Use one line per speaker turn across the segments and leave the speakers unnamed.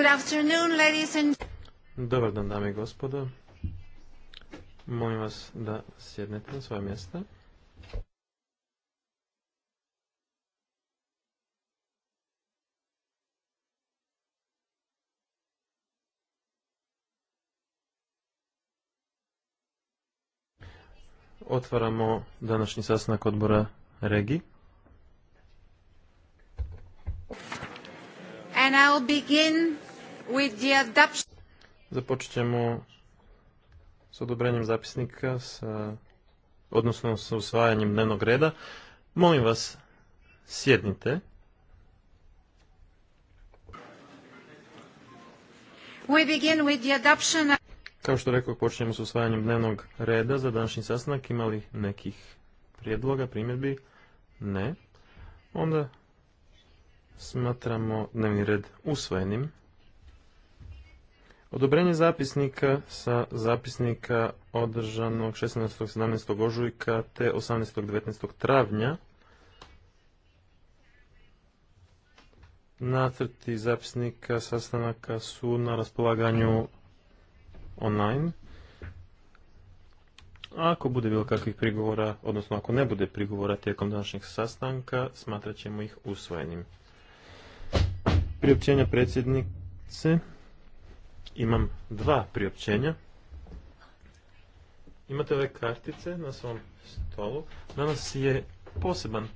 Good afternoon,
Dobar dan, dame i gospodo. Molim vas da sjednete na svoje mjesta. Otvaramo današnji sasnak odbora Regi.
And I'll begin
Započet ćemo s odobrenjem zapisnika, sa, odnosno s usvajanjem dnevnog reda. Molim vas, sjednite. Kao što rekao, počinjemo s usvajanjem dnevnog reda za današnji sastanak. Imali nekih prijedloga, primjedbi? Ne. Onda smatramo dnevni red usvojenim. Odobrenje zapisnika sa zapisnika održanog 16. 17. ožujka te 18. 19. travnja. Nacrti zapisnika sastanaka su na raspolaganju online. ako bude bilo kakvih prigovora, odnosno ako ne bude prigovora tijekom današnjeg sastanka, smatrat ćemo ih usvojenim. Priopćenja predsjednice. Imam dva priopćenja. Imate ove kartice na svom stolu. Danas je poseban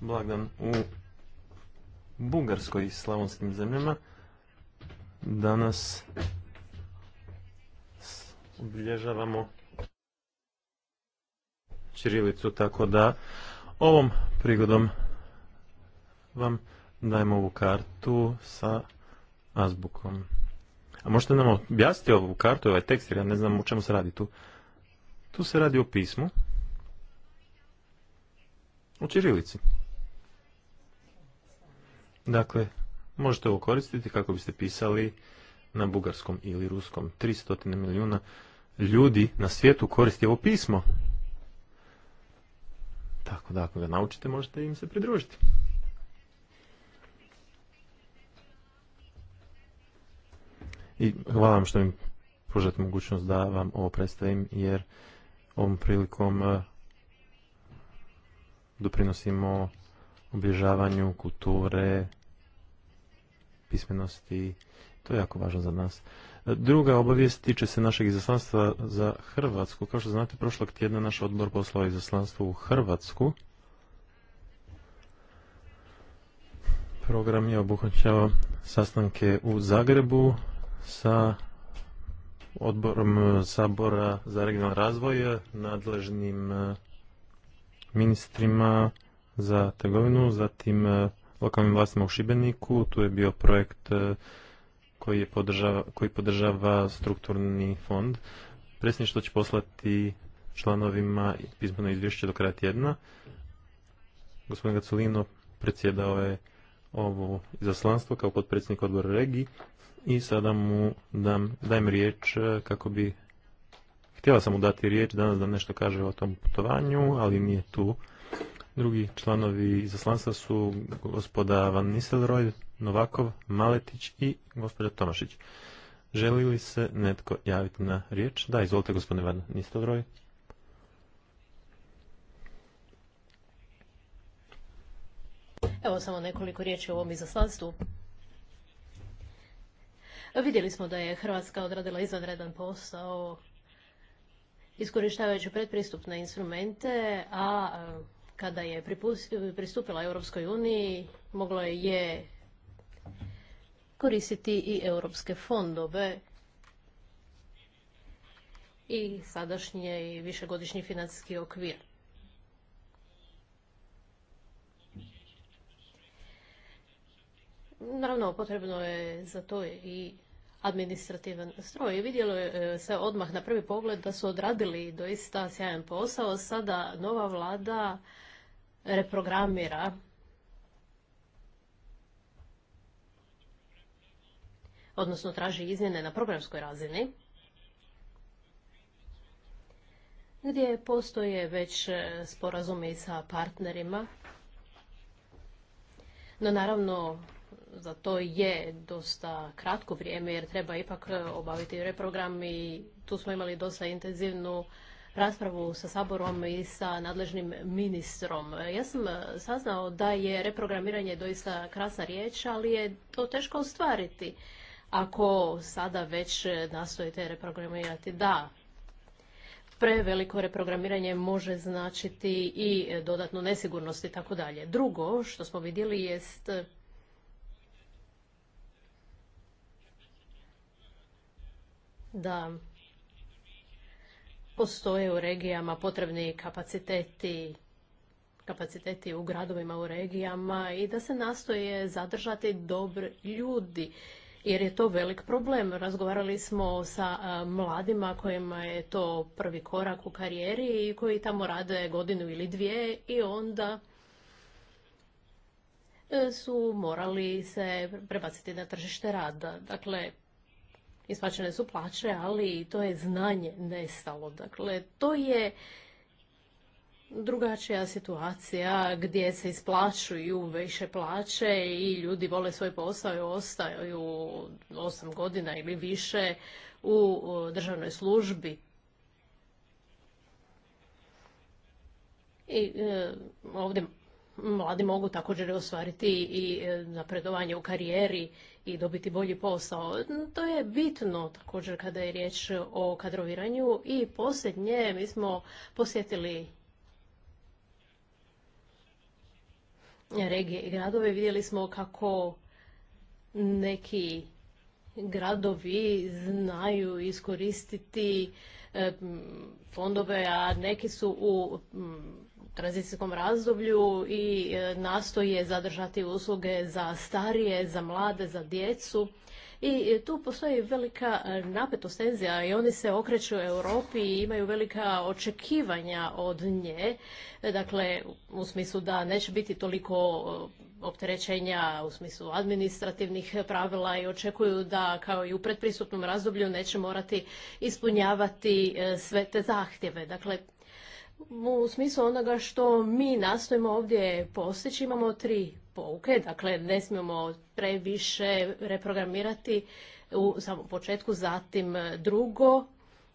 blagdan u Bugarskoj i slavonskim zemljama. Danas obilježavamo Čirilicu, tako da ovom prigodom vam dajemo ovu kartu sa azbukom. A možete nam objasniti ovu kartu, ovaj tekst, jer ja ne znam o čemu se radi tu. Tu se radi o pismu. U Čirilici. Dakle, možete ovo koristiti kako biste pisali na bugarskom ili ruskom. 300 milijuna ljudi na svijetu koristi ovo pismo. Tako da ako ga naučite možete im se pridružiti. i hvala vam što im pružate mogućnost da vam ovo predstavim jer ovom prilikom e, doprinosimo obježavanju kulture, pismenosti. To je jako važno za nas. E, druga obavijest tiče se našeg izaslanstva za Hrvatsku. Kao što znate, prošlog tjedna naš odbor poslao izaslanstvo u Hrvatsku. Program je obuhvaćao sastanke u Zagrebu, sa odborom e, Sabora za regional razvoj, e, nadležnim e, ministrima za trgovinu, zatim lokalnim vlastima u Šibeniku. Tu je bio projekt koji, je podržava, koji podržava strukturni fond. što će poslati članovima pismeno izvješće do kraja tjedna. Gospodin Gaculino predsjedao je ovo izaslanstvo kao potpredsjednik odbora regiji i sada mu dam, dajem riječ e, kako bi... Htjela sam mu dati riječ danas da nešto kaže o tom putovanju, ali nije tu. Drugi članovi izaslanstva su gospoda Van Nisselroj, Novakov, Maletić i gospođa Tomašić. Želi li se netko javiti na riječ? Da, izvolite gospodine Van Nistelroj.
Evo samo nekoliko riječi o ovom izaslanstvu. Vidjeli smo da je Hrvatska odradila izvanredan posao iskorištavajući predpristupne instrumente, a kada je pristupila Europskoj uniji, moglo je koristiti i europske fondove i sadašnji i višegodišnji financijski okvir. Naravno, potrebno je za to i administrativan stroj i vidjelo je e, se odmah na prvi pogled da su odradili doista sjajan posao. Sada nova vlada reprogramira odnosno traži izmjene na programskoj razini gdje postoje već e, sporazumi sa partnerima. No naravno za to je dosta kratko vrijeme jer treba ipak obaviti reprogram i tu smo imali dosta intenzivnu raspravu sa saborom i sa nadležnim ministrom. Ja sam saznao da je reprogramiranje doista krasna riječ, ali je to teško ostvariti ako sada već nastojite reprogramirati. Da, preveliko reprogramiranje može značiti i dodatnu nesigurnost i tako dalje. Drugo što smo vidjeli jest da postoje u regijama potrebni kapaciteti kapaciteti u gradovima, u regijama i da se nastoje zadržati dobri ljudi, jer je to velik problem. Razgovarali smo sa mladima kojima je to prvi korak u karijeri i koji tamo rade godinu ili dvije i onda e, su morali se prebaciti na tržište rada. Dakle, isplaćene su plaće, ali to je znanje nestalo. Dakle, to je drugačija situacija gdje se isplaćuju više plaće i ljudi vole svoj posao i ostaju 8 godina ili više u državnoj službi. I e, ovdje mladi mogu također ostvariti i e, napredovanje u karijeri i dobiti bolji posao. To je bitno također kada je riječ o kadroviranju i posljednje mi smo posjetili regije i gradove. Vidjeli smo kako neki gradovi znaju iskoristiti eh, fondove, a neki su u tranzicijskom razdoblju i e, nastoje zadržati usluge za starije, za mlade, za djecu. I e, tu postoji velika e, napetost tenzija i oni se okreću Europi i imaju velika očekivanja od nje. Dakle, u smislu da neće biti toliko opterećenja u smislu administrativnih pravila i očekuju da kao i u predpristupnom razdoblju neće morati ispunjavati sve te zahtjeve. Dakle, u smislu onoga što mi nastojimo ovdje postići imamo tri pouke, dakle ne smijemo previše reprogramirati u samom početku, zatim drugo,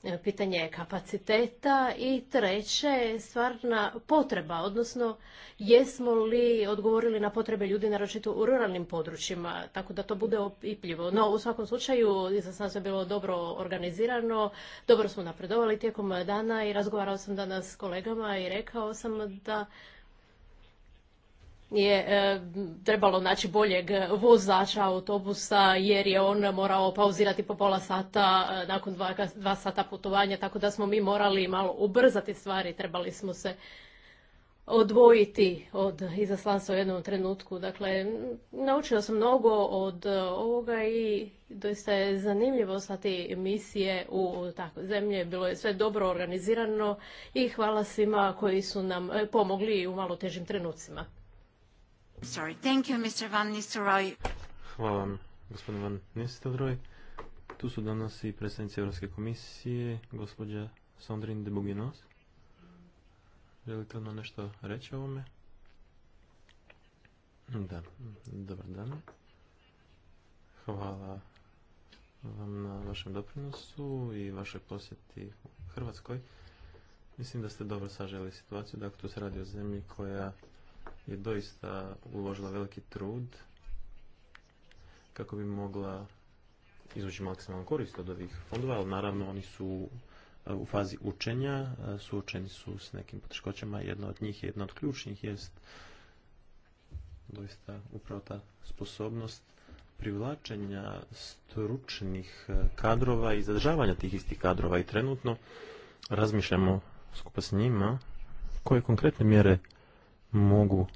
E, pitanje kapaciteta i treće je stvarna potreba, odnosno jesmo li odgovorili na potrebe ljudi naročito u ruralnim područjima, tako da to bude opipljivo. No, u svakom slučaju, za sve bilo dobro organizirano, dobro smo napredovali tijekom dana i razgovarao sam danas s kolegama i rekao sam da je e, trebalo naći boljeg vozača autobusa jer je on morao pauzirati po pola sata e, nakon dva, dva sata putovanja, tako da smo mi morali malo ubrzati stvari, trebali smo se odvojiti od izaslanstva u jednom trenutku. Dakle, naučila sam mnogo od e, ovoga i doista je zanimljivo slati misije u takve zemlje. Bilo je sve dobro organizirano i hvala svima koji su
nam pomogli u malo težim trenucima. Sorry, thank you,
Hvala vam, gospodin Van Nistelrooy. Tu su danas i predstavnici Europske komisije, gospođa Sondrin de Buginos. Želite ono nešto reći o ovome? Da, dobar dan. Hvala vam na vašem doprinosu i vašoj posjeti u Hrvatskoj. Mislim da ste dobro saželi situaciju, dakle tu se radi o zemlji koja je doista uložila veliki trud kako bi mogla izvući maksimalnu korist od ovih fondova, ali naravno oni su e, u fazi učenja, e, suočeni su s nekim poteškoćama, jedna od njih, jedna od ključnih jest doista upravo ta sposobnost privlačenja stručnih e, kadrova i zadržavanja tih istih kadrova i trenutno razmišljamo skupa s njima koje konkretne mjere mogu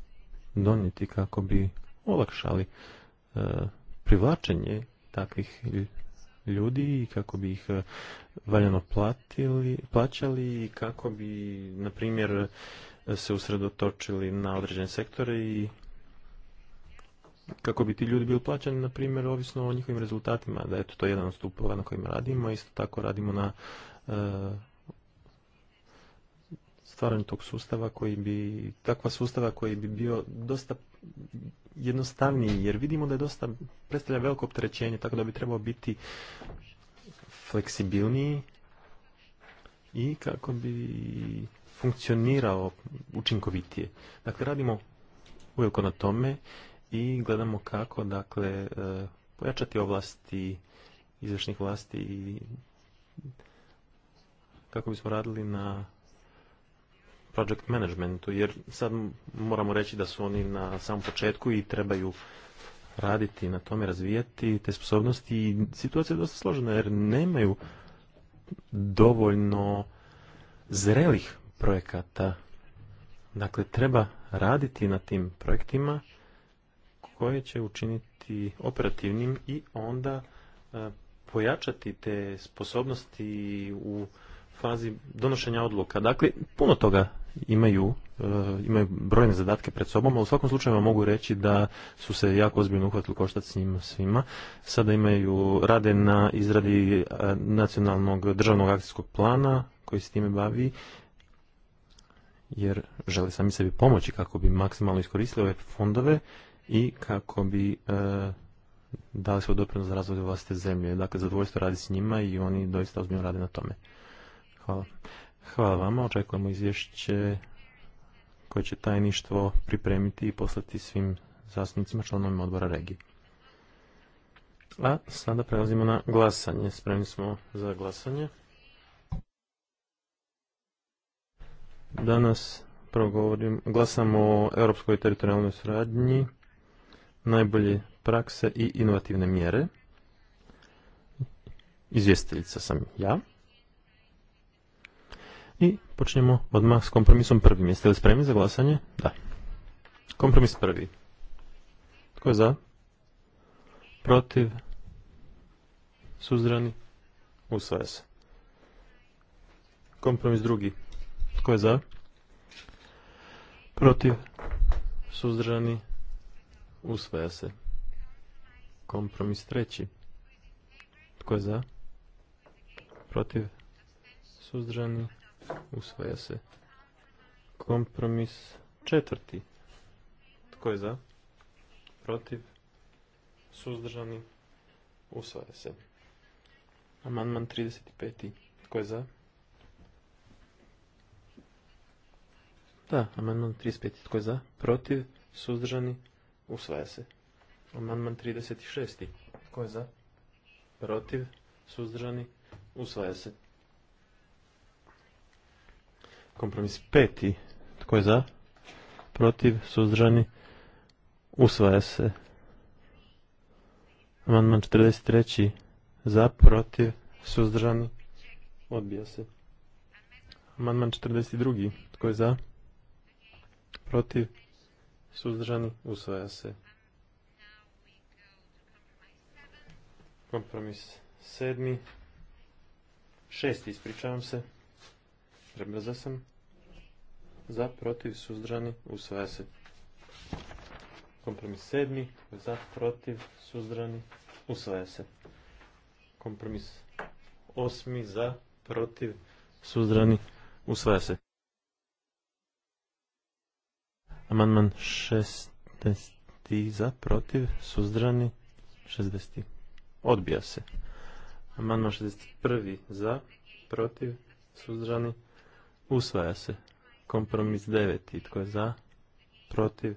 donijeti kako bi olakšali e, privlačenje takvih ljudi i kako bi ih e, valjano platili, plaćali i kako bi, na primjer, se usredotočili na određene sektore i kako bi ti ljudi bili plaćani, na primjer, ovisno o njihovim rezultatima. Da, eto, to je jedan od stupova na kojima radimo, isto tako radimo na e, stvaranju tog sustava koji bi, takva sustava koji bi bio dosta jednostavniji, jer vidimo da je dosta, predstavlja veliko opterećenje, tako da bi trebao biti fleksibilniji i kako bi funkcionirao učinkovitije. Dakle, radimo uvijek na tome i gledamo kako, dakle, e, pojačati ovlasti izvršnih vlasti i kako bismo radili na project managementu, jer sad moramo reći da su oni na samom početku i trebaju raditi na tome, razvijati te sposobnosti i situacija je dosta složena jer nemaju dovoljno zrelih projekata. Dakle, treba raditi na tim projektima koje će učiniti operativnim i onda e, pojačati te sposobnosti u fazi donošenja odluka. Dakle, puno toga imaju e, imaju brojne zadatke pred sobom, ali u svakom slučaju mogu reći da su se jako ozbiljno uhvatili koštac s njima svima. Sada imaju, rade na izradi e, nacionalnog državnog akcijskog plana koji se time bavi, jer žele sami sebi pomoći kako bi maksimalno iskoristili ove fondove i kako bi e, dali svoj doprinos za razvoj vlastite zemlje. Dakle, zadovoljstvo radi s njima i oni doista ozbiljno rade na tome. Hvala. Hvala vama, očekujemo izvješće koje će tajništvo pripremiti i poslati svim zastupnicima članovima odbora regije. A sada prelazimo na glasanje. Spremni smo za glasanje. Danas prvo glasamo o europskoj teritorijalnoj suradnji, najbolje prakse i inovativne mjere. Izvjestiteljica sam ja. I počnemo odmah s kompromisom prvim. Jeste li spremni za glasanje? Da. Kompromis prvi. Tko je za? Protiv? Suzdrani? Usvaja se. Kompromis drugi. Tko je za? Protiv? Suzdrani? Usvaja se. Kompromis treći. Tko je za? Protiv? Suzdržani? Usvaja se. Kompromis četvrti. Tko je za? Protiv? Suzdržani? Usvaja se. Amandman 35. Tko je za? Da, amandman 35. Tko je za? Protiv? Suzdržani? Usvaja se. Amandman 36. Tko je za? Protiv? Suzdržani? Usvaja se. Kompromis peti. Tko je za? Protiv? Suzdržani? Usvaja se. Amandman 43. Za? Protiv? Suzdržani? Odbija se. Amandman 42. Tko je za? Protiv? Suzdržani? Usvaja se. Kompromis sedmi. Šesti, ispričavam se prebrza sam. Za, protiv, suzdržani, usvaja se. Kompromis sedmi, za, protiv, suzdržani, usvaja se. Kompromis osmi, za, protiv, suzdržani, usvaja se. Amandman šestesti za, protiv, suzdržani, 60. Odbija se. Amandman prvi za, protiv, suzdržani, Usvaja se. Kompromis deveti. Tko je za? Protiv?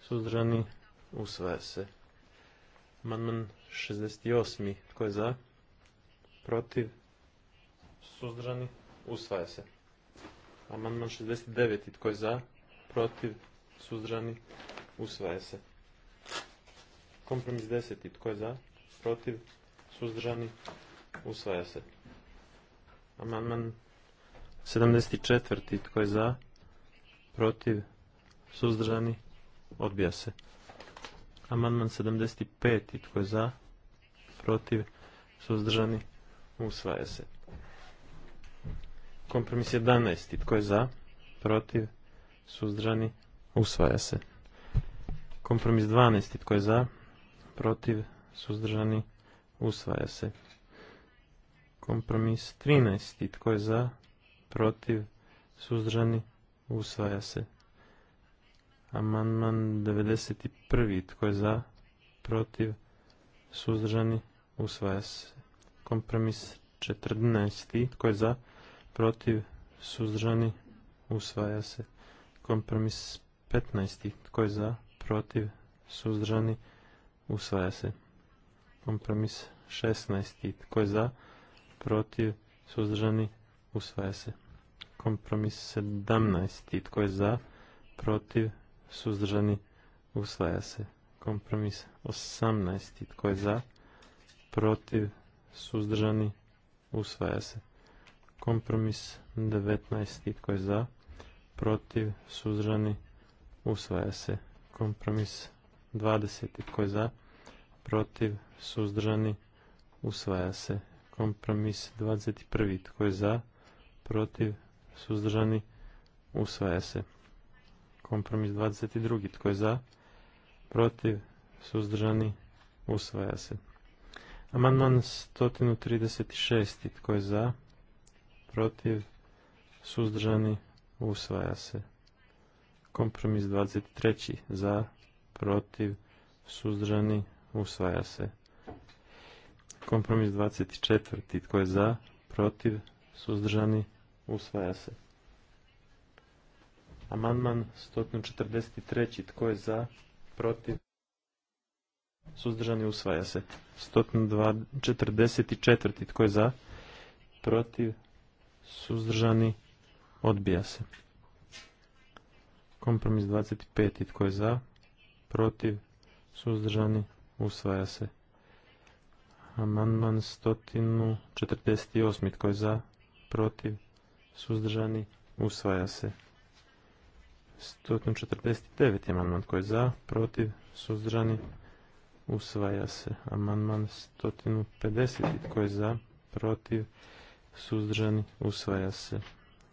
Suzdržani? Usvaja se. Amandman 68. Tko je za? Protiv? Suzdržani? Usvaja se. Amandman 69. Tko je za? Protiv? Suzdržani? Usvaja se. Kompromis 10. Tko je za? Protiv? Suzdržani? Usvaja se. Amandman 74. Tko je za? Protiv? Suzdržani? Odbija se. Amandman 75. Tko je za? Protiv? Suzdržani? Usvaja se. Kompromis 11. Tko je za? Protiv? Suzdržani? Usvaja se. Kompromis 12. Tko je za? Protiv? Suzdržani? Usvaja se. Kompromis 13. Tko je za? protiv, suzdržani, usvaja se. Amandman 91. Tko je za, protiv, suzdržani, usvaja se. Kompromis 14. Tko je za, protiv, suzdržani, usvaja se. Kompromis 15. Tko je za, protiv, suzdržani, usvaja se. Kompromis 16. Tko je za, protiv, suzdržani, usvaja se. Kompromis 17. Tko je za? Protiv? Suzdržani? Usvaja se. Kompromis 18. Tko je za? Protiv? Suzdržani? Usvaja se. Kompromis 19. Tko je za? Protiv? Suzdržani? Usvaja se. Kompromis 20. Tko je za? Protiv? Suzdržani? Usvaja se. Kompromis 21. Tko je za? protiv, suzdržani, usvaja se. Kompromis 22. Tko je za, protiv, suzdržani, usvaja se. Amandman 136. Tko je za, protiv, suzdržani, usvaja se. Kompromis 23. Za, protiv, suzdržani, usvaja se. Kompromis 24. Tko je za, protiv, suzdržani, Usvaja se. Amandman 143. Tko je za? Protiv? Suzdržani usvaja se. 144. Tko je za? Protiv? Suzdržani odbija se. Kompromis 25. Tko je za? Protiv? Suzdržani usvaja se. Amandman 148. Tko je za? Protiv? suzdržani, usvaja se. 149. amandman koji je za, protiv, suzdržani, usvaja se. Amandman 150. tko je za, protiv, suzdržani, usvaja se.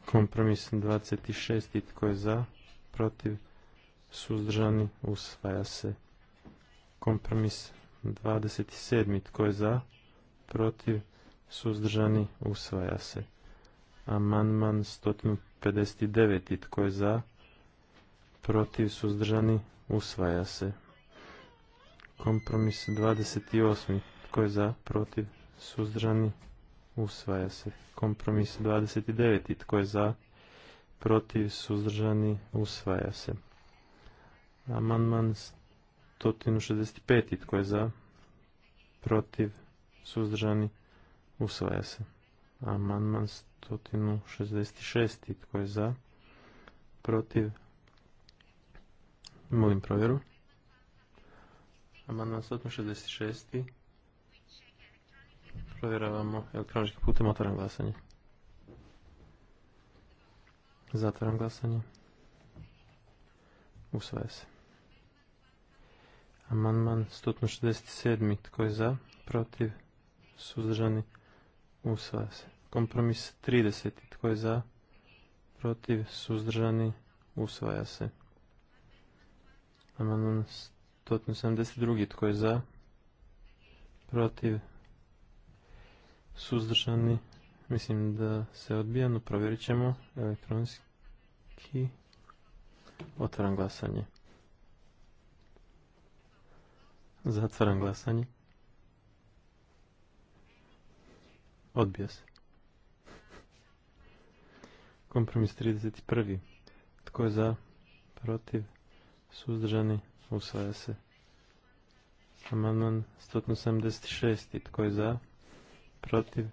Kompromis 26. tko je za, protiv, suzdržani, usvaja se. Kompromis 27. tko je za, protiv, suzdržani, usvaja se. Amandman 159. Tko je za? Protiv suzdržani usvaja se. Kompromis 28. Tko je za? Protiv suzdržani usvaja se. Kompromis 29. Tko je za? Protiv suzdržani usvaja se. Amandman 165. Tko je za? Protiv suzdržani usvaja se. Amandman 165 166. Tko je za? Protiv? Molim provjeru. Amandman 166. Provjeravamo elektronički putem. Otvaram glasanje. Zatvaram glasanje. Usvaja se. Amandman 167. Tko je za? Protiv? Suzdržani? Usvaja se. Kompromis 30. Tko je za? Protiv? Suzdržani? Usvaja se. Amandman 172. Tko je za? Protiv? Suzdržani? Mislim da se odbija, no provjerit ćemo elektronski. Otvaram glasanje. Zatvaram glasanje. Odbija se. Kompromis 31. Tko je za? Protiv? Suzdržani? Usvaja se. Amandman 176. Tko je za? Protiv?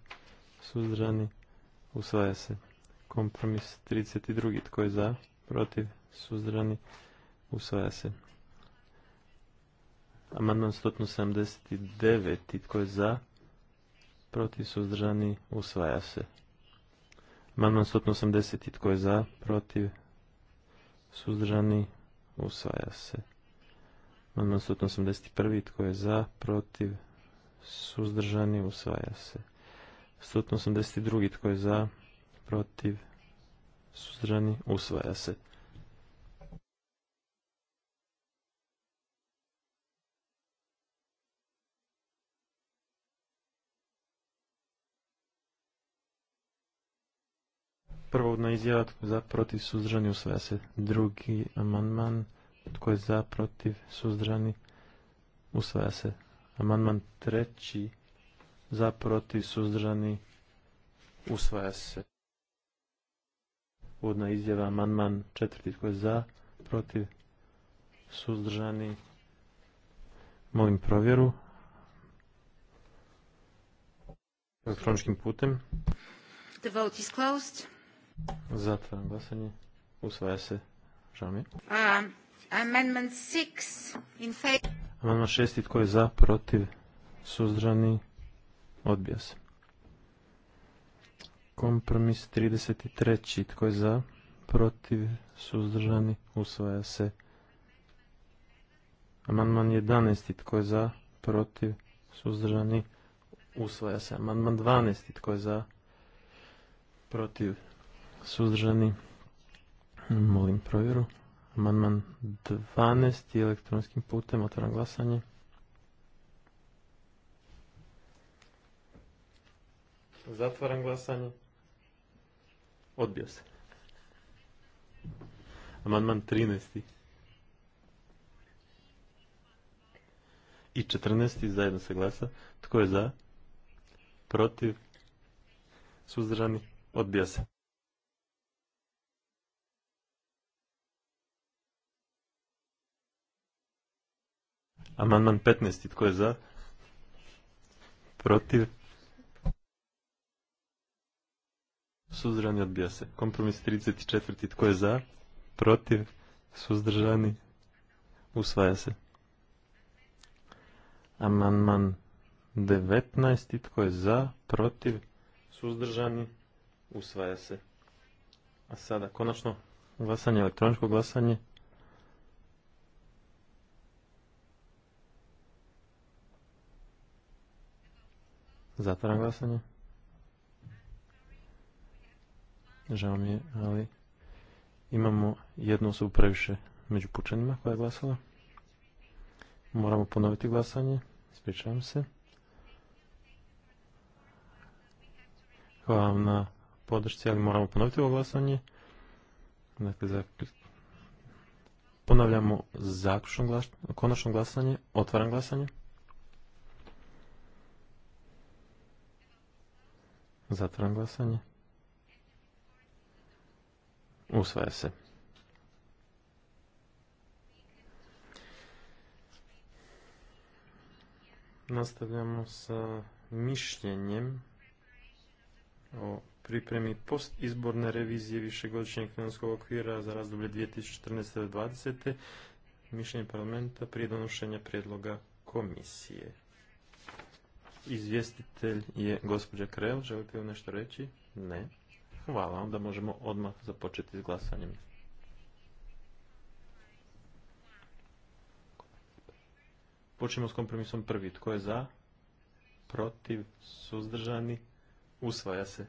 Suzdržani? Usvaja se. Kompromis 32. Tko je za? Protiv? Suzdržani? Usvaja se. Amandman 179. Tko je za? Protiv? Suzdržani? Usvaja se. Amandman 180. Tko je za? Protiv? Suzdržani? Usvaja se. Amandman 181. Tko je za? Protiv? Suzdržani? Usvaja se. 182. Tko je za? Protiv? Suzdržani? Usvaja se. Prvodna izjava tko za protiv suzdržani usvaja se. Drugi amandman tko je za protiv suzdržani usvaja se. Amandman treći za protiv suzdržani usvaja se. Uvodna izjava amandman četvrti tko je za protiv suzdržani molim provjeru elektroničkim putem.
The vote is closed.
Zatvaram glasanje. Usvaja se. Žao um,
amendment 6 in
Amandman 6. Tko je za, protiv, suzdržani, odbija se. Kompromis 33. Tko je za, protiv, suzdržani, usvaja se. Amandman 11. Tko je za, protiv, suzdržani, usvaja se. Amandman 12. Tko je za, protiv, suzdržani, molim provjeru. Amandman 12 elektronskim putem, otvaram glasanje. Zatvaram glasanje. Odbio se. Amandman 13. I 14. zajedno se glasa. Tko je za? Protiv? Suzdržani? Odbija se. Amandman 15. Tko je za? Protiv? Suzdržani odbija se. Kompromis 34. Tko je za? Protiv? Suzdržani? Usvaja se. Amandman 19. Tko je za? Protiv? Suzdržani? Usvaja se. A sada konačno glasanje, elektroničko glasanje. Zatvaram glasanje. Žao mi je, ali imamo jednu osobu previše među pučanima koja je glasala. Moramo ponoviti glasanje. Ispričavam se. Hvala vam na podršci, ali moramo ponoviti ovo glasanje. Dakle, ponavljamo zaključno konačno glasanje, otvaram glasanje. Zatvaram glasanje. Usvaja se. Nastavljamo sa mišljenjem o pripremi postizborne revizije višegodišnjeg financijskog okvira za razdoblje 2014-2020. Mišljenje parlamenta prije donošenja prijedloga komisije. Izvjestitelj je gospođa Krel. Želite li nešto reći? Ne. Hvala. Onda možemo odmah započeti s glasanjem. Počnemo s kompromisom prvi. Tko je za? Protiv? Suzdržani? Usvaja se.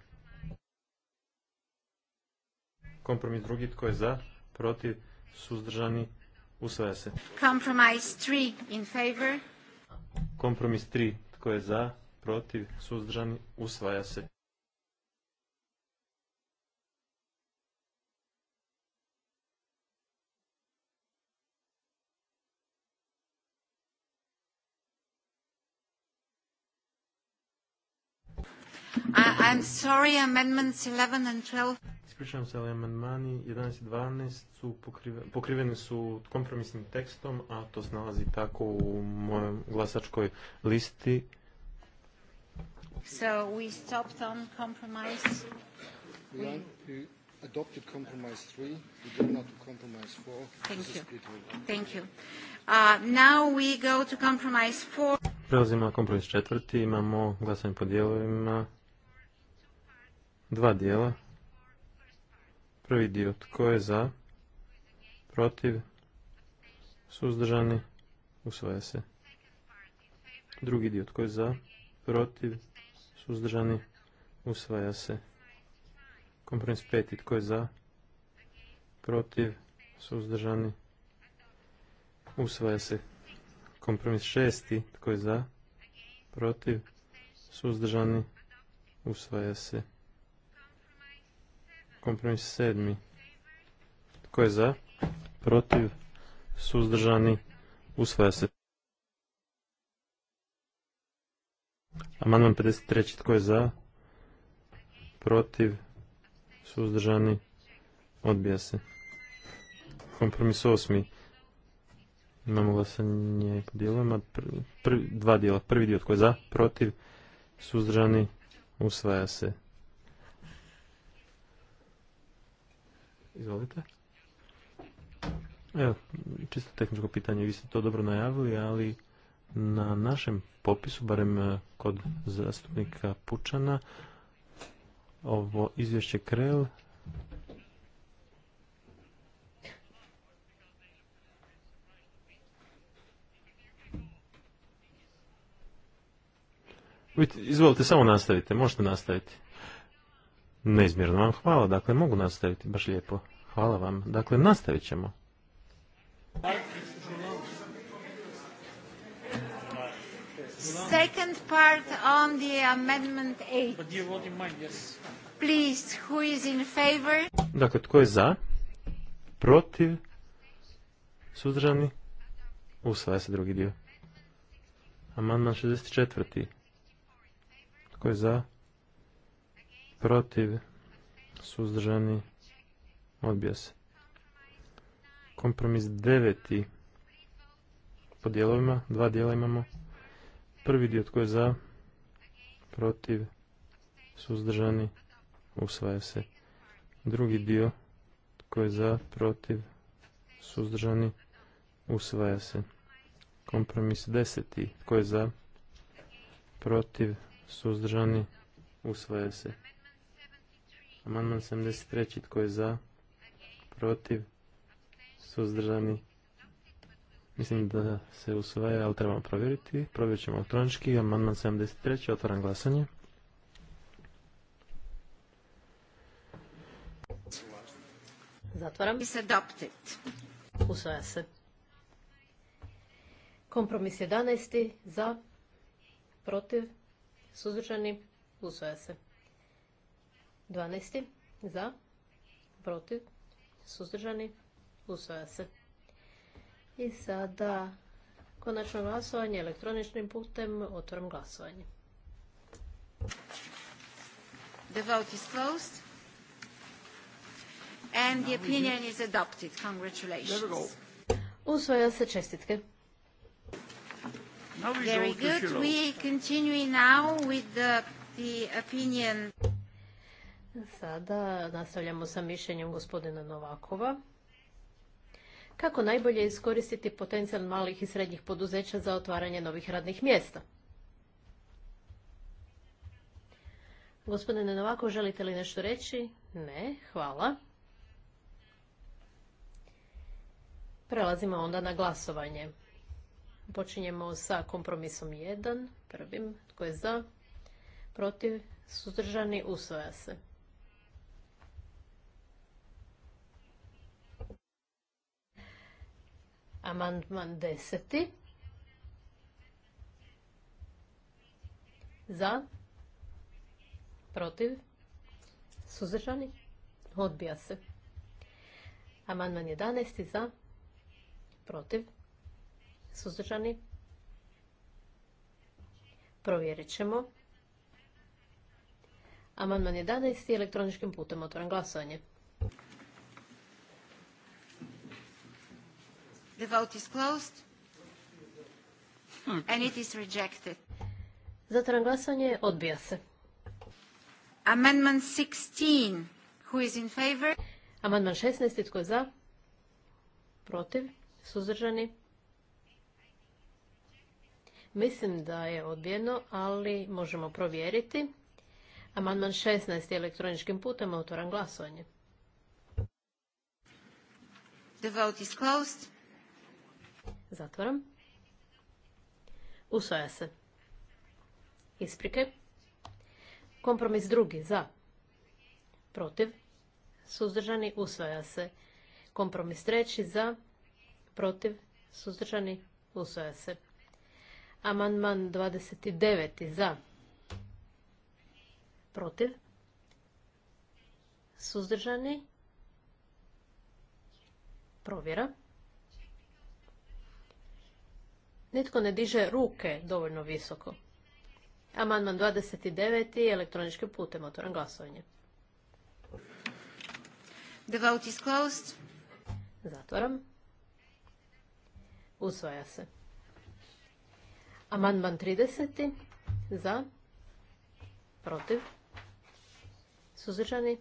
Kompromis drugi. Tko je za? Protiv? Suzdržani? Usvaja se.
Kompromis tri. in favor.
Kompromis 3. Tko je za? Protiv? suzdržan, Usvaja se. I,
I'm sorry, amendments 11 and 12.
Ispričavam se, ali amandmani 11 i 12 su pokriveni, pokriveni su kompromisnim tekstom, a to se nalazi tako u mojoj glasačkoj listi.
So we stopped on compromise.
We, we adopted compromise 3. We did not compromise 4. Thank you.
Thank you. Uh, now we go to compromise 4.
Prelazimo na kompromis četvrti. Imamo glasanje po dijelovima. Dva dijela. Prvi dio, tko je za, protiv, suzdržani, usvaja se. Drugi dio, tko je za, protiv, suzdržani, usvaja se. Kompromis peti, tko je za, protiv, suzdržani, usvaja se. Kompromis šesti, tko je za, protiv, suzdržani, usvaja se. Kompromis sedmi. Tko je za? Protiv? Suzdržani? Usvaja se. Amandman 53. Tko je za? Protiv? Suzdržani? Odbija se. Kompromis osmi. Imamo glasanje po dijelama, dva dijela. Prvi dio tko je za? Protiv? Suzdržani? Usvaja se. Izvolite. Evo, čisto tehničko pitanje, vi ste to dobro najavili, ali na našem popisu, barem e, kod zastupnika Pučana, ovo izvješće Krel Izvolite, samo nastavite, možete nastaviti. Neizmjerno vam hvala, dakle mogu nastaviti, baš lijepo. Hvala vam, dakle nastavit ćemo.
Second part on the amendment 8. Please, who is in favor?
Dakle, tko je za? Protiv? Suzdržani? Usvaja se drugi dio. Amandman 64. Tko je za? protiv, suzdržani, odbija se. Kompromis deveti po dijelovima, dva dijela imamo. Prvi dio tko je za, protiv, suzdržani, usvaja se. Drugi dio tko je za, protiv, suzdržani, usvaja se. Kompromis deseti tko je za, protiv, suzdržani, usvaja se. Amandman 73. Tko je za? Protiv? Suzdržani? Mislim da se usvaja, ali trebamo provjeriti. Provjerit ćemo elektronički. Amandman 73. Otvaram glasanje.
Zatvaram. Is adopted. Usvaja se. Kompromis 11. Za? Protiv? Suzdržani? Usvaja se. 12. Za. Protiv. Suzdržani. Usvaja se. I sada konačno glasovanje elektroničnim
putem. Otvorim glasovanje. The vote is closed. And the opinion is adopted. Congratulations.
Usvaja se čestitke.
Very good. We continue now with the, the opinion.
Sada nastavljamo sa mišljenjem gospodina Novakova. Kako najbolje iskoristiti potencijal malih i srednjih poduzeća za otvaranje novih radnih mjesta? Gospodine Novako, želite li nešto reći? Ne, hvala. Prelazimo onda na glasovanje. Počinjemo sa kompromisom 1, prvim, tko je za, protiv, suzdržani, usvoja se. Amandman deseti. Za. Protiv. Suzdržani. Odbija se. Amandman 11. Za. Protiv. Suzdržani. Provjerit ćemo. Amandman 11. Elektroničkim putem otvoram glasovanje.
The vote is closed. Hmm. And it is rejected. Zatran
glasanje odbija se. Amendment 16. Who is in favor? Amandman 16. Tko je za? Protiv? Suzdržani? Mislim da je odbijeno, ali možemo provjeriti. Amandman 16. elektroničkim putem autoran glasovanje. The vote is closed. Zatvaram. Usvaja se. Isprike. Kompromis drugi. Za. Protiv. Suzdržani. Usvaja se. Kompromis treći. Za. Protiv. Suzdržani. Usvaja se. Amandman 29. Za. Protiv. Suzdržani. Provjera. Nitko ne diže ruke dovoljno visoko. Amandman 29. Elektronički putem otvoren glasovanje. The vote is closed. Zatvoram. Usvaja se. Amandman 30. Za. Protiv. Suzdržani.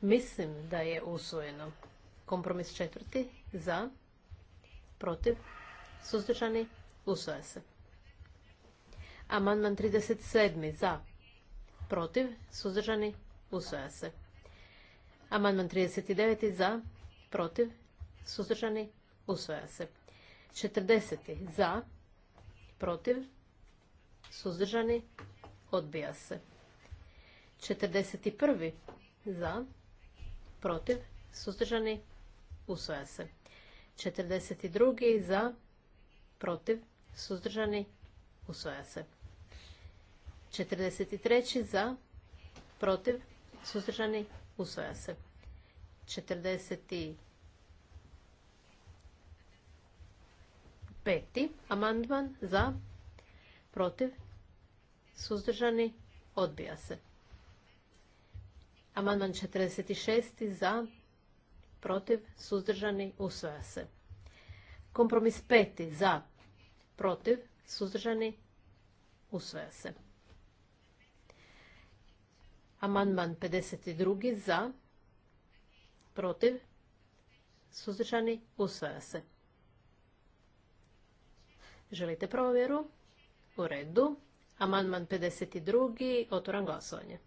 Mislim da je usvojeno. Kompromis četvrti. Za protiv, suzdržani, usvaja se. Amandman 37. za, protiv, suzdržani, usvaja se. Amandman 39. za, protiv, suzdržani, usvaja se. 40. za, protiv, suzdržani, odbija se. 41. za, protiv, suzdržani, usvaja se. 42. za, protiv, suzdržani, usvaja se. 43. za, protiv, suzdržani, usvaja se. peti, amandman za, protiv, suzdržani, odbija se. Amandman 46. za, protiv, suzdržani, usvaja se. Kompromis peti za, protiv, suzdržani, usvaja se. Amandman 52. za, protiv, suzdržani, usvaja se. Želite provjeru? U redu. Amandman 52. Otvoram glasovanje.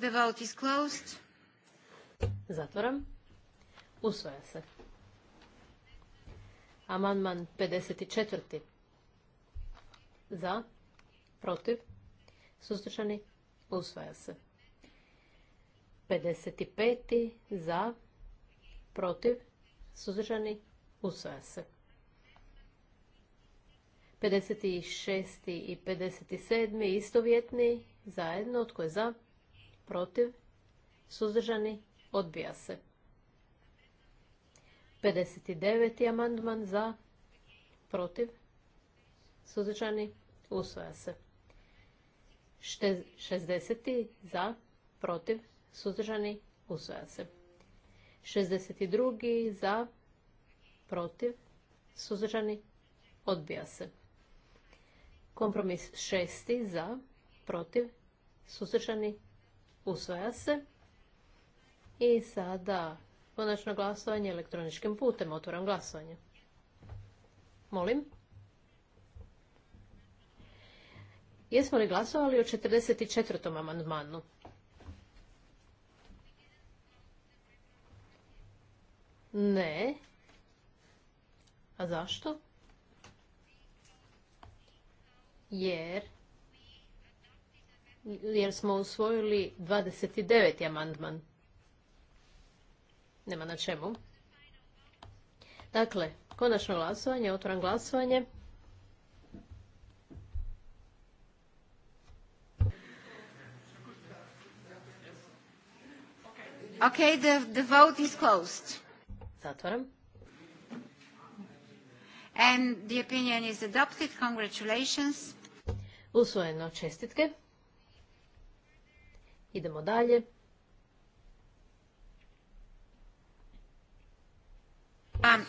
The vote is closed. Zatvoram. Usvaja se. Amanman 54. Za. Protiv. Suzdržani. Usvaja se. 55. Za. Protiv. Suzdržani. Usvaja se. 56. i 57. istovjetni zajedno. Tko je za? protiv, suzdržani, odbija se. 59. amandman za, protiv, suzdržani, usvaja se. 60. za, protiv, suzdržani, usvaja se. 62. za, protiv, suzdržani, odbija se. Kompromis 6. za, protiv, suzdržani, Usvaja se. I sada konačno glasovanje elektroničkim putem. Otvoram glasovanje. Molim. Jesmo li glasovali o 44. amandmanu? Ne. A zašto? Jer jer smo usvojili 29. amandman. Nema na čemu. Dakle, konačno glasovanje, otvoram glasovanje.
Ok, the, the vote is closed. Zatvaram. And the opinion is adopted. Congratulations. Usvojeno čestitke. Idemo dalje. Um,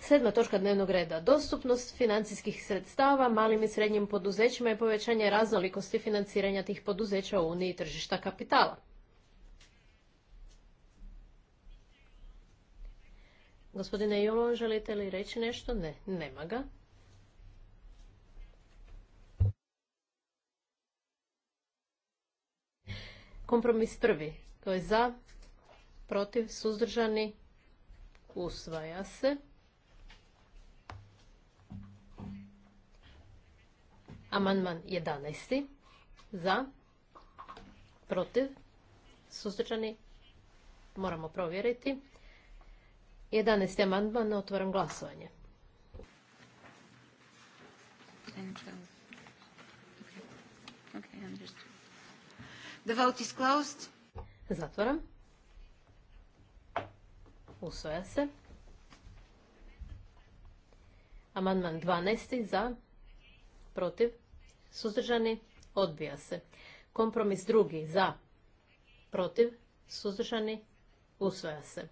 Sedma točka dnevnog reda. Dostupnost financijskih
sredstava malim i srednjim poduzećima i povećanje raznolikosti financiranja tih poduzeća u Uniji tržišta kapitala. Gospodine Jolo, želite li reći nešto? Ne, nema ga. Kompromis prvi. To je za? Protiv? Suzdržani? Usvaja se. Amandman 11. Za? Protiv? Suzdržani? Moramo provjeriti. 11. amandman, otvoram glasovanje.
Okay, I'm just The vote is closed. Zatvoram. Usvoja
se. Amandman 12. za, protiv, suzdržani, odbija se. Kompromis drugi za, protiv, suzdržani, Usvaja se.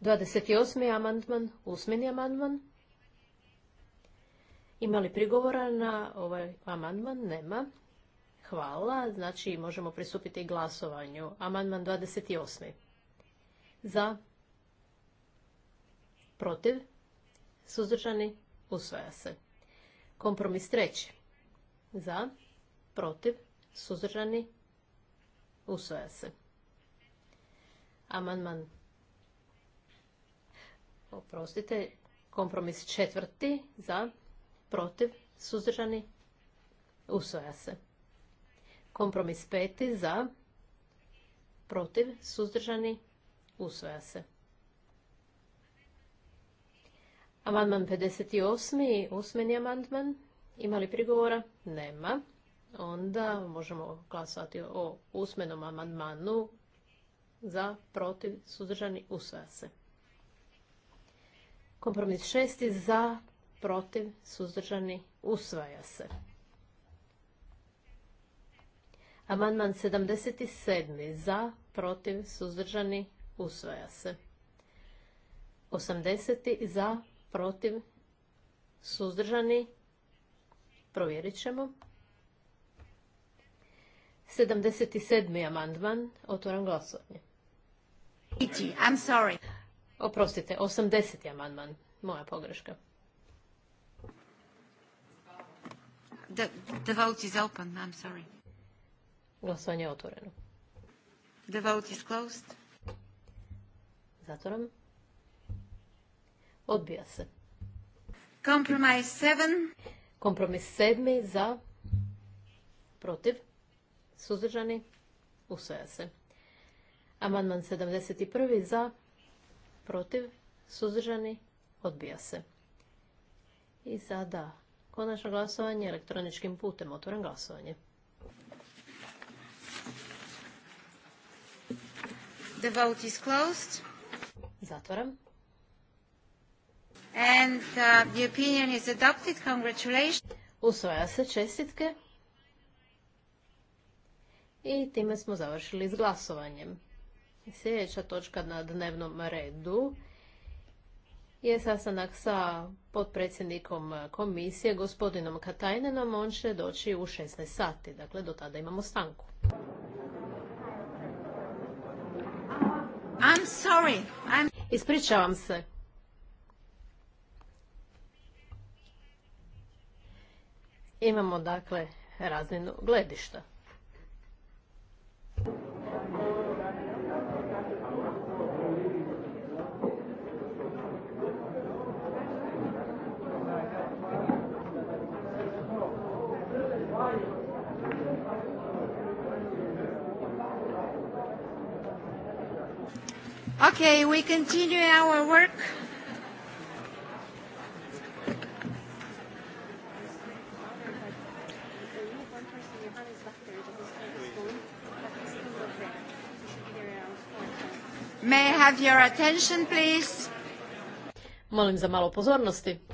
Dvadeset osam amandman, usmeni amandman. Ima li prigovora na ovaj amandman? Nema. Hvala. Znači možemo pristupiti glasovanju. Amandman 28. Za. Protiv. Suzdržani. Usvaja se. Kompromis treći. Za. Protiv. Suzdržani. Usvaja se. Amandman. Oprostite. Kompromis četvrti. Za protiv, suzdržani, usvoja se. Kompromis peti za, protiv, suzdržani, usvoja se. Amandman 58. usmeni amandman. Ima li prigovora? Nema. Onda možemo glasovati o usmenom amandmanu za, protiv, suzdržani, usvoja se. Kompromis šesti za, protiv, suzdržani, usvaja se. Amandman 77. Za, protiv, suzdržani, usvaja se. 80. Za, protiv, suzdržani, provjerit ćemo. 77. amandman, otvoram glasovanje. I'm sorry. Oprostite, 80. amandman, moja pogreška.
The, open, I'm sorry. Glasovanje je otvoreno. The closed. Odbija se. Compromise 7.
Kompromis sedmi za protiv suzdržani usvaja se. Amandman 71 za protiv suzdržani odbija se. I sada Konačno glasovanje elektroničkim putem. Otvoren glasovanje.
Zatvoram. And uh, Usvaja se čestitke. I
time smo završili s glasovanjem. Sljedeća točka na dnevnom redu je sastanak sa potpredsjednikom komisije, gospodinom Katajnenom. On će doći u 16 sati, dakle do tada imamo stanku. Ispričavam se. Imamo dakle razinu gledišta.
Okay, we continue our work. May I have your attention,
please? Molim za malo pozornosti.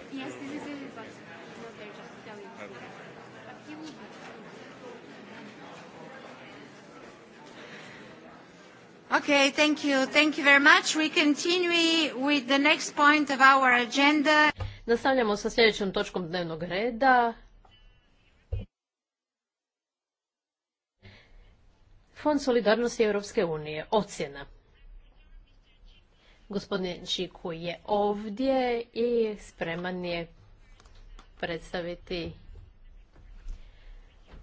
Okay, thank you. Thank you very much. We continue with the next point of our agenda. Nastavljamo sa sljedećom točkom dnevnog reda.
Fond solidarnosti Europske unije, ocjena. Gospodin Čiku je ovdje i spreman je predstaviti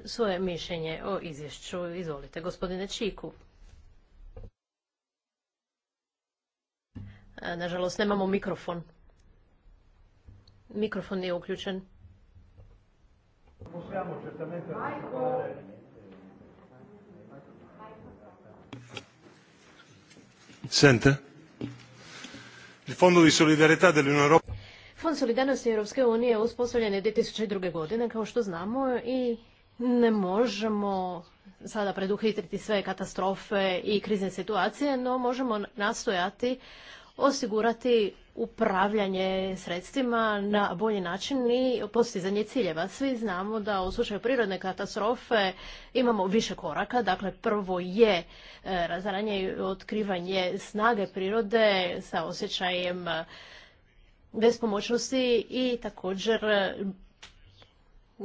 svoje mišljenje o izvješću. Izvolite, gospodine Čiku. E, nažalost, nemamo mikrofon. Mikrofon nije uključen.
Sente. Il Fondo
Fond solidarnosti Europske unije uspostavljen je 2002. godine, kao što znamo, i ne možemo sada preduhitriti sve katastrofe i krizne situacije, no možemo nastojati osigurati upravljanje sredstvima na bolji način i postizanje ciljeva. Svi znamo da u slučaju prirodne katastrofe imamo više koraka. Dakle, prvo je e, razaranje i otkrivanje snage prirode sa osjećajem e, bespomoćnosti i također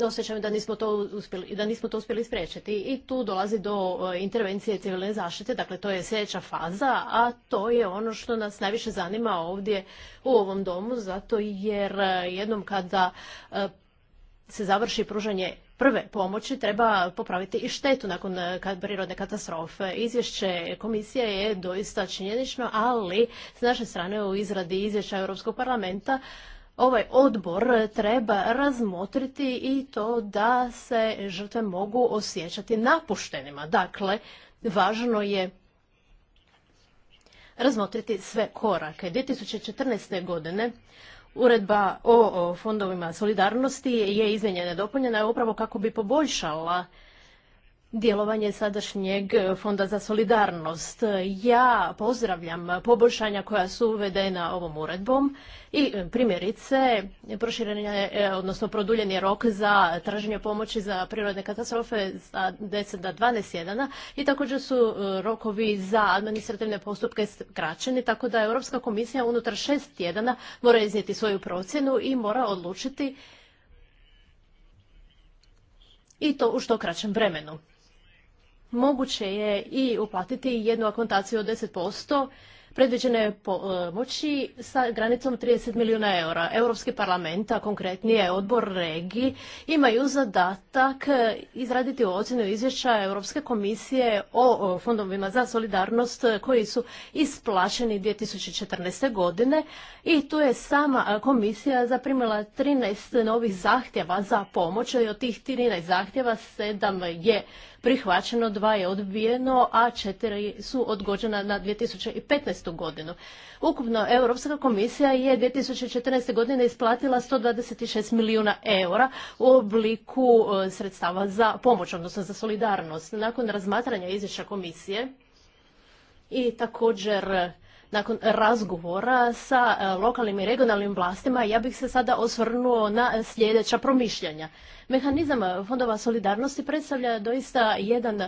osjećam da nismo to uspjeli, da nismo to spriječiti. I tu dolazi do e, intervencije civilne zaštite, dakle to je sljedeća faza, a to je ono što nas najviše zanima ovdje u ovom domu, zato jer e, jednom kada e, se završi pružanje prve pomoći treba popraviti i štetu nakon prirodne katastrofe. Izvješće komisije je doista činjenično, ali s naše strane u izradi izvješća Europskog parlamenta ovaj odbor treba razmotriti i to da se žrtve mogu osjećati napuštenima. Dakle, važno je razmotriti sve korake. 2014. godine uredba o fondovima solidarnosti je izmijenjena i dopunjena upravo kako bi poboljšala djelovanje sadašnjeg Fonda za solidarnost. Ja pozdravljam poboljšanja koja su uvedena ovom uredbom i e, primjerice proširenje, e, odnosno produljen je rok za traženje pomoći za prirodne katastrofe sa 10 do 12 jedana i također su e, rokovi za administrativne postupke skraćeni, tako da Europska komisija unutar šest tjedana mora iznijeti svoju procjenu i mora odlučiti i to u što kraćem vremenu moguće je i uplatiti jednu akontaciju od 10% predviđene pomoći e, sa granicom 30 milijuna eura. Europski parlament, a konkretnije odbor regiji, imaju zadatak e, izraditi ocjenu izvješća Europske komisije o fondovima za solidarnost e, koji su isplaćeni 2014. godine i tu je sama komisija zaprimila 13 novih zahtjeva za pomoć i od tih 13 zahtjeva 7 je prihvaćeno, dva je odbijeno, a četiri su odgođena na 2015. godinu. Ukupno Europska komisija je 2014. godine isplatila 126 milijuna eura u obliku e, sredstava za pomoć, odnosno za solidarnost. Nakon razmatranja izvješća komisije i također nakon razgovora sa e, lokalnim i regionalnim vlastima, ja bih se sada osvrnuo na sljedeća promišljanja. Mehanizam fondova solidarnosti predstavlja doista jedan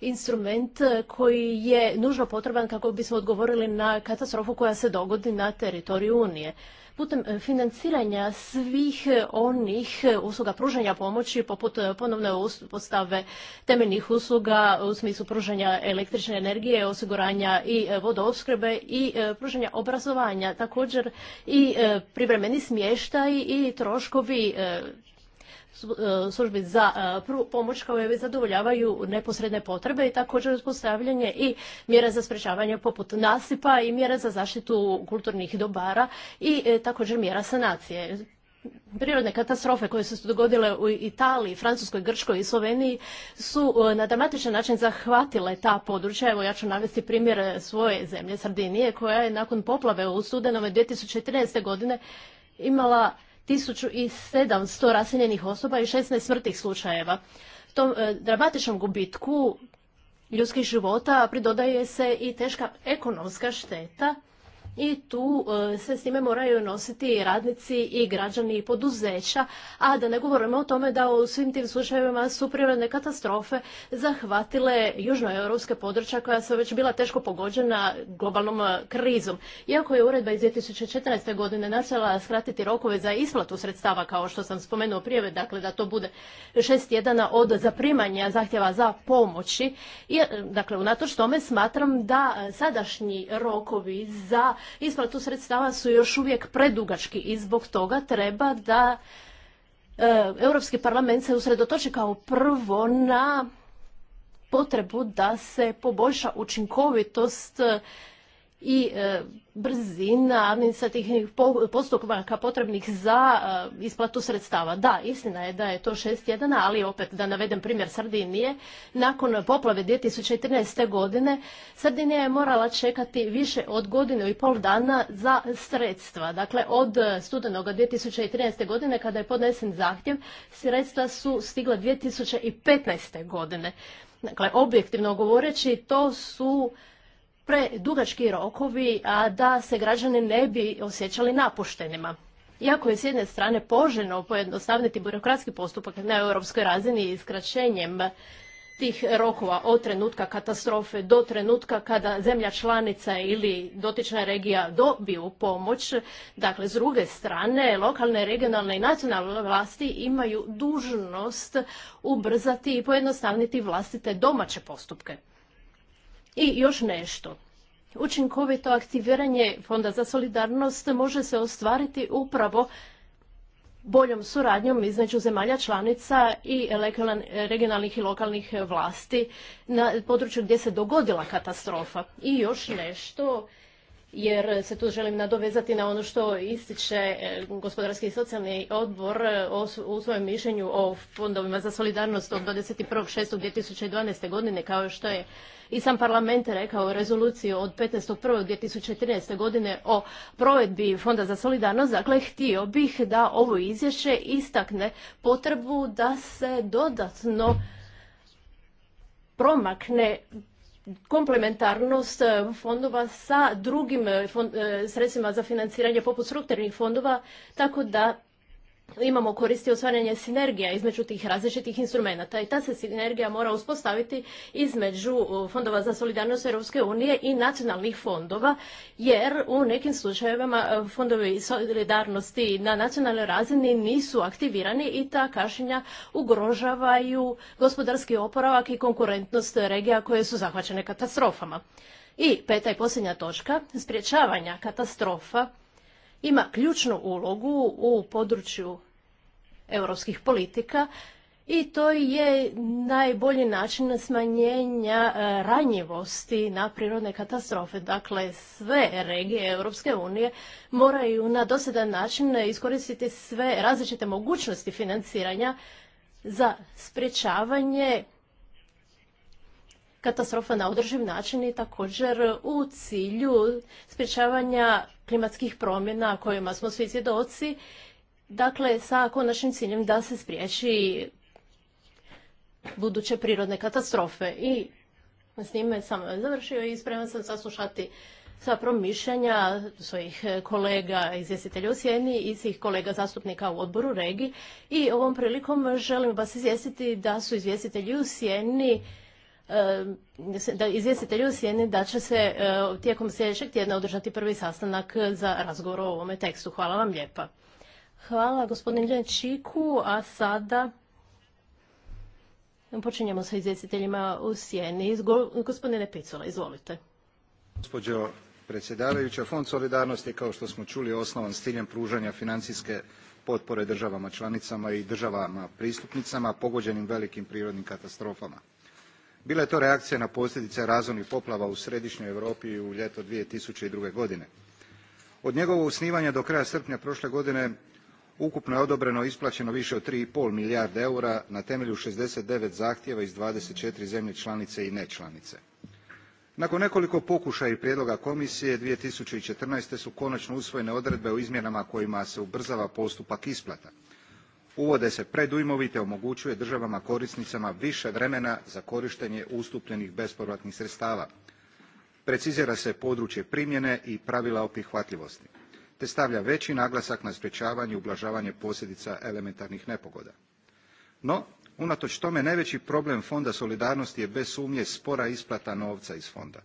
instrument koji je nužno potreban kako bismo odgovorili na katastrofu koja se dogodi na teritoriju Unije putem e, financiranja svih e, onih e, usluga pružanja pomoći poput ponovne postave temeljnih usluga u smislu pružanja električne energije, osiguranja i vodoopskrbe i pružanja obrazovanja. Također i privremeni smještaj i troškovi E, službi za e, pomoć pomoć i zadovoljavaju neposredne potrebe i također uspostavljanje i mjere za sprečavanje poput nasipa i mjera za zaštitu kulturnih dobara i e, također mjera sanacije. Prirodne katastrofe koje su se dogodile u Italiji, Francuskoj, Grčkoj i Sloveniji su na dramatičan način zahvatile ta područja. Evo ja ću navesti primjer svoje zemlje, Sardinije, koja je nakon poplave u studenome 2013. godine imala 1700 raseljenih osoba i 16 smrtih slučajeva. Tom eh, dramatičnom gubitku ljudskih života pridodaje se i teška ekonomska šteta i tu e, se s time moraju nositi i radnici i građani i poduzeća, a da ne govorimo o tome da u svim tim slučajevima su prirodne katastrofe zahvatile južnoeuropske područja koja su već bila teško pogođena globalnom e, krizom. Iako je uredba iz 2014. godine načela skratiti rokove za isplatu sredstava, kao što sam spomenuo prije, dakle da to bude šest jedana od zaprimanja zahtjeva za pomoći, i, e, dakle unatoč tome smatram da sadašnji rokovi za isplatu sredstava su još uvijek predugački i zbog toga treba da e, Europski parlament se usredotoči kao prvo na potrebu da se poboljša učinkovitost i e, brzina administrativnih postupaka potrebnih za e, isplatu sredstava. Da, istina je da je to 6.1, ali opet da navedem primjer Sardinije. Nakon poplave 2013. godine Sardinija je morala čekati više od godinu i pol dana za sredstva. Dakle, od studenoga 2013. godine kada je podnesen zahtjev, sredstva su stigla 2015. godine. Dakle, objektivno govoreći, to su predugački rokovi, a da se građani ne bi osjećali napuštenima. Iako je s jedne strane poželjno pojednostavniti birokratski postupak na europskoj razini i skraćenjem tih rokova od trenutka katastrofe do trenutka kada zemlja članica ili dotična regija dobiju pomoć. Dakle, s druge strane, lokalne, regionalne i nacionalne vlasti imaju dužnost ubrzati i pojednostavniti vlastite domaće postupke. I još nešto. Učinkovito aktiviranje Fonda za solidarnost može se ostvariti upravo boljom suradnjom između zemalja članica i regionalnih i lokalnih vlasti na području gdje se dogodila katastrofa. I još nešto, jer se tu želim nadovezati na ono što ističe e, gospodarski i socijalni odbor e, u svojem mišljenju o fondovima za solidarnost od 21.6.2012. godine, kao što je i sam parlament rekao rezoluciju od 15.1.2013. godine o provedbi Fonda za solidarnost. Dakle, htio bih da ovo izvješće istakne potrebu da se dodatno promakne komplementarnost e, fondova sa drugim e, e, sredstvima za financiranje poput strukturnih fondova, tako da imamo koristi osvaranje sinergija između tih različitih instrumenata i ta se sinergija mora uspostaviti između fondova za solidarnost Europske unije i nacionalnih fondova jer u nekim slučajevima e, fondovi solidarnosti na nacionalnoj razini nisu aktivirani i ta kašnjenja ugrožavaju gospodarski oporavak i konkurentnost regija koje su zahvaćene katastrofama. I peta i posljednja točka, sprječavanja katastrofa ima ključnu ulogu u području europskih politika i to je najbolji način smanjenja e, ranjivosti na prirodne katastrofe. Dakle, sve regije Europske unije moraju na dosadan način iskoristiti sve različite mogućnosti financiranja za sprječavanje katastrofa na održiv način i također u cilju sprječavanja klimatskih promjena kojima smo svi svjedoci, dakle sa konačnim ciljem da se spriječi buduće prirodne katastrofe. I s njime sam završio i spreman sam saslušati sva promišljanja svojih kolega izvjestitelja u Sjeni i svih kolega zastupnika u odboru Regi. I ovom prilikom želim vas izvjestiti da su izvjestitelji u Sjeni da izvjestitelji u sjeni da će se e, tijekom sljedećeg tjedna održati prvi sastanak za razgovor o ovome tekstu. Hvala vam lijepa. Hvala gospodine Čiku, a sada počinjemo sa izvjestiteljima u sjeni. Gospodine Picula, izvolite.
Gospođo predsjedavajuća, Fond solidarnosti kao što smo čuli osnovan stiljem ciljem pružanja financijske potpore državama članicama i državama pristupnicama pogođenim velikim prirodnim katastrofama bila je to reakcija na posljedice razornih poplava u središnjoj europi u ljeto. two thousand and two godine od njegovog osnivanja do kraja srpnja prošle godine ukupno je odobreno i isplaćeno više od three five milijarde eura na temelju sixty nine zahtjeva iz twenty four zemlje članice i nečlanice. nakon nekoliko pokušaja i prijedloga komisije. two thousand and fourteen su konačno usvojene odredbe o izmjenama kojima se ubrzava postupak isplata uvode se predujmovi te omogućuje državama korisnicama više vremena za korištenje ustupljenih bespovratnih sredstava precizira se područje primjene i pravila o prihvatljivosti te stavlja veći naglasak na sprječavanje i ublažavanje posljedica elementarnih nepogoda no unatoč tome najveći problem fonda solidarnosti je bez sumnje spora isplata novca iz fonda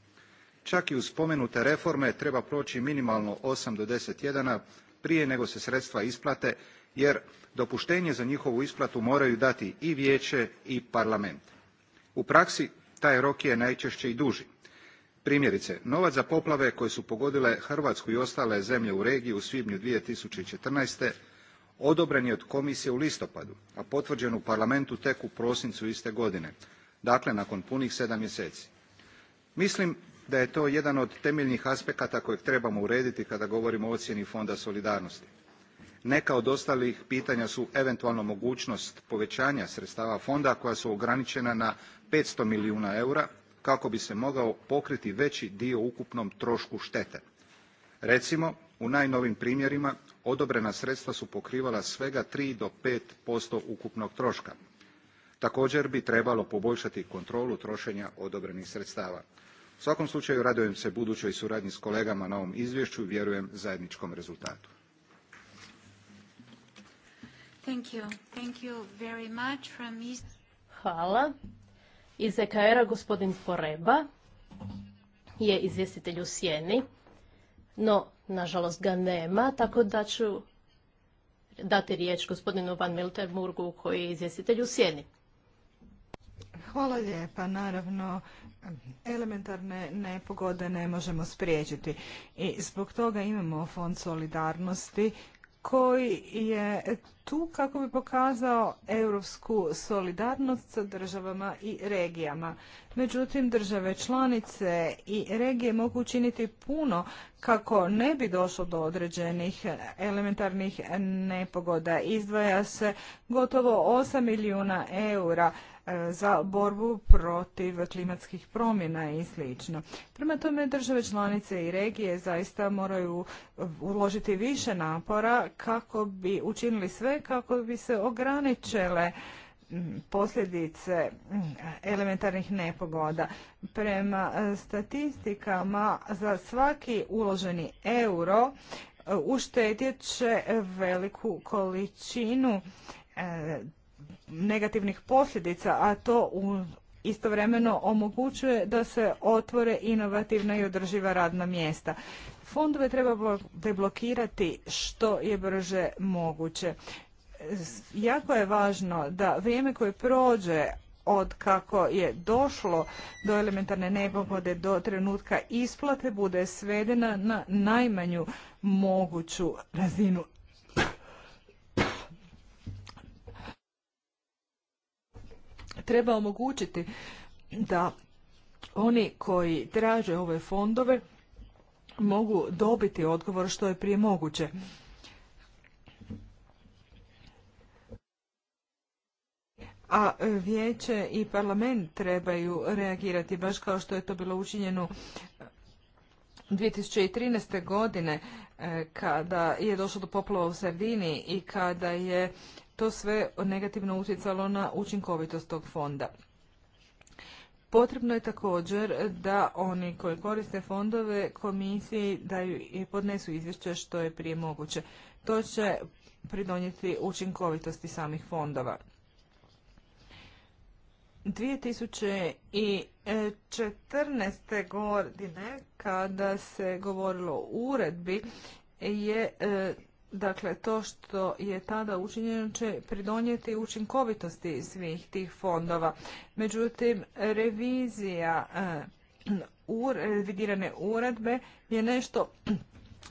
čak i uz spomenute reforme treba proći minimalno osam do deset tjedana prije nego se sredstva isplate jer dopuštenje za njihovu isplatu moraju dati i vijeće i parlament. u praksi taj rok je najčešće i duži. primjerice novac za poplave koje su pogodile hrvatsku i ostale zemlje u regiji u svibnju. two thousand and fourteen odobren je od komisije u listopadu a potvrđen u parlamentu tek u prosincu iste godine dakle nakon punih sedam mjeseci. mislim da je to jedan od temeljnih aspekata kojeg trebamo urediti kada govorimo o ocjeni fonda solidarnosti neka od ostalih pitanja su eventualno mogućnost povećanja sredstava fonda koja su ograničena na five milijuna eura kako bi se mogao pokriti veći dio ukupnom trošku štete recimo u najnovijim primjerima odobrena sredstva su pokrivala svega three do five ukupnog troška također bi trebalo poboljšati kontrolu trošenja odobrenih sredstava u svakom slučaju radujem se budućoj suradnji s kolegama na ovom izvješću i vjerujem zajedničkom rezultatu
Thank you.
Hvala. Iz EKR-a gospodin Poreba je izvjestitelj u Sjeni, no nažalost ga nema, tako da ću dati riječ gospodinu Van Miltermurgu, koji je izvjestitelj u Sjeni.
Hvala lijepa. Naravno, elementarne nepogode ne možemo spriječiti i zbog toga imamo fond solidarnosti koji je tu kako bi pokazao europsku solidarnost sa državama i regijama. Međutim, države članice i regije mogu učiniti puno kako ne bi došlo do određenih elementarnih nepogoda. Izdvaja se gotovo 8 milijuna eura za borbu protiv klimatskih promjena i sl. Prema tome države članice i regije zaista moraju uložiti više napora kako bi učinili sve kako bi se ograničile mm, posljedice mm, elementarnih nepogoda. Prema e, statistikama za svaki uloženi euro e, uštedjet će veliku količinu e, negativnih posljedica, a to u istovremeno omogućuje da se otvore inovativna i održiva radna mjesta. Fondove treba deblokirati što je brže moguće. Jako je važno da vrijeme koje prođe od kako je došlo do elementarne nepogode do trenutka isplate bude svedena na najmanju moguću razinu treba omogućiti da oni koji traže ove fondove mogu dobiti odgovor što je prije moguće. a vijeće i parlament trebaju reagirati baš kao što je to bilo učinjeno 2013. godine eh, kada je došlo do poplova u Sardini i kada je to sve negativno utjecalo na učinkovitost tog fonda. Potrebno je također da oni koji koriste fondove komisiji daju i podnesu izvješće što je prije moguće. To će pridonijeti učinkovitosti samih fondova. 2014. godine kada se govorilo o uredbi je e, Dakle, to što je tada učinjeno će pridonijeti učinkovitosti svih tih fondova. Međutim, revizija eh, revidirane uredbe je nešto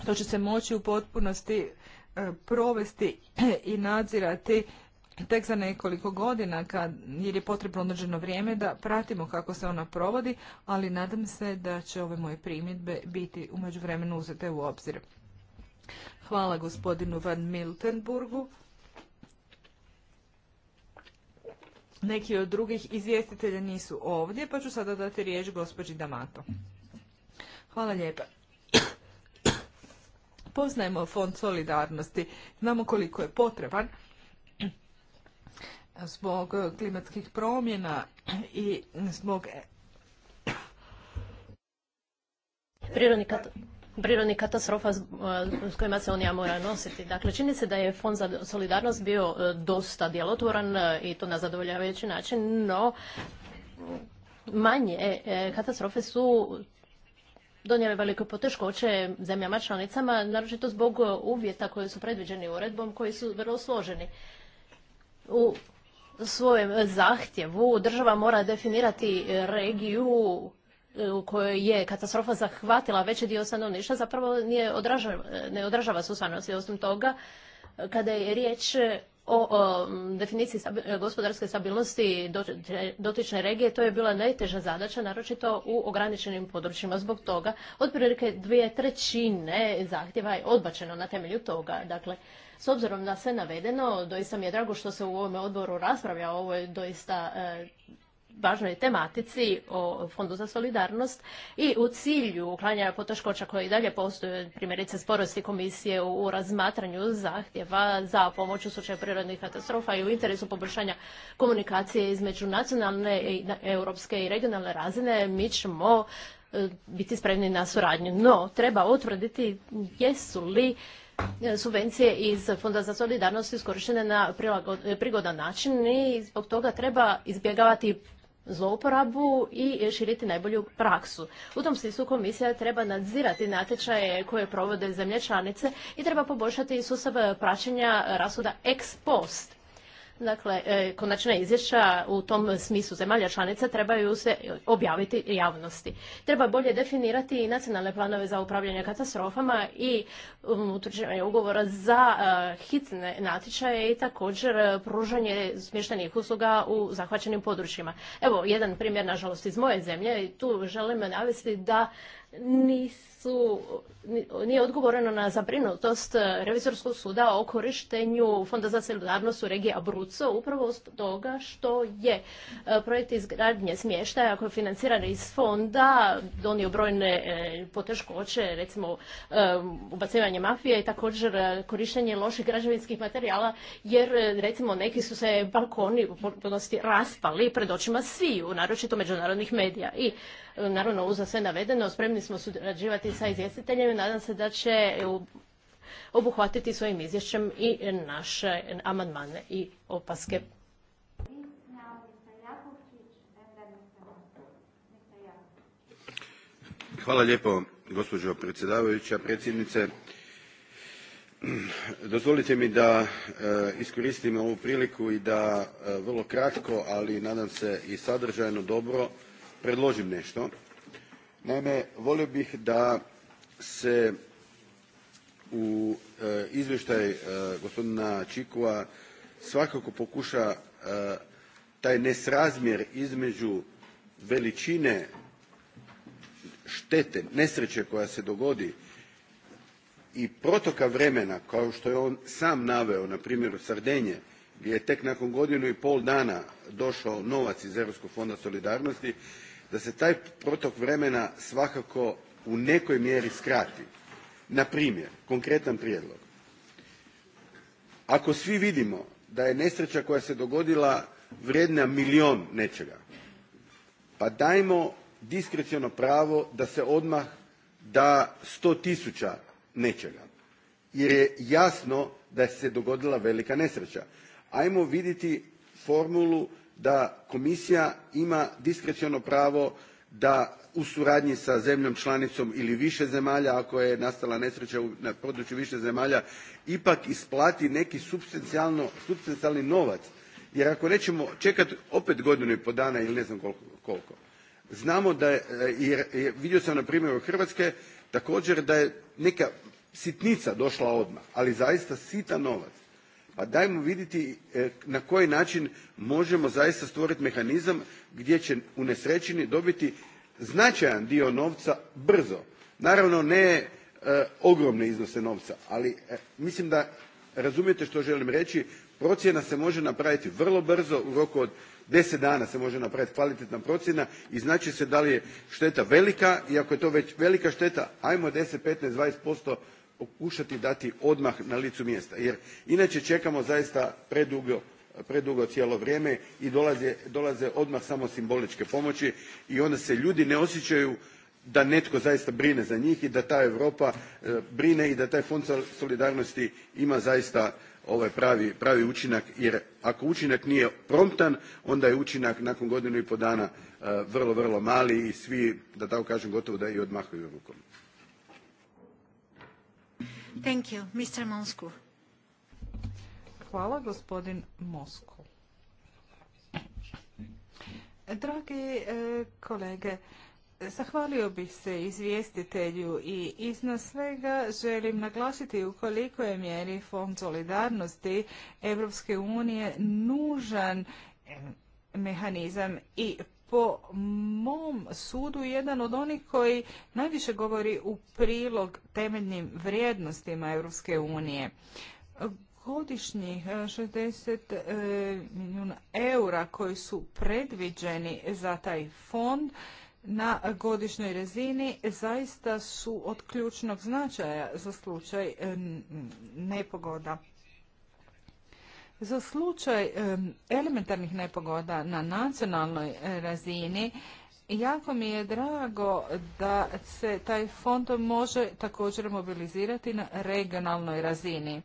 što će se moći u potpunosti eh, provesti i nadzirati tek za nekoliko godina kad, jer je potrebno određeno vrijeme da pratimo kako se ona provodi, ali nadam se da će ove moje primjedbe biti u međuvremenu uzete u obzir. Hvala gospodinu Van Miltenburgu. Neki od drugih izvjestitelja nisu ovdje, pa ću sada dati riječ gospođi Damato. Hvala lijepa. Poznajemo fond solidarnosti, znamo koliko je potreban
zbog klimatskih promjena i zbog Prirodni prirodnih katastrofa s kojima se ja mora nositi. Dakle, čini se da je Fond za solidarnost bio e, dosta djelotvoran e, i to na zadovoljavajući način, no manje e, katastrofe su donijele velike poteškoće zemljama članicama, naročito zbog uvjeta koji su predviđeni uredbom, koji su vrlo složeni. U svojem zahtjevu država mora definirati regiju u kojoj je katastrofa zahvatila veći dio stanovništva zapravo nije odražava, ne odražava sustavnost. I osim toga, kada je riječ o, definiciji gospodarske stabilnosti dotične regije, to je bila najteža zadaća, naročito u ograničenim područjima. Zbog toga, otprilike dvije trećine zahtjeva je odbačeno na temelju toga. Dakle, s obzirom na sve navedeno, doista mi je drago što se u ovome odboru raspravlja. Ovo je doista e, važnoj tematici o Fondu za solidarnost i u cilju uklanjanja poteškoća koje i dalje postoje, primjerice sporosti komisije u razmatranju zahtjeva za pomoć u slučaju prirodnih katastrofa i u interesu poboljšanja komunikacije između nacionalne, europske i regionalne razine, mi ćemo e, biti spremni na suradnju. No, treba utvrditi jesu li e, subvencije iz Fonda za solidarnost iskorištene na prigodan način i zbog toga treba izbjegavati zlouporabu i širiti najbolju praksu. U tom smislu komisija treba nadzirati natječaje koje provode zemlje članice i treba poboljšati sustav praćenja rasuda ex post. Dakle, e, konačna izvješća u tom smislu zemalja članica trebaju se objaviti javnosti. Treba bolje definirati i nacionalne planove za upravljanje katastrofama i um, utvrđivanje ugovora za e, hitne natječaje i također e, pružanje smještenih usluga u zahvaćenim područjima. Evo, jedan primjer, nažalost, iz moje zemlje i tu želim navesti da nisu, nije odgovoreno na zabrinutost eh, Revizorskog suda o korištenju Fonda za solidarnost u regiji Abruzzo upravo zbog toga što je eh, projekt izgradnje smještaja koji je financiran iz fonda donio brojne eh, poteškoće, recimo ubacivanje mafije i također korištenje loših građevinskih materijala jer recimo neki su se balkoni u potpunosti raspali pred očima sviju, naročito međunarodnih medija. I Naravno, uza sve navedeno, spremni smo surađivati sa izvjestiteljem i nadam se da će obuhvatiti svojim izvješćem i naše amandmane i opaske.
Hvala lijepo, gospođo predsjedavajuća, predsjednice. Dozvolite mi da e, iskoristim ovu priliku i da e, vrlo kratko, ali nadam se i sadržajno dobro predložim nešto. Naime, volio bih da se u e, izvještaj e, gospodina Čikova svakako pokuša e, taj nesrazmjer između veličine štete, nesreće koja se dogodi i protoka vremena kao što je on sam naveo na primjeru Sardenje, gdje je tek nakon godinu i pol dana došao novac iz Europskog fonda solidarnosti da se taj protok vremena svakako u nekoj mjeri skrati. na primjer konkretan prijedlog ako svi vidimo da je nesreća koja se dogodila vrijedna milijun nečega pa dajmo diskreciono pravo da se odmah da sto tisuća nečega jer je jasno da se dogodila velika nesreća. ajmo vidjeti formulu da komisija ima diskreciono pravo da u suradnji sa zemljom članicom ili više zemalja ako je nastala nesreća na području više zemalja ipak isplati neki supstancijalni novac jer ako nećemo čekati opet godinu i pol dana ili ne znam koliko znamo da je e, e, vidio sam na primjeru hrvatske također da je neka sitnica došla odmah ali zaista sitan novac pa dajmo vidjeti e, na koji način možemo zaista stvoriti mehanizam gdje će unesrećeni dobiti značajan dio novca brzo naravno ne e, ogromne iznose novca ali e, mislim da razumijete što želim reći procjena se može napraviti vrlo brzo u roku od deset dana se može napraviti kvalitetna procjena i znači se da li je šteta velika i ako je to već velika šteta ajmo deset petnaest dvadeset posto pokušati dati odmah na licu mjesta jer inače čekamo zaista predugo, cijelo vrijeme i dolaze, odmah samo simboličke pomoći i onda se ljudi ne osjećaju da netko zaista brine za njih i da ta europa e, brine i da taj fond solidarnosti ima zaista ovaj, pravi, pravi učinak jer ako učinak nije promptan onda je učinak nakon godinu i pol dana e, vrlo vrlo mali i svi da tako kažem gotovo da i odmahuju rukom.
Thank you. Hvala, gospodin
Dragi e, kolege, Zahvalio bih se izvjestitelju i iznad svega želim naglasiti u koliko je mjeri Fond solidarnosti Europske unije nužan e, mehanizam i po mom sudu jedan od onih koji najviše govori u prilog temeljnim vrijednostima Europske unije. Godišnjih 60 e, e, milijuna eura koji su predviđeni za taj fond na godišnjoj razini zaista su od ključnog značaja za slučaj e, nepogoda. Za slučaj elementarnih nepogoda na nacionalnoj e, razini, jako mi je drago da se taj fond može također mobilizirati na regionalnoj razini.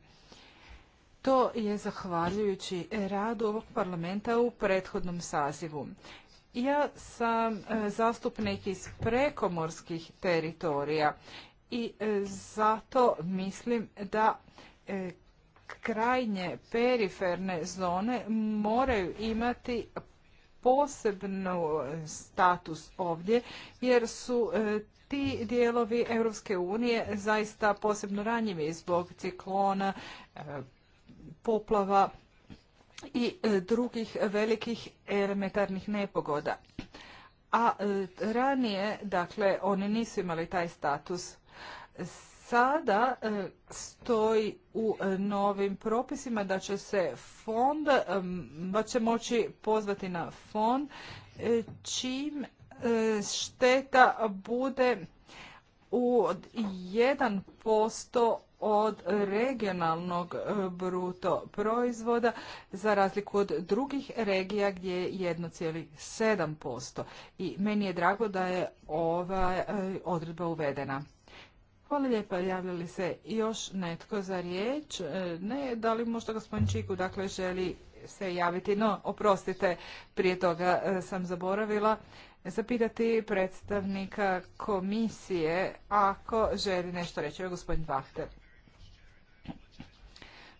To je zahvaljujući radu ovog parlamenta u prethodnom sazivu. Ja sam e, zastupnik iz prekomorskih teritorija i e, zato mislim da krajnje periferne zone moraju imati posebno status ovdje jer su e, ti dijelovi Europske unije zaista posebno ranjivi zbog ciklona, e, poplava i e, drugih velikih elementarnih nepogoda. A ranije, dakle, oni nisu imali taj status sada e, stoji u e, novim propisima da će se fond, e, da će moći pozvati na fond čim šteta bude u 1% od regionalnog bruto proizvoda za razliku od drugih regija gdje je 1,7%. I meni je drago da je ova odredba uvedena. Hvala lijepa, javlja se još netko za riječ? E, ne, da li možda gospodin Čiku dakle, želi se javiti? No, oprostite, prije toga e, sam zaboravila zapitati predstavnika komisije ako želi nešto reći. gospodin Vahter.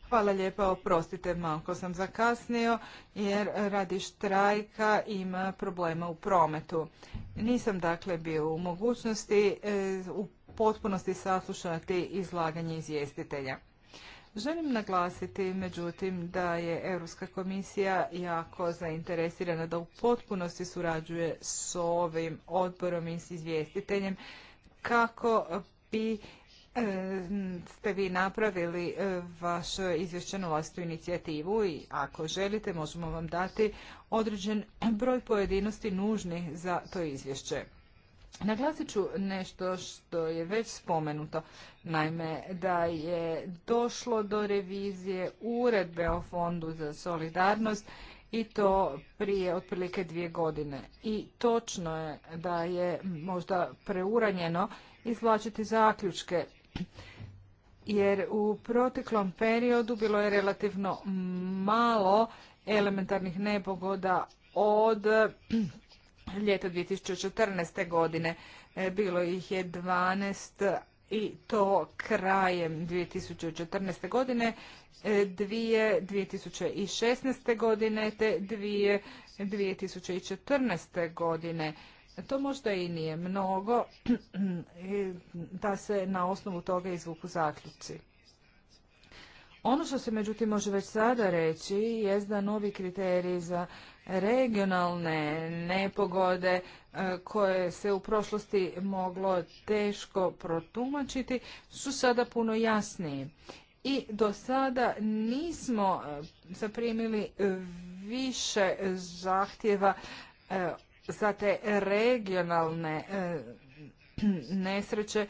Hvala lijepa, oprostite malo sam zakasnio jer radi štrajka ima problema u prometu. Nisam dakle bio u mogućnosti e, u potpunosti saslušati izlaganje izvjestitelja. Želim naglasiti, međutim, da je Europska komisija jako zainteresirana da u potpunosti surađuje s ovim odborom i s izvjestiteljem kako bi e, ste vi napravili e, vaš izvješće na inicijativu i ako želite možemo vam dati određen broj pojedinosti nužnih za to izvješće. Naglasit ću nešto što je već spomenuto, naime da je došlo do revizije uredbe o Fondu za solidarnost i to prije otprilike dvije godine. I točno je da je možda preuranjeno izvlačiti zaključke, jer u proteklom periodu bilo je relativno malo elementarnih nepogoda od ljeta 2014. godine. E, bilo ih je 12 i to krajem 2014. godine, e, dvije 2016. godine te dvije 2014. godine. To možda i nije mnogo e, da se na osnovu toga izvuku zaključci. Ono što se međutim može već sada reći je da novi kriteriji za regionalne nepogode e, koje se u prošlosti moglo teško protumačiti su sada puno jasniji. I do sada nismo e, zaprimili više zahtjeva e, za te regionalne nesreće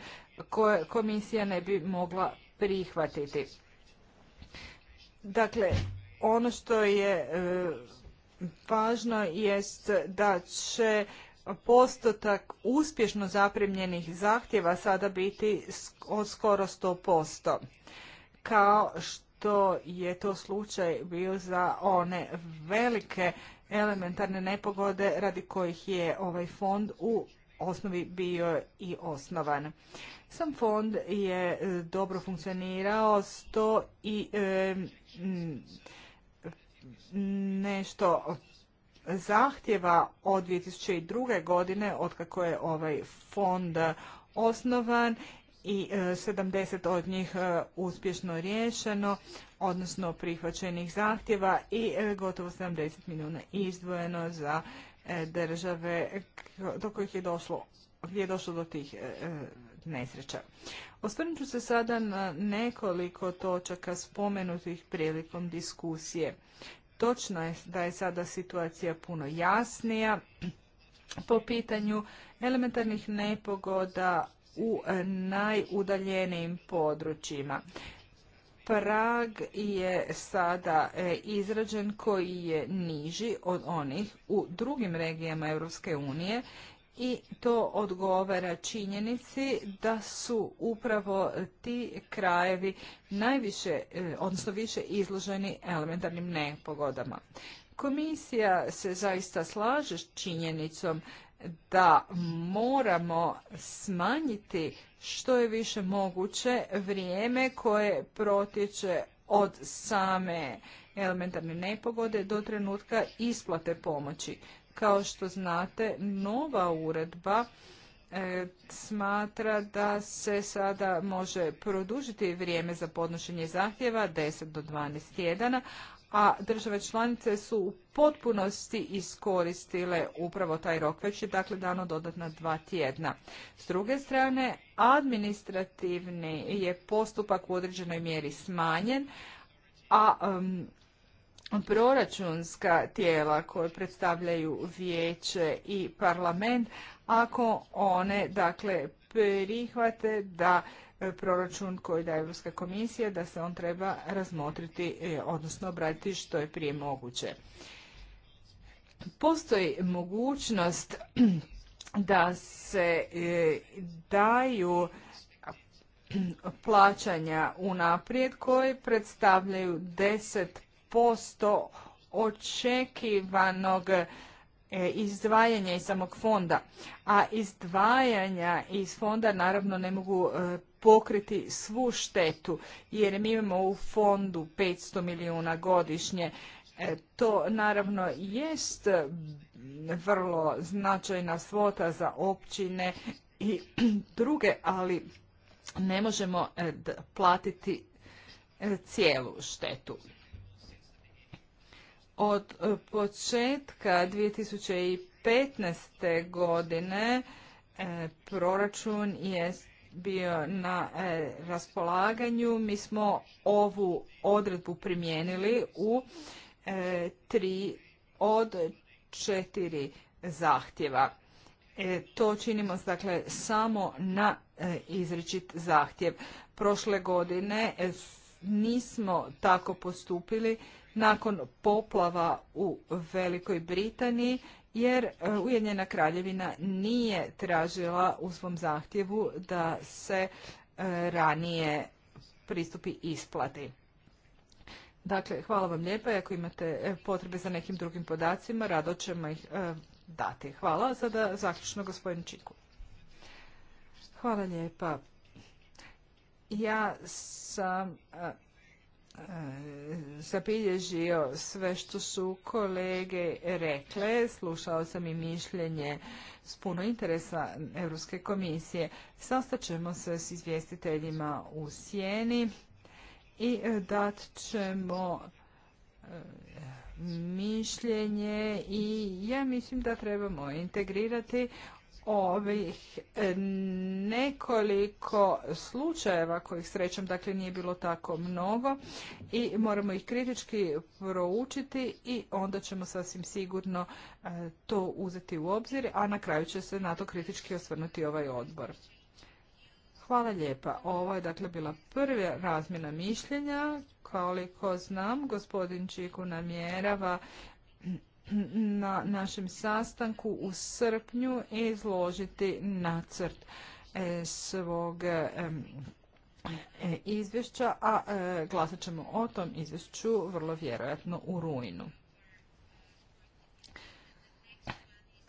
koje komisija ne bi mogla prihvatiti. Dakle, ono što je važno jest da će postotak uspješno zaprimljenih zahtjeva sada biti od skoro 100%, kao što je to slučaj bio za one velike elementarne nepogode radi kojih je ovaj fond u osnovi bio i osnovan. Sam fond je dobro funkcionirao 100 i nešto zahtjeva od 2002. godine, otkako je ovaj fond osnovan i 70 e, od njih e, uspješno riješeno, odnosno prihvaćenih zahtjeva i e, gotovo 70 milijuna izdvojeno za države do kojih je došlo je došlo do tih nesreća. Osvrnut ću se sada na nekoliko točaka spomenutih prilikom diskusije. Točno je da je sada situacija puno jasnija po pitanju elementarnih nepogoda u najudaljenijim područjima. Prag je sada e, izrađen koji je niži od onih u drugim regijama Europske unije i to odgovara činjenici da su upravo ti krajevi najviše, e, odnosno više izloženi elementarnim nepogodama. Komisija se zaista slaže s činjenicom da moramo smanjiti što je više moguće vrijeme koje protječe od same elementarne nepogode do trenutka isplate pomoći. Kao što znate, nova uredba e, smatra da se sada može produžiti vrijeme za podnošenje zahtjeva 10 do 12 tjedana, a države članice su u potpunosti iskoristile upravo taj rok, već je dakle dano dodatna dva tjedna. S druge strane, administrativni je postupak u određenoj mjeri smanjen, a proračunska tijela koje predstavljaju vijeće i parlament ako one dakle prihvate da e, proračun koji daje Europska komisija da se on treba razmotriti e, odnosno obratiti što je prije moguće. Postoji mogućnost da se e, daju plaćanja unaprijed koje predstavljaju 10 posto očekivanog e, izdvajanja iz samog fonda, a izdvajanja iz fonda naravno ne mogu e, pokriti svu štetu, jer mi imamo u fondu 500 milijuna godišnje. E, to naravno jest vrlo značajna svota za općine i druge, ali ne možemo platiti cijelu štetu. Od e, početka 2015. godine e, proračun je bio na e, raspolaganju. Mi smo ovu odredbu primijenili u tri od četiri zahtjeva. to činimo dakle samo na izričit zahtjev. Prošle godine nismo tako postupili nakon poplava u Velikoj Britaniji jer e, Ujedinjena kraljevina nije tražila u svom zahtjevu da se e, ranije pristupi isplati. Dakle, hvala vam lijepa. Ako imate e, potrebe za nekim drugim podacima, rado ćemo ih dati. Hvala. Sada zaključno gospodin Čiku. Hvala lijepa. Ja sam E, zabilježio sve što su kolege rekle. Slušao sam i mišljenje s puno interesa Europske komisije. Sastaćemo se s izvjestiteljima u sjeni i dat ćemo e, mišljenje i ja mislim da trebamo integrirati ovih e, nekoliko slučajeva kojih srećom dakle nije bilo tako mnogo i moramo ih kritički proučiti i onda ćemo sasvim sigurno e, to uzeti u obzir, a na kraju će se na to kritički osvrnuti ovaj odbor. Hvala lijepa. Ovo je dakle bila prva razmjena mišljenja. Koliko znam, gospodin Čiku namjerava na našem sastanku u srpnju izložiti nacrt e, svog e, izvješća, a e, glasat ćemo o tom izvješću vrlo vjerojatno u rujnu.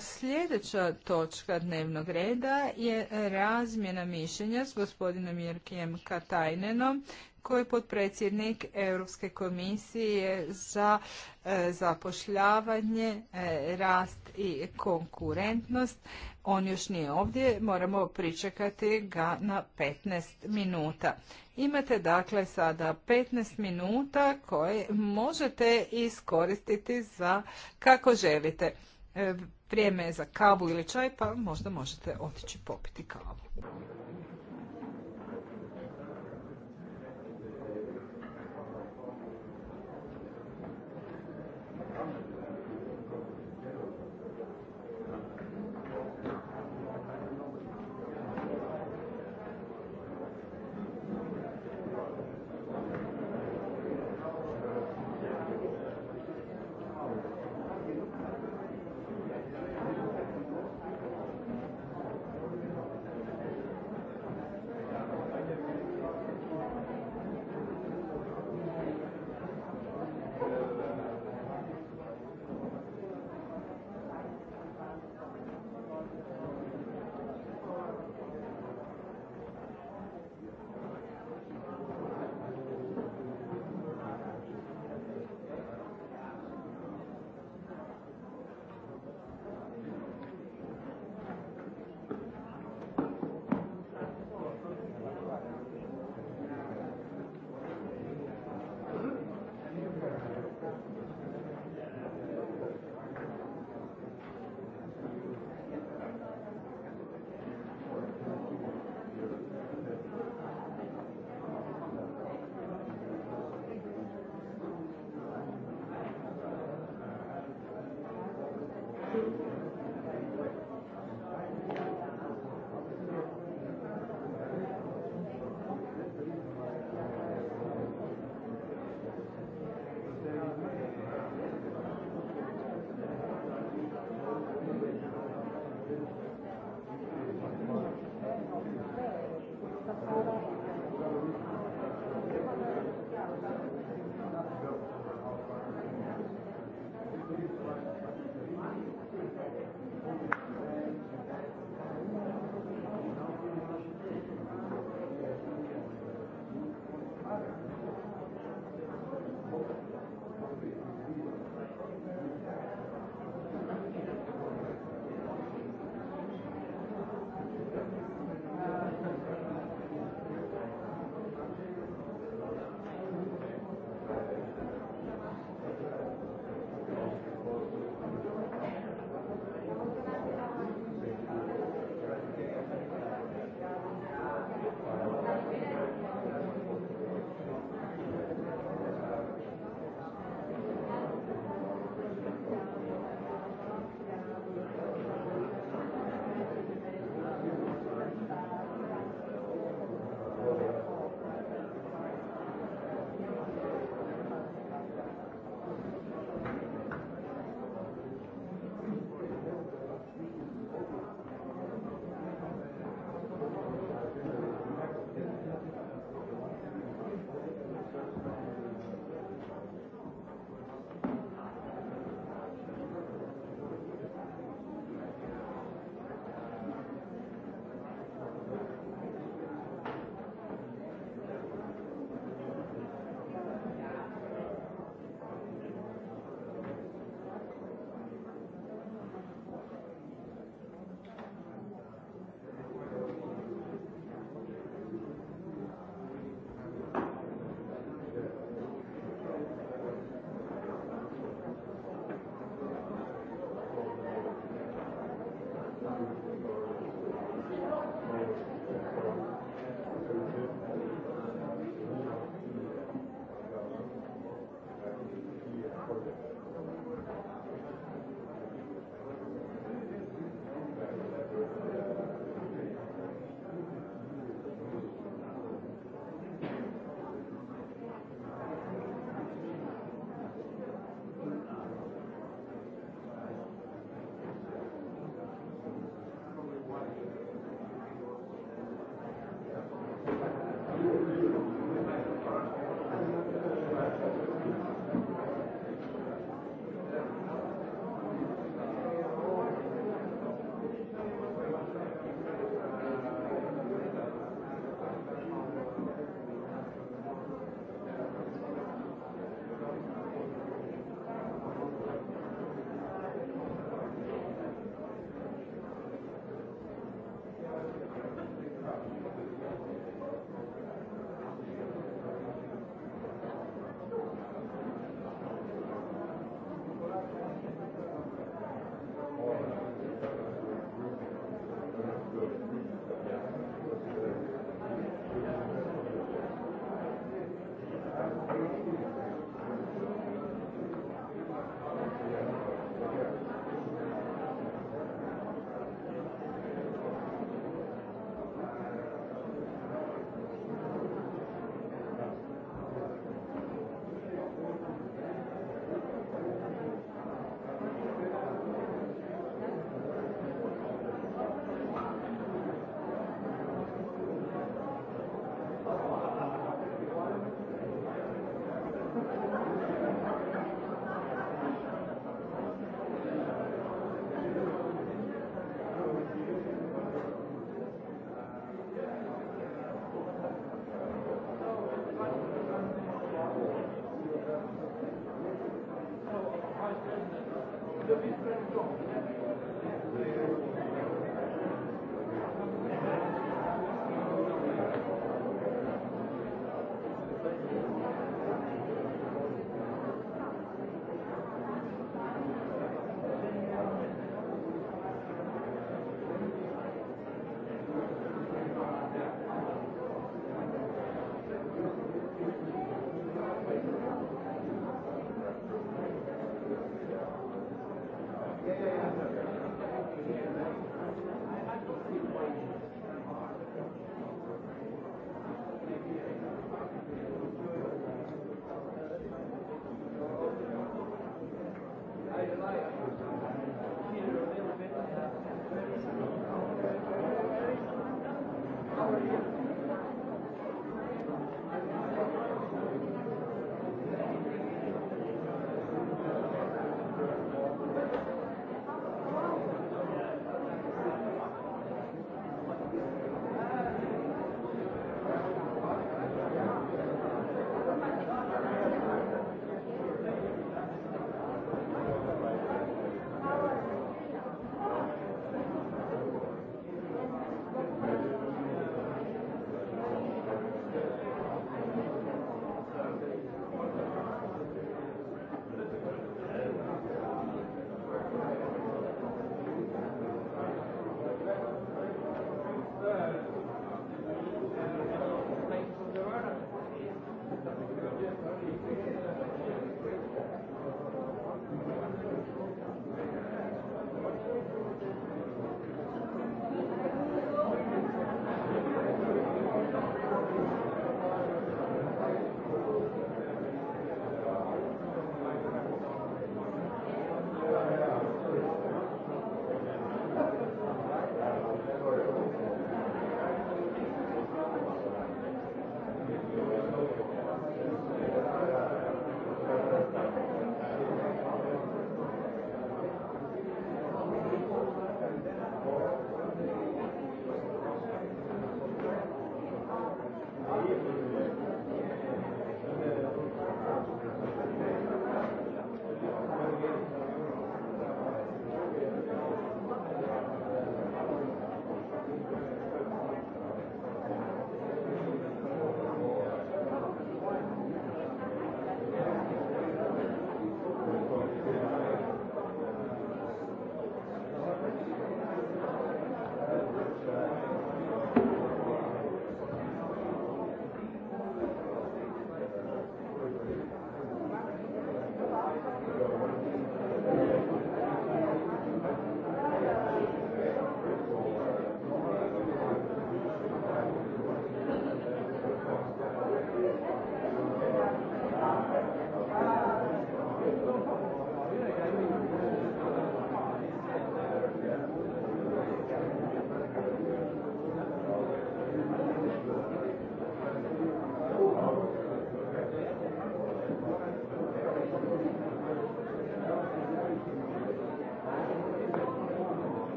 Sljedeća točka dnevnog reda je razmjena mišljenja s gospodinom Jerkijem Katajnenom, koji je potpredsjednik Europske komisije za e, zapošljavanje, e, rast i konkurentnost. On još nije ovdje, moramo pričekati ga na 15 minuta. Imate dakle sada 15 minuta koje možete iskoristiti za kako želite. E, vrijeme je za kavu ili čaj, pa možda možete otići popiti kavu.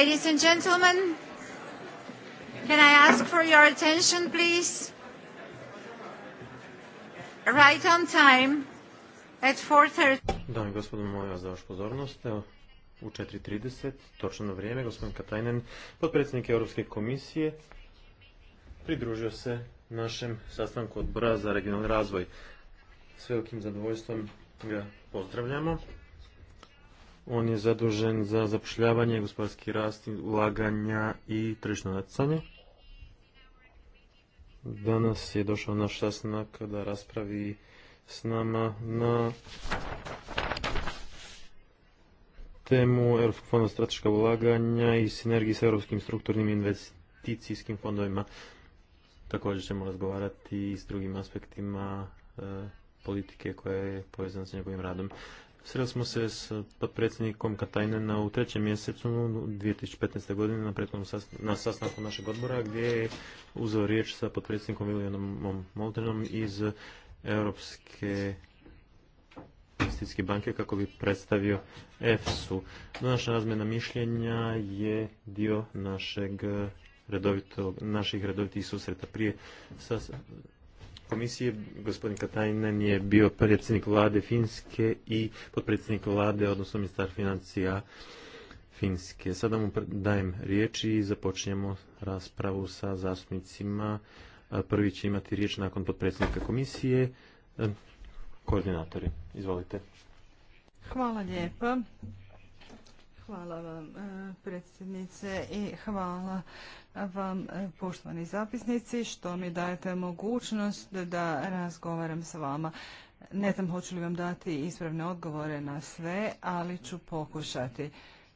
Ladies and gentlemen, can I ask for your attention, please? Right on time, at 4.30.
Dame i gospodo, molim vas za vašu pozornost. Evo, u 4.30, točno na vrijeme, gospodin Katajnen, potpredsjednik Europske komisije, pridružio se našem sastanku odbora za regionalni razvoj. S velikim zadovoljstvom ga pozdravljamo. On je zadužen za zapošljavanje, gospodarski rast, ulaganja i tržišno natjecanje. Danas je došao naš sastanak da raspravi s nama na temu Europskog fonda strateška ulaganja i sinergiji s Europskim strukturnim investicijskim fondovima. Također ćemo razgovarati i s drugim aspektima e, politike koja je povezana s njegovim radom. Sreli smo se s podpredsjednikom Katajnena u trećem mjesecu 2015. godine na prethodnom na sastanku našeg odbora gdje je uzeo riječ sa potpredsjednikom Williamom Moldenom iz Europske investicijske banke kako bi predstavio EFSU. Današnja razmjena mišljenja je dio našeg redovitog, naših redovitih susreta prije sa komisije, gospodin Katajnen je bio predsjednik vlade Finske i potpredsjednik vlade, odnosno ministar financija Finske. Sada mu dajem riječ i započnemo raspravu sa zastupnicima. Prvi će imati riječ nakon potpredsjednika komisije. E, koordinatori, izvolite.
Hvala lijepa. Hvala vam e, predsjednice i hvala vam e, poštovani zapisnici što mi dajete mogućnost da razgovaram s vama. Ne znam hoću li vam dati ispravne odgovore na sve, ali ću pokušati.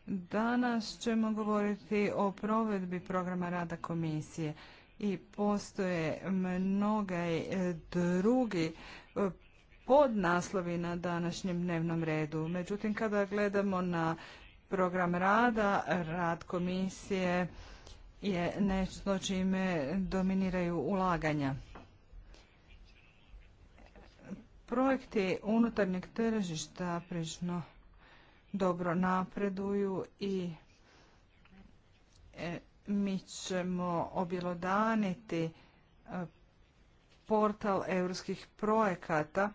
Danas ćemo govoriti o provedbi programa rada komisije i postoje mnoge e, drugi e, podnaslovi na današnjem dnevnom redu. Međutim, kada gledamo na program rada, rad komisije, je nešto čime dominiraju ulaganja. Projekti unutarnjeg tržišta prilično dobro napreduju i e, mi ćemo objelodaniti e, portal europskih projekata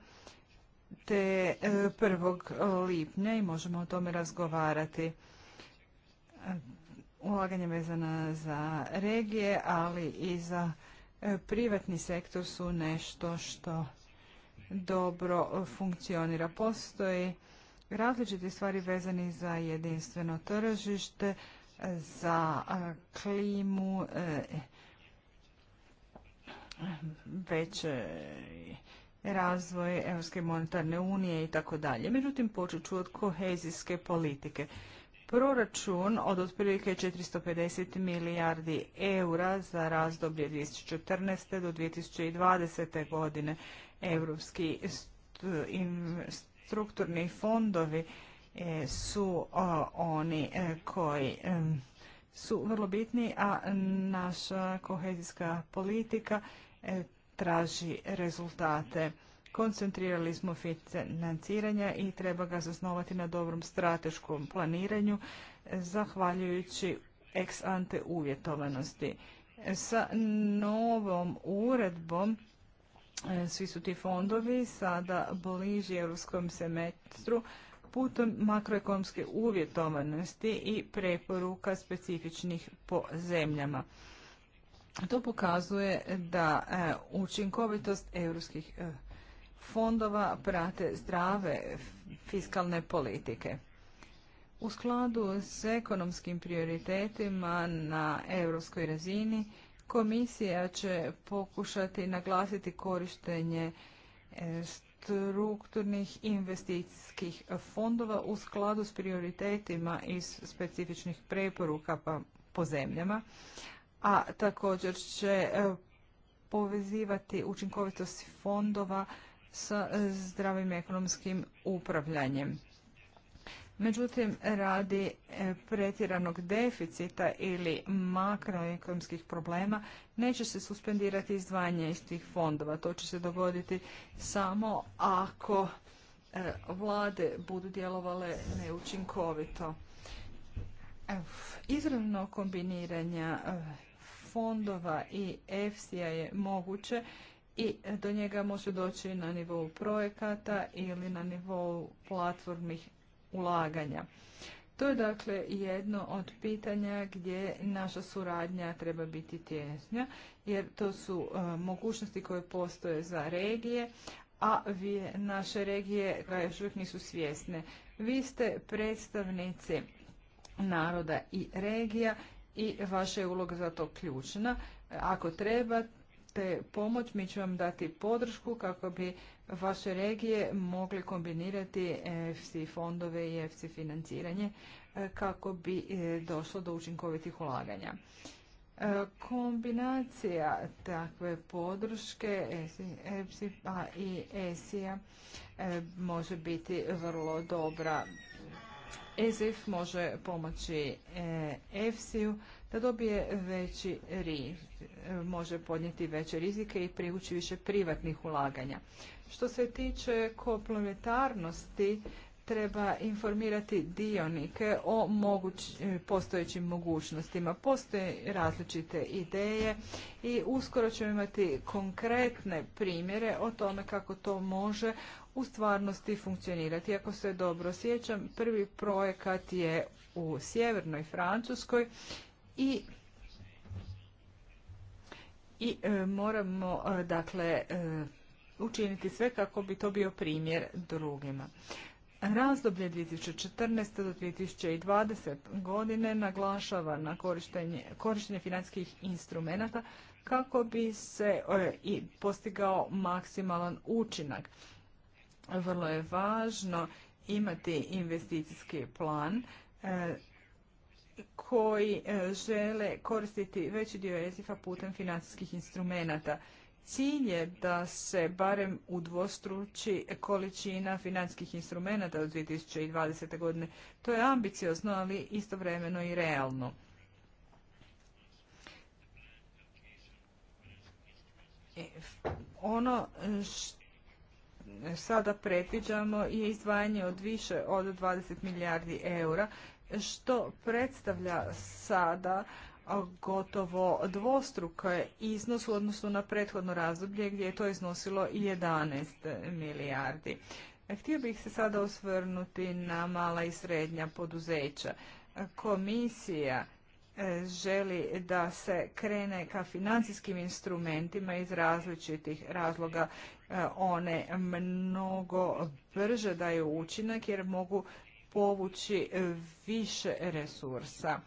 te 1. E, lipnja i možemo o tome razgovarati ulaganje vezana za regije, ali i za e, privatni sektor su nešto što dobro funkcionira. Postoji različite stvari vezani za jedinstveno tržište, za klimu, e, već e, razvoj Europske monetarne unije i tako dalje. Međutim, počet ću od kohezijske politike. Proračun od otprilike 450 milijardi eura za razdoblje 2014. do 2020. godine europski strukturni fondovi e, su oni e, koji e, su vrlo bitni, a naša kohezijska politika traži rezultate koncentrirali smo financiranja i treba ga zasnovati na dobrom strateškom planiranju zahvaljujući ex ante uvjetovanosti. Sa novom uredbom e, svi su ti fondovi sada bliži europskom semestru putem makroekonomske uvjetovanosti i preporuka specifičnih po zemljama. To pokazuje da e, učinkovitost europskih e, fondova prate zdrave fiskalne politike. U skladu s ekonomskim prioritetima na europskoj razini komisija će pokušati naglasiti korištenje e, strukturnih investicijskih fondova u skladu s prioritetima iz specifičnih preporuka pa po zemljama, a također će e, povezivati učinkovitost fondova sa e, zdravim ekonomskim upravljanjem. Međutim, radi e, pretjeranog deficita ili makroekonomskih problema neće se suspendirati izdvajanje iz tih fondova. To će se dogoditi samo ako e, vlade budu djelovale neučinkovito. Izravno kombiniranja fondova i EFSI-a je moguće i e, do njega može doći na nivou projekata ili na nivou platformnih ulaganja. To je dakle jedno od pitanja gdje naša suradnja treba biti tjesnja, jer to su e, mogućnosti koje postoje za regije, a vi, naše regije ga još uvijek nisu svjesne. Vi ste predstavnici naroda i regija i vaša je uloga za to ključna. Ako treba, te pomoć, mi ćemo vam dati podršku kako bi vaše regije mogli kombinirati EFSI fondove i EFC financiranje e, kako bi e, došlo do učinkovitih ulaganja. E, kombinacija takve podrške efsi i ESI-a može biti vrlo dobra. ESIF može pomoći EFSI-u da dobije veći ri može podnijeti veće rizike i privući više privatnih ulaganja. Što se tiče komplementarnosti, treba informirati dionike o postojećim mogućnostima. Postoje različite ideje i uskoro ćemo imati konkretne primjere o tome kako to može u stvarnosti funkcionirati. Ako se dobro sjećam, prvi projekat je u sjevernoj Francuskoj i i e, moramo e, dakle e, učiniti sve kako bi to bio primjer drugima. Razdoblje 2014. do 2020. godine naglašava na korištenje, korištenje financijskih instrumenata kako bi se i postigao maksimalan učinak. Vrlo je važno imati investicijski plan koji e, žele koristiti veći dio ESIF-a putem financijskih instrumenata. Cilj je da se barem udvostruči količina financijskih instrumenata od 2020. godine. To je ambiciozno, ali istovremeno i realno. E, ono e, što sada predviđamo je izdvajanje od više od 20 milijardi eura što predstavlja sada gotovo dvostruko iznos u odnosu na prethodno razdoblje gdje je to iznosilo 11 milijardi. Htio bih se sada osvrnuti na mala i srednja poduzeća. Komisija e, želi da se krene ka financijskim instrumentima iz različitih razloga. E, one mnogo brže daju učinak jer mogu povući e, više resursa.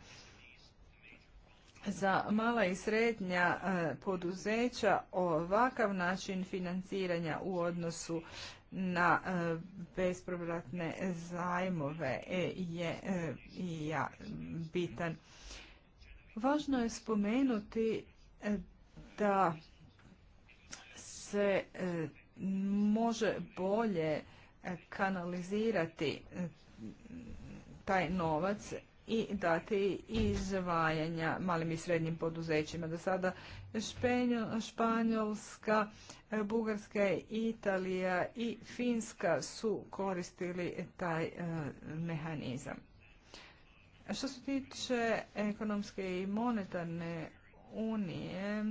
Za mala i srednja e, poduzeća ovakav način financiranja u odnosu na e, bespovratne zajmove je bitan. Važno je spomenuti da se može bolje kanalizirati taj novac i dati izvajanja malim i srednjim poduzećima. Da sada Španjolska, Bugarska, Italija i Finska su koristili taj e, mehanizam. Što se tiče ekonomske i monetarne unije,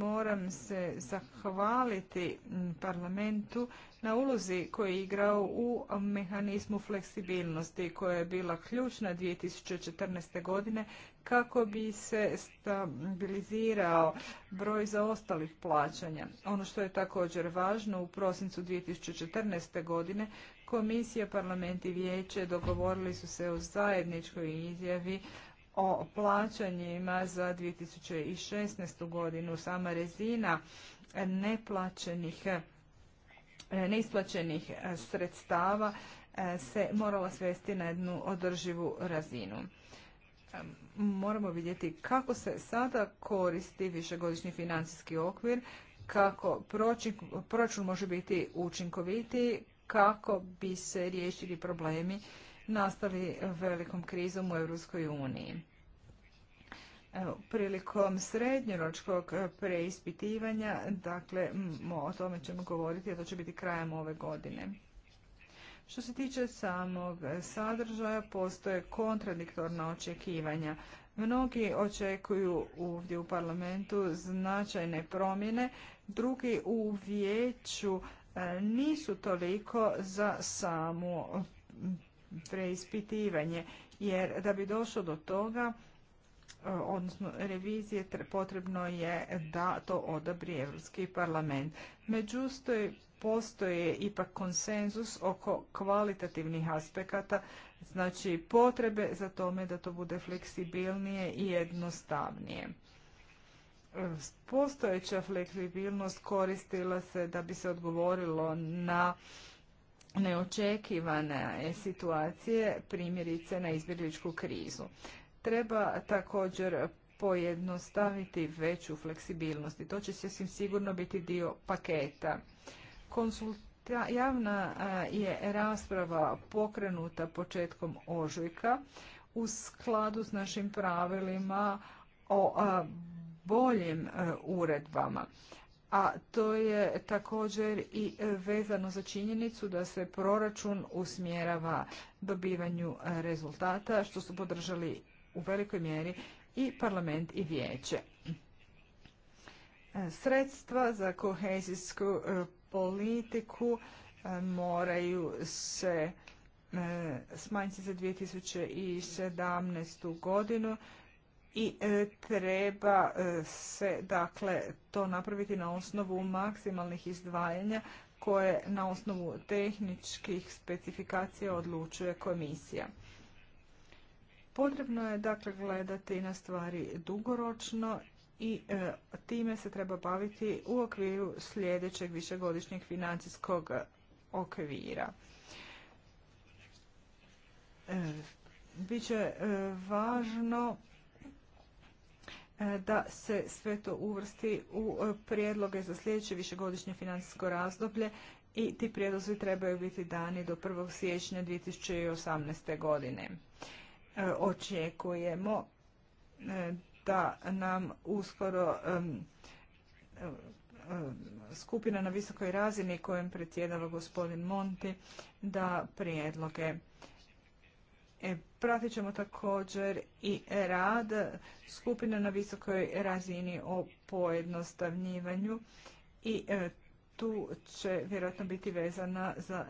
moram se zahvaliti parlamentu na ulozi koji je igrao u mehanizmu fleksibilnosti koja je bila ključna 2014. godine kako bi se stabilizirao broj zaostalih plaćanja. Ono što je također važno, u prosincu 2014. godine Komisija, parlament i vijeće dogovorili su se o zajedničkoj izjavi o plaćanjima za 2016. godinu. Sama rezina neplaćenih E, neisplaćenih e, sredstava e, se morala svesti na jednu održivu razinu. Moramo vidjeti kako se sada koristi višegodišnji financijski okvir, kako proračun može biti učinkovitiji, kako bi se riješili problemi nastali velikom krizom u Europskoj uniji prilikom srednjoročkog e, preispitivanja, dakle o tome ćemo govoriti, a to će biti krajem ove godine. Što se tiče samog e, sadržaja, postoje kontradiktorna očekivanja. Mnogi očekuju ovdje u parlamentu značajne promjene, drugi u vijeću e, nisu toliko za samo preispitivanje, jer da bi došlo do toga E, odnosno revizije potrebno je da to odabri Europski parlament. Međutim, postoje ipak konsenzus oko kvalitativnih aspekata, znači potrebe za tome da to bude fleksibilnije i jednostavnije. E, postojeća fleksibilnost koristila se da bi se odgovorilo na neočekivane situacije, primjerice na izbjegličku krizu. Treba također pojednostaviti veću fleksibilnost i to će sasvim sigurno biti dio paketa. javna je rasprava pokrenuta početkom ožujka u skladu s našim pravilima o boljim uredbama. A to je također i vezano za činjenicu da se proračun usmjerava dobivanju rezultata, što su podržali u velikoj mjeri i parlament i vijeće. Sredstva za kohezijsku e, politiku e, moraju se e, smanjiti za 2017. godinu i treba se dakle to napraviti na osnovu maksimalnih izdvajanja koje na osnovu tehničkih specifikacija odlučuje komisija. Potrebno je dakle gledati na stvari dugoročno i e, time se treba baviti u okviru sljedećeg višegodišnjeg financijskog okvira. E, Biće e, važno e, da se sve to uvrsti u prijedloge za sljedeće višegodišnje financijsko razdoblje i ti prijedlozi trebaju biti dani do 1. siječnja 2018. godine. E, očekujemo e, da nam uskoro skupina na visokoj razini kojem predsjedalo gospodin Monti da prijedloge. E, pratit ćemo također i rad skupina na visokoj razini o pojednostavnjivanju i tu će vjerojatno biti vezana za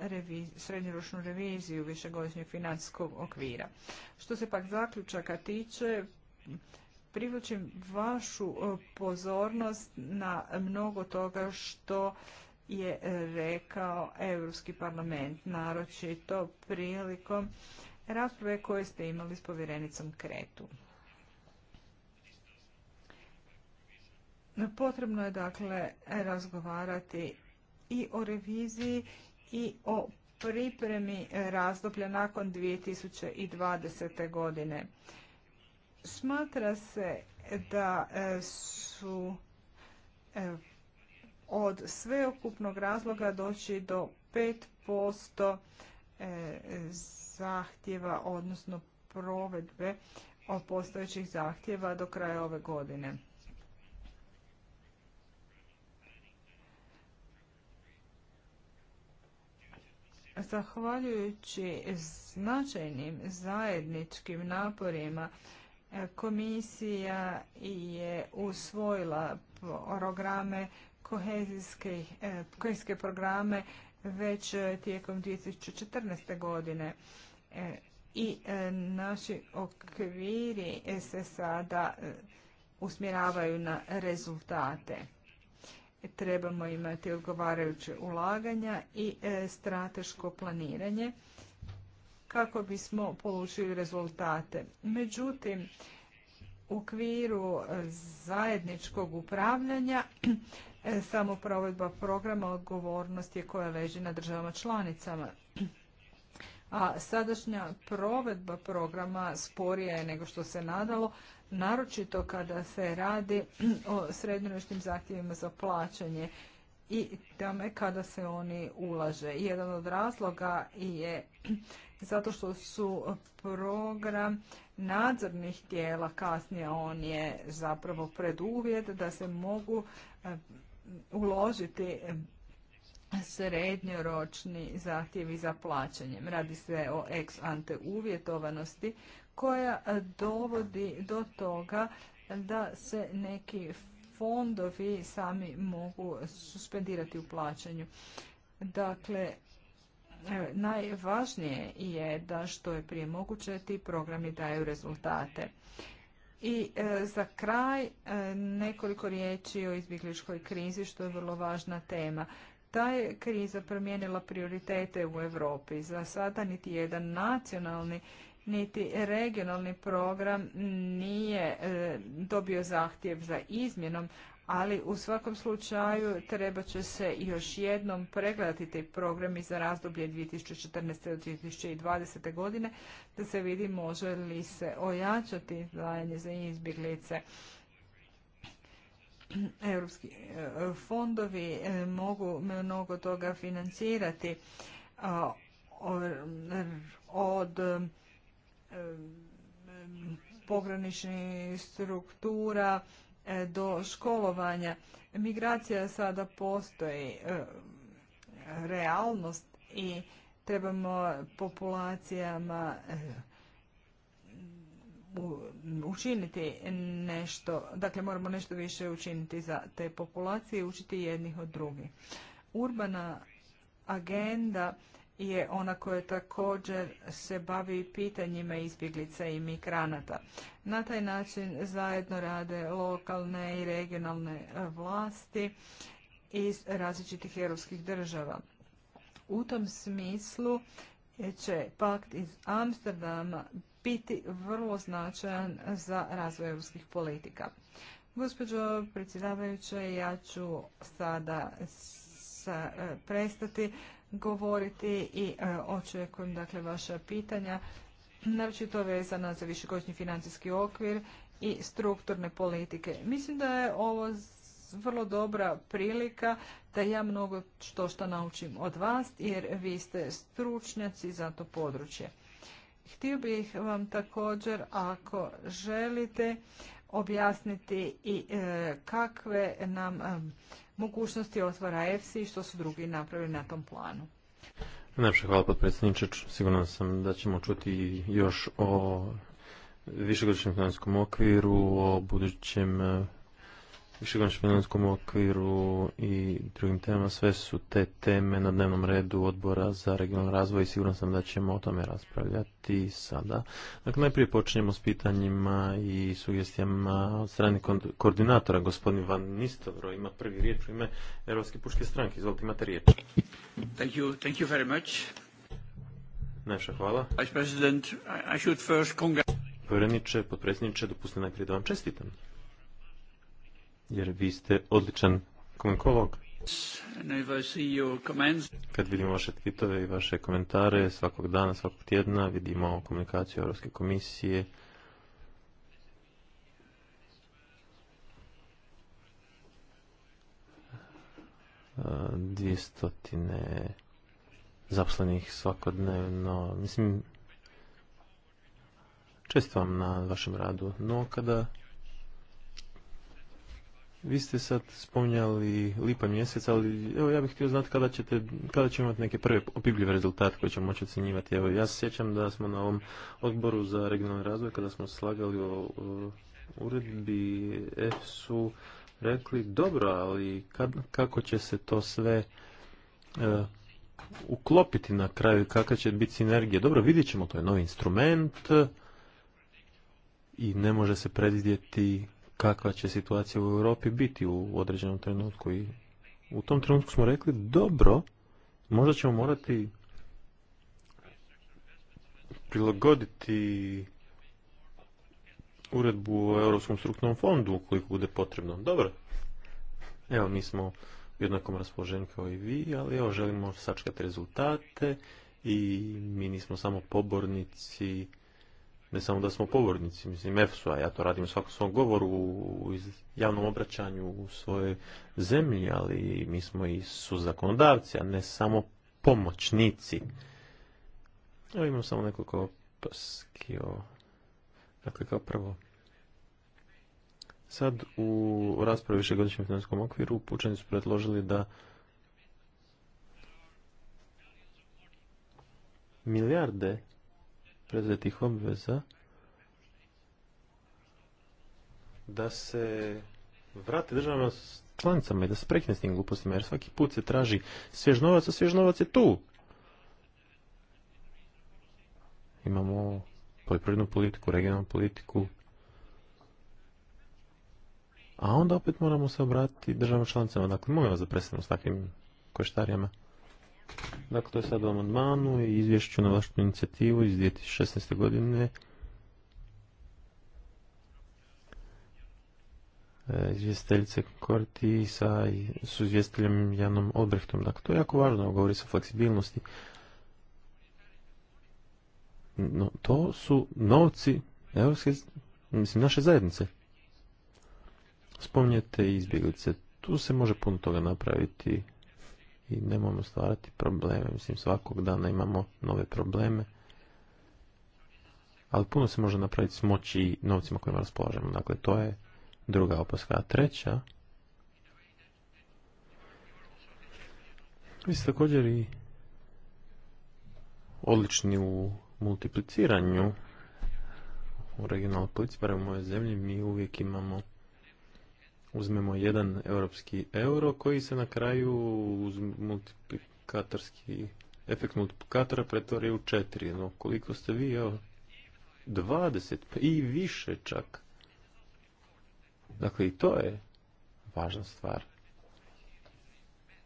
srednjoročnu reviziju višegodišnjeg financijskog okvira. Što se pak zaključaka tiče, privlačim vašu pozornost na mnogo toga što je rekao Europski parlament, naročito prilikom rasprave koje ste imali s povjerenicom Kretu. Potrebno je dakle razgovarati i o reviziji i o pripremi razdoblja nakon 2020. godine. Smatra se da e, su e, od sveukupnog razloga doći do 5% e, zahtjeva, odnosno provedbe postojećih zahtjeva do kraja ove godine. Zahvaljujući značajnim zajedničkim naporima e, komisija je usvojila programe kohezijske, e, programe već e, tijekom 2014. godine i naši okviri se sada usmjeravaju na rezultate trebamo imati odgovarajuće ulaganja i e, strateško planiranje kako bismo polučili rezultate. Međutim, u okviru e, zajedničkog upravljanja e, samo programa odgovornosti je koja leži na državama članicama a sadašnja provedba programa sporija je nego što se nadalo, naročito kada se radi o srednjoročnim zahtjevima za plaćanje i tome kada se oni ulaže. Jedan od razloga je zato što su program nadzornih tijela, kasnije on je zapravo preduvjet da se mogu uložiti srednjoročni zahtjevi za plaćanjem. Radi se o ex ante uvjetovanosti koja e, dovodi do toga da se neki fondovi sami mogu suspendirati u plaćanju. Dakle, e, najvažnije je da što je prije moguće ti programi daju rezultate. I e, za kraj nekoliko riječi o izbjegličkoj krizi što je vrlo važna tema. Ta je kriza promijenila prioritete u Europi. Za sada niti jedan nacionalni niti regionalni program nije e, dobio zahtjev za izmjenom, ali u svakom slučaju treba će se još jednom pregledati te programi za razdoblje 2014. do 2020. godine da se vidi može li se ojačati izdvajanje za izbjeglice. europski e, fondovi e, mogu mnogo toga financirati od e, pograničnih struktura do školovanja. Migracija sada postoji realnost i trebamo populacijama učiniti nešto, dakle moramo nešto više učiniti za te populacije i učiti jednih od drugih. Urbana agenda je ona koja također se bavi pitanjima izbjeglica i migranata. Na taj način zajedno rade lokalne i regionalne e, vlasti iz različitih europskih država. U tom smislu će pakt iz Amsterdama biti vrlo značajan za razvoj europskih politika. Gospođo predsjedavajuća, ja ću sada e, prestati govoriti i e, očekujem dakle vaša pitanja, naročito vezana za višegodišnji financijski okvir i strukturne politike. Mislim da je ovo vrlo dobra prilika da ja mnogo što što naučim od vas, jer vi ste stručnjaci za to područje. Htio bih vam također, ako želite, objasniti i e, kakve nam e, mogućnosti otvara EFSI i što su drugi napravili na tom planu.
Najpše hvala potpredsjedniče. Siguran sam da ćemo čuti još o višegodišnjem financijskom okviru, o budućem e, financijskom okviru i drugim temama. Sve su te teme na dnevnom redu odbora za regionalni razvoj i siguran sam da ćemo o tome raspravljati sada. Dakle, najprije počinjemo s pitanjima i sugestijama od strane koordinatora. Gospodin Van Nistovro ima prvi riječ u ime Europske puške stranke. Izvolite, imate riječ. Thank you, thank you very much. Najša hvala. Vice President, I should first Povjereniče, potpredsjedniče, dopustite najprije da vam čestitam jer vi ste odličan komikolog. Kad vidimo vaše tweetove i vaše komentare svakog dana, svakog tjedna, vidimo komunikaciju Europske komisije. dvijestotine zaposlenih svakodnevno. Mislim, čestvam na vašem radu. No, kada vi ste sad spominjali lipa mjesec, ali evo ja bih htio znati kada, ćete, kada ćemo imati neke prve opibljive rezultate koje ćemo moći ocjenjivati. Evo, ja se sjećam da smo na ovom odboru za regionalni razvoj, kada smo slagali o, uredbi EFSU, rekli dobro, ali kad, kako će se to sve e, uklopiti na kraju, kakva će biti sinergija. Dobro, vidjet ćemo, to je novi instrument i ne može se predvidjeti kakva će situacija u Europi biti u određenom trenutku i u tom trenutku smo rekli dobro, možda ćemo morati prilagoditi uredbu o Europskom strukturnom fondu ukoliko bude potrebno. Dobro, evo mi smo u jednakom raspoloženju kao i vi, ali evo želimo sačekati rezultate i mi nismo samo pobornici ne samo da smo povornici, mislim EFSU-a, ja to radim u svakom svom govoru, u javnom obraćanju u svojoj zemlji, ali mi smo i suzakonodavci, a ne samo pomoćnici. Evo imam samo nekoliko opaski Dakle, kao prvo, sad u raspravi višegodišnjem financijskom okviru pučani su predložili da milijarde Prezetih obveza da se vrati državama članicama i da se prekne s tim glupostima, jer svaki put se traži svjež novac, a svjež novac je tu. Imamo poljoprivrednu politiku, regionalnu politiku, a onda opet moramo se obratiti državama članicama. Dakle, molim vas da s takvim koštarijama. Dakle, to je sad u amandmanu i izvješću na vašu inicijativu iz 2016. godine. E, izvjestiteljice Korti sa su izvjestiteljem Janom Odbrehtom. Dakle, to je jako važno, govori se o fleksibilnosti. No, to su novci europske, mislim, naše zajednice. Spominjete izbjeglice. Tu se može puno toga napraviti i nemojmo stvarati probleme. Mislim, svakog dana imamo nove probleme, ali puno se može napraviti s moći i novcima kojima raspolažemo. Dakle, to je druga opaska. A treća, vi ste također i odlični u multipliciranju u regionalnoj politici, barem u mojoj zemlji, mi uvijek imamo uzmemo jedan europski euro koji se na kraju uz multiplikatorski efekt multiplikatora pretvori u četiri. No, koliko ste vi, evo, 20 i više čak. Dakle, i to je važna stvar.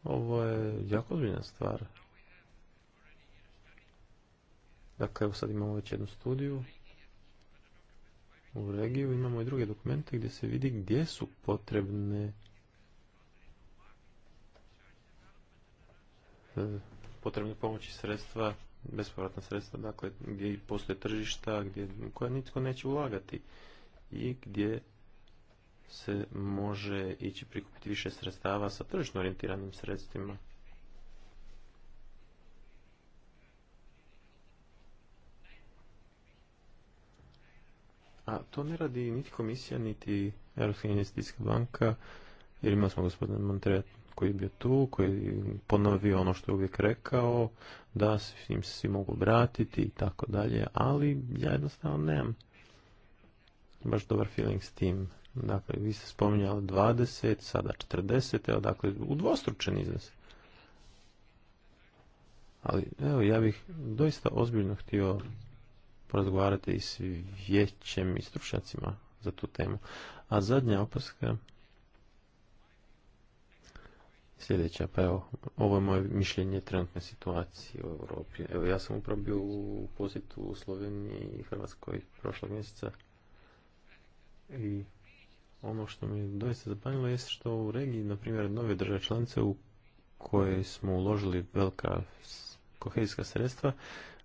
Ovo je jako ozbiljna stvar. Dakle, evo sad imamo već jednu studiju u regiju imamo i druge dokumente gdje se vidi gdje su potrebne e, potrebne pomoći sredstva, bespovratna sredstva, dakle gdje postoje tržišta, gdje, koja nitko neće ulagati i gdje se može ići prikupiti više sredstava sa tržišno orijentiranim sredstvima. A to ne radi niti komisija, niti Europska investicijska banka, jer imali smo gospodin Montret, koji je bio tu, koji je ponovio ono što je uvijek rekao, da s njim se svi mogu obratiti i tako dalje, ali ja jednostavno nemam baš dobar feeling s tim. Dakle, vi ste spominjali 20, sada 40, evo, dakle, dvostručen iznos. Ali, evo, ja bih doista ozbiljno htio porazgovarati i s vjećem i stručnjacima za tu temu. A zadnja opaska sljedeća, pa evo, ovo je moje mišljenje trenutne situacije u Europi. Evo, ja sam upravo bio u posjetu u Sloveniji i Hrvatskoj prošlog mjeseca i ono što mi doista zapanjilo je što u regiji, na primjer, nove države članice u koje smo uložili velika kohezijska sredstva,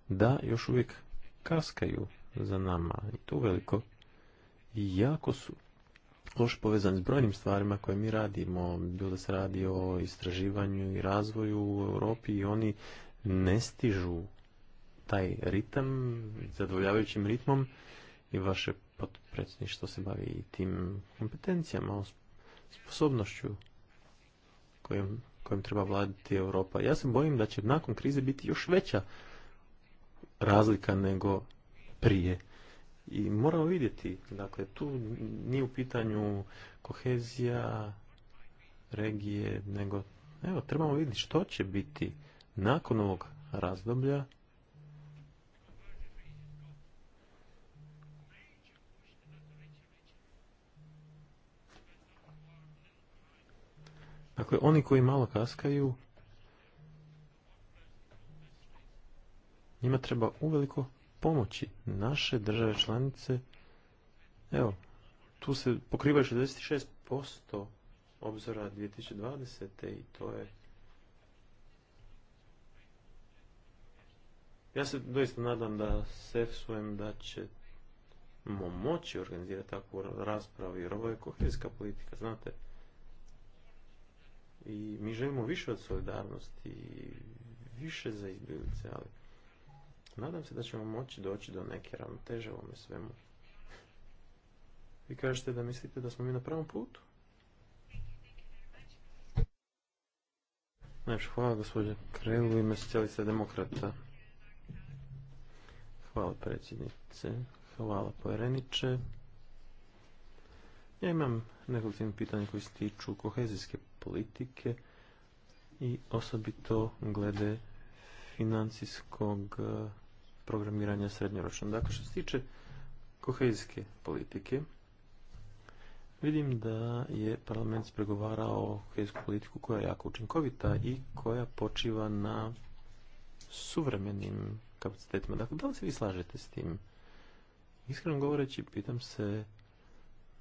da još uvijek kaskaju za nama i to veliko i jako su loše povezani s brojnim stvarima koje mi radimo, bilo da se radi o istraživanju i razvoju u Europi i oni ne stižu taj ritam zadovoljavajućim ritmom i vaše potpredsjedništvo se bavi i tim kompetencijama, sposobnošću kojom, kojom treba vladiti Europa. Ja se bojim da će nakon krize biti još veća razlika nego prije. I moramo vidjeti, dakle, tu nije u pitanju kohezija, regije, nego, evo, trebamo vidjeti što će biti nakon ovog razdoblja. Dakle, oni koji malo kaskaju, njima treba uveliko pomoći. Naše države članice, evo, tu se pokrivaju 66% obzora 2020. i to je Ja se doista nadam da svojem da će moći organizirati takvu raspravu jer ovo je kohezijska politika, znate. I mi želimo više od solidarnosti i više za izbjeglice, ali Nadam se da ćemo moći doći do neke ravnoteže ovome svemu. Vi kažete da mislite da smo mi na pravom putu? hvala gospođe Krelu ime demokrata. Hvala predsjednice, hvala povjereniče. Ja imam nekoliko pitanja koji se tiču kohezijske politike i osobito glede financijskog programiranja srednjoročno. Dakle, što se tiče kohezijske politike, vidim da je parlament spregovarao kohezijsku politiku koja je jako učinkovita i koja počiva na suvremenim kapacitetima. Dakle, da li se vi slažete s tim? Iskreno govoreći, pitam se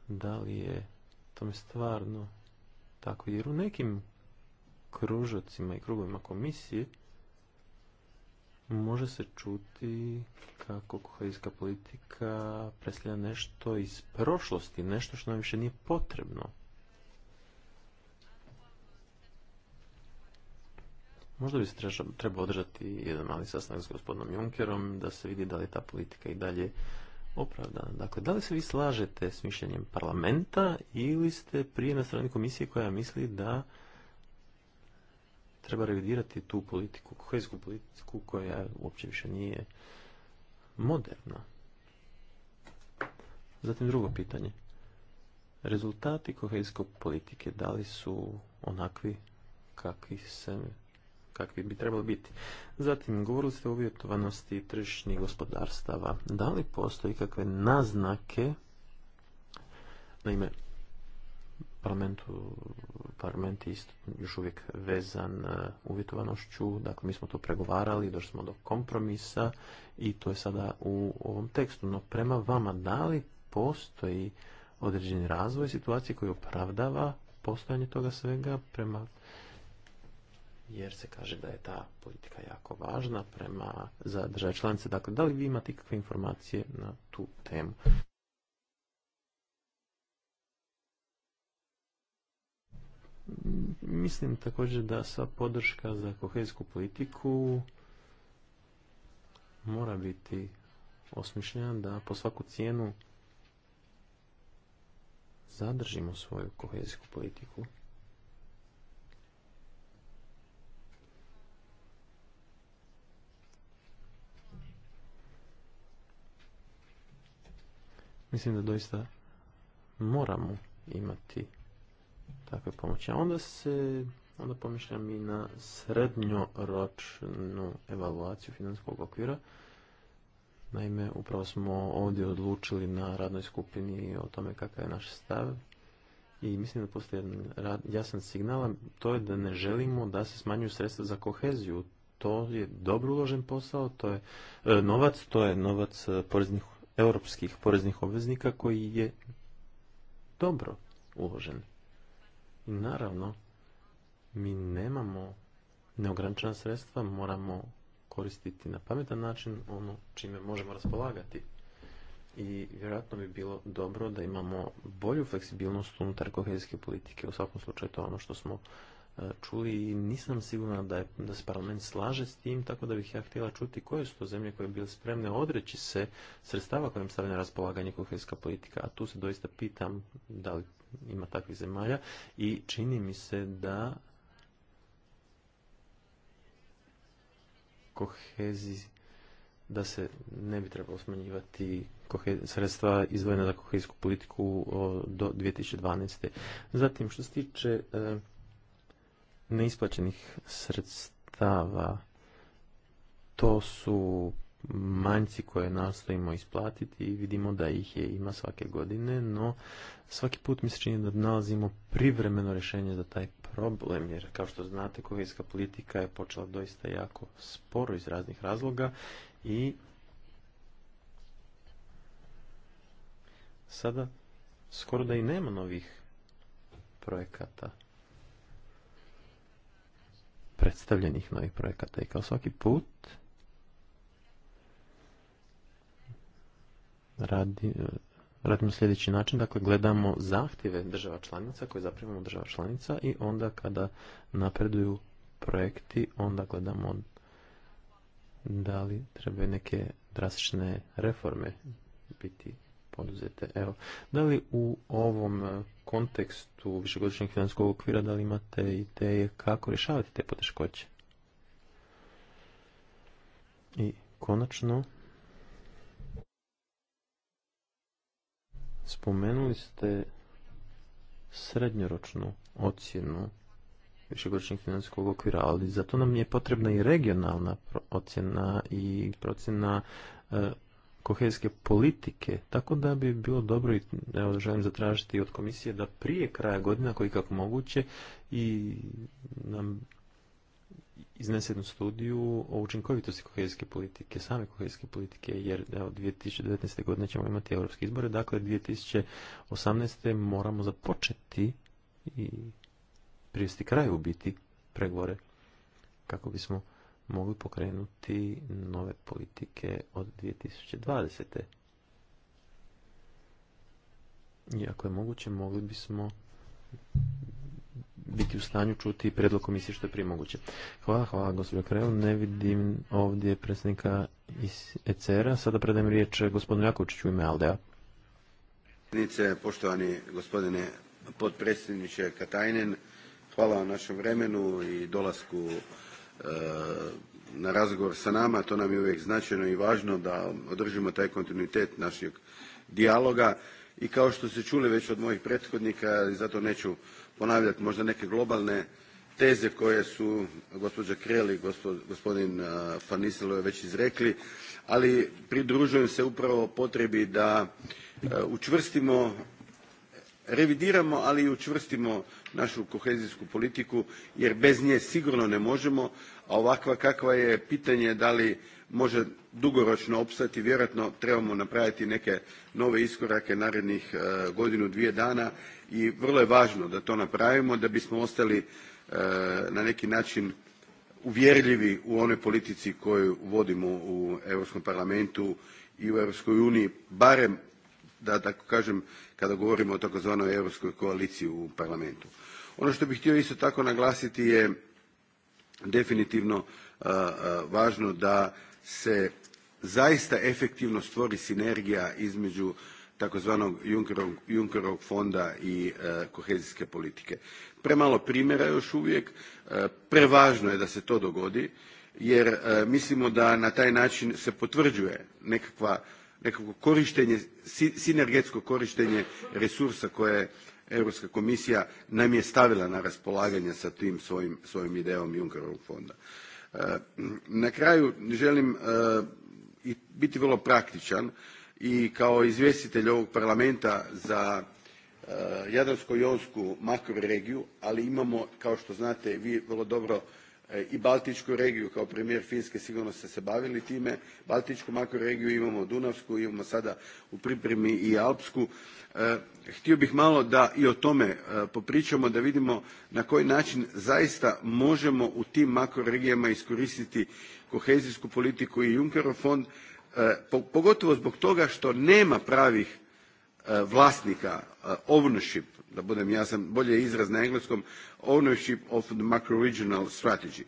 da li je tome stvarno tako, jer u nekim kružocima i krugovima komisije može se čuti kako kohezijska politika predstavlja nešto iz prošlosti, nešto što nam više nije potrebno. Možda bi se trebao održati jedan mali sastanak s gospodinom Junkerom da se vidi da li ta politika i dalje opravdana. Dakle, da li se vi slažete s mišljenjem parlamenta ili ste prije na strani komisije koja misli da treba revidirati tu politiku, kohezijsku politiku koja uopće više nije moderna. Zatim drugo pitanje. Rezultati kohezijske politike da li su onakvi kakvi se kakvi bi trebali biti. Zatim, govorili ste o uvjetovanosti tržišnih gospodarstava. Da li postoji kakve naznake, naime, parlamentu, parlament je isto još uvijek vezan e, uvjetovanošću, dakle mi smo to pregovarali, došli smo do kompromisa i to je sada u ovom tekstu. No prema vama, da li postoji određeni razvoj situacije koji opravdava postojanje toga svega prema jer se kaže da je ta politika jako važna prema za države članice. Dakle, da li vi imate ikakve informacije na tu temu? Mislim također da sva podrška za kohezijsku politiku mora biti osmišljena da po svaku cijenu zadržimo svoju kohezijsku politiku. Mislim da doista moramo imati takve pomoći. A onda se onda pomišljam i na srednjoročnu evaluaciju financijskog okvira. Naime, upravo smo ovdje odlučili na radnoj skupini o tome kakav je naš stav i mislim da postoji jedan jasan signal, to je da ne želimo da se smanjuju sredstva za koheziju. To je dobro uložen posao, to je e, novac, to je novac e, poreznih, europskih poreznih obveznika koji je dobro uložen. I naravno, mi nemamo neograničena sredstva, moramo koristiti na pametan način ono čime možemo raspolagati. I vjerojatno bi bilo dobro da imamo bolju fleksibilnost unutar kohezijske politike. U svakom slučaju to je ono što smo e, čuli i nisam sigurna da, je, da se parlament slaže s tim, tako da bih ja htjela čuti koje su to zemlje koje bi bile spremne odreći se sredstava kojim stavlja raspolaganje kohezijska politika. A tu se doista pitam da li ima takvih zemalja i čini mi se da kohezi da se ne bi trebalo smanjivati sredstva izdvojena za kohezijsku politiku do 2012. Zatim, što se tiče e, neisplaćenih sredstava, to su manjci koje nastojimo isplatiti i vidimo da ih je ima svake godine, no svaki put mi se čini da nalazimo privremeno rješenje za taj problem, jer kao što znate kohezijska politika je počela doista jako sporo iz raznih razloga i sada skoro da i nema novih projekata predstavljenih novih projekata i kao svaki put radi, radimo sljedeći način, dakle gledamo zahtjeve država članica koje zaprimamo država članica i onda kada napreduju projekti, onda gledamo da li trebaju neke drastične reforme biti poduzete. Evo, da li u ovom kontekstu višegodišnjeg financijskog okvira, da li imate ideje kako rješavati te poteškoće? I konačno, Spomenuli ste srednjoročnu ocjenu višegodišnjeg financijskog okvira, ali zato nam je potrebna i regionalna ocjena i procjena e, kohezijske politike, tako da bi bilo dobro i evo, želim zatražiti od komisije da prije kraja godina koji kako moguće i nam iznesenu studiju o učinkovitosti kohezijske politike, same kohezijske politike, jer evo, 2019. godine ćemo imati europske izbore, dakle 2018. moramo započeti i privesti kraju u biti pregovore kako bismo mogli pokrenuti nove politike od 2020. I ako je moguće, mogli bismo biti u stanju čuti predlog komisije što je prije moguće. Hvala, hvala gospođo Krel. Ne vidim ovdje predsjednika iz ECR-a. Sada predajem riječ gospodinu Jakovčiću u ime Aldea.
Poštovani gospodine potpredsjedniče Katajnen, hvala vam našem vremenu i dolasku e, na razgovor sa nama. To nam je uvijek značajno i važno da održimo taj kontinuitet našeg dijaloga i kao što ste čuli već od mojih prethodnika i zato neću ponavljati možda neke globalne teze koje su gospođa Kreli i gospodin uh, Van već izrekli, ali pridružujem se upravo potrebi da uh, učvrstimo, revidiramo, ali i učvrstimo našu kohezijsku politiku jer bez nje sigurno ne možemo, a ovakva kakva je pitanje da li može dugoročno opstati, vjerojatno trebamo napraviti neke nove iskorake narednih uh, godinu, dvije dana i vrlo je važno da to napravimo da bismo ostali e, na neki način uvjerljivi u onoj politici koju vodimo u europskom parlamentu i u europskoj uniji barem da tako kažem kada govorimo o takozvanoj europskoj koaliciji u parlamentu. ono što bih htio isto tako naglasiti je definitivno e, e, važno da se zaista efektivno stvori sinergija između takozvanog Junckerovog fonda i e, kohezijske politike. Premalo primjera još uvijek, e, prevažno je da se to dogodi jer e, mislimo da na taj način se potvrđuje nekakvo korištenje, sinergetsko korištenje resursa koje Europska komisija nam je stavila na raspolaganje sa tim svojim, idejom Junckerovog fonda. Na kraju želim biti vrlo praktičan i kao izvjestitelj ovog parlamenta za e, jadransko jonsku makroregiju ali imamo kao što znate vi vrlo dobro e, i baltičku regiju kao premijer finske sigurno ste se bavili time baltičku makroregiju imamo dunavsku imamo sada u pripremi i alpsku e, htio bih malo da i o tome popričamo da vidimo na koji način zaista možemo u tim makroregijama iskoristiti kohezijsku politiku i junckerov fond E, pogotovo zbog toga što nema pravih e, vlasnika e, ownership da budem sam bolje izraz na engleskom ownership of the macro regional strategy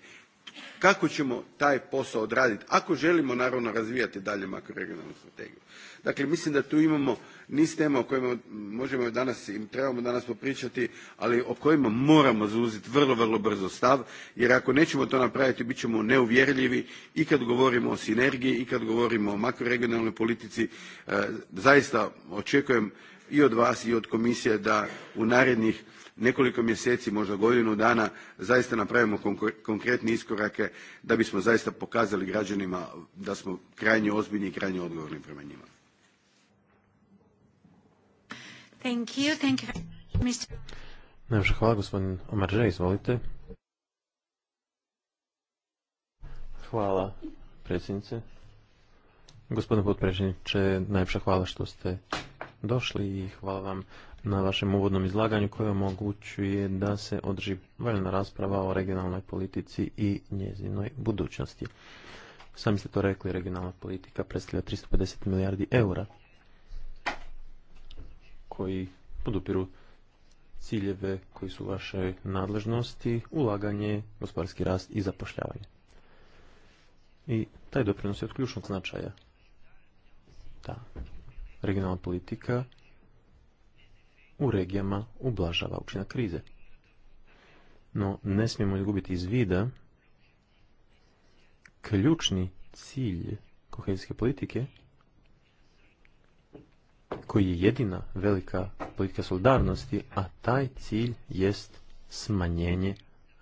kako ćemo taj posao odraditi ako želimo naravno razvijati dalje makroregionalnu strategiju. dakle mislim da tu imamo niz tema o kojima možemo danas i trebamo danas popričati ali o kojima moramo zauzeti vrlo vrlo brzo stav jer ako nećemo to napraviti bit ćemo neuvjerljivi i kad govorimo o sinergiji i kad govorimo o makroregionalnoj politici e, zaista očekujem i od vas i od komisije da u narednih nekoliko mjeseci možda godinu dana zaista napravimo konkretne iskorake da bismo zaista pokazali građanima da smo krajnje ozbiljni i krajnje odgovorni prema njima.
Thank you, thank you, Mr.
hvala, gospodin Omar izvolite. Hvala, predsjednice. Gospodine potpredsjedniče, najviše hvala što ste došli i hvala vam na vašem uvodnom izlaganju koje omogućuje da se održi valjna rasprava o regionalnoj politici i njezinoj budućnosti. Sami ste to rekli, regionalna politika predstavlja 350 milijardi eura koji podupiru ciljeve koji su vaše nadležnosti, ulaganje, gospodarski rast i zapošljavanje. I taj doprinos je od ključnog značaja. Ta regionalna politika u regijama ublažava učinak krize. No, ne smijemo izgubiti iz vida ključni cilj kohezijske politike koji je jedina velika politika solidarnosti, a taj cilj jest smanjenje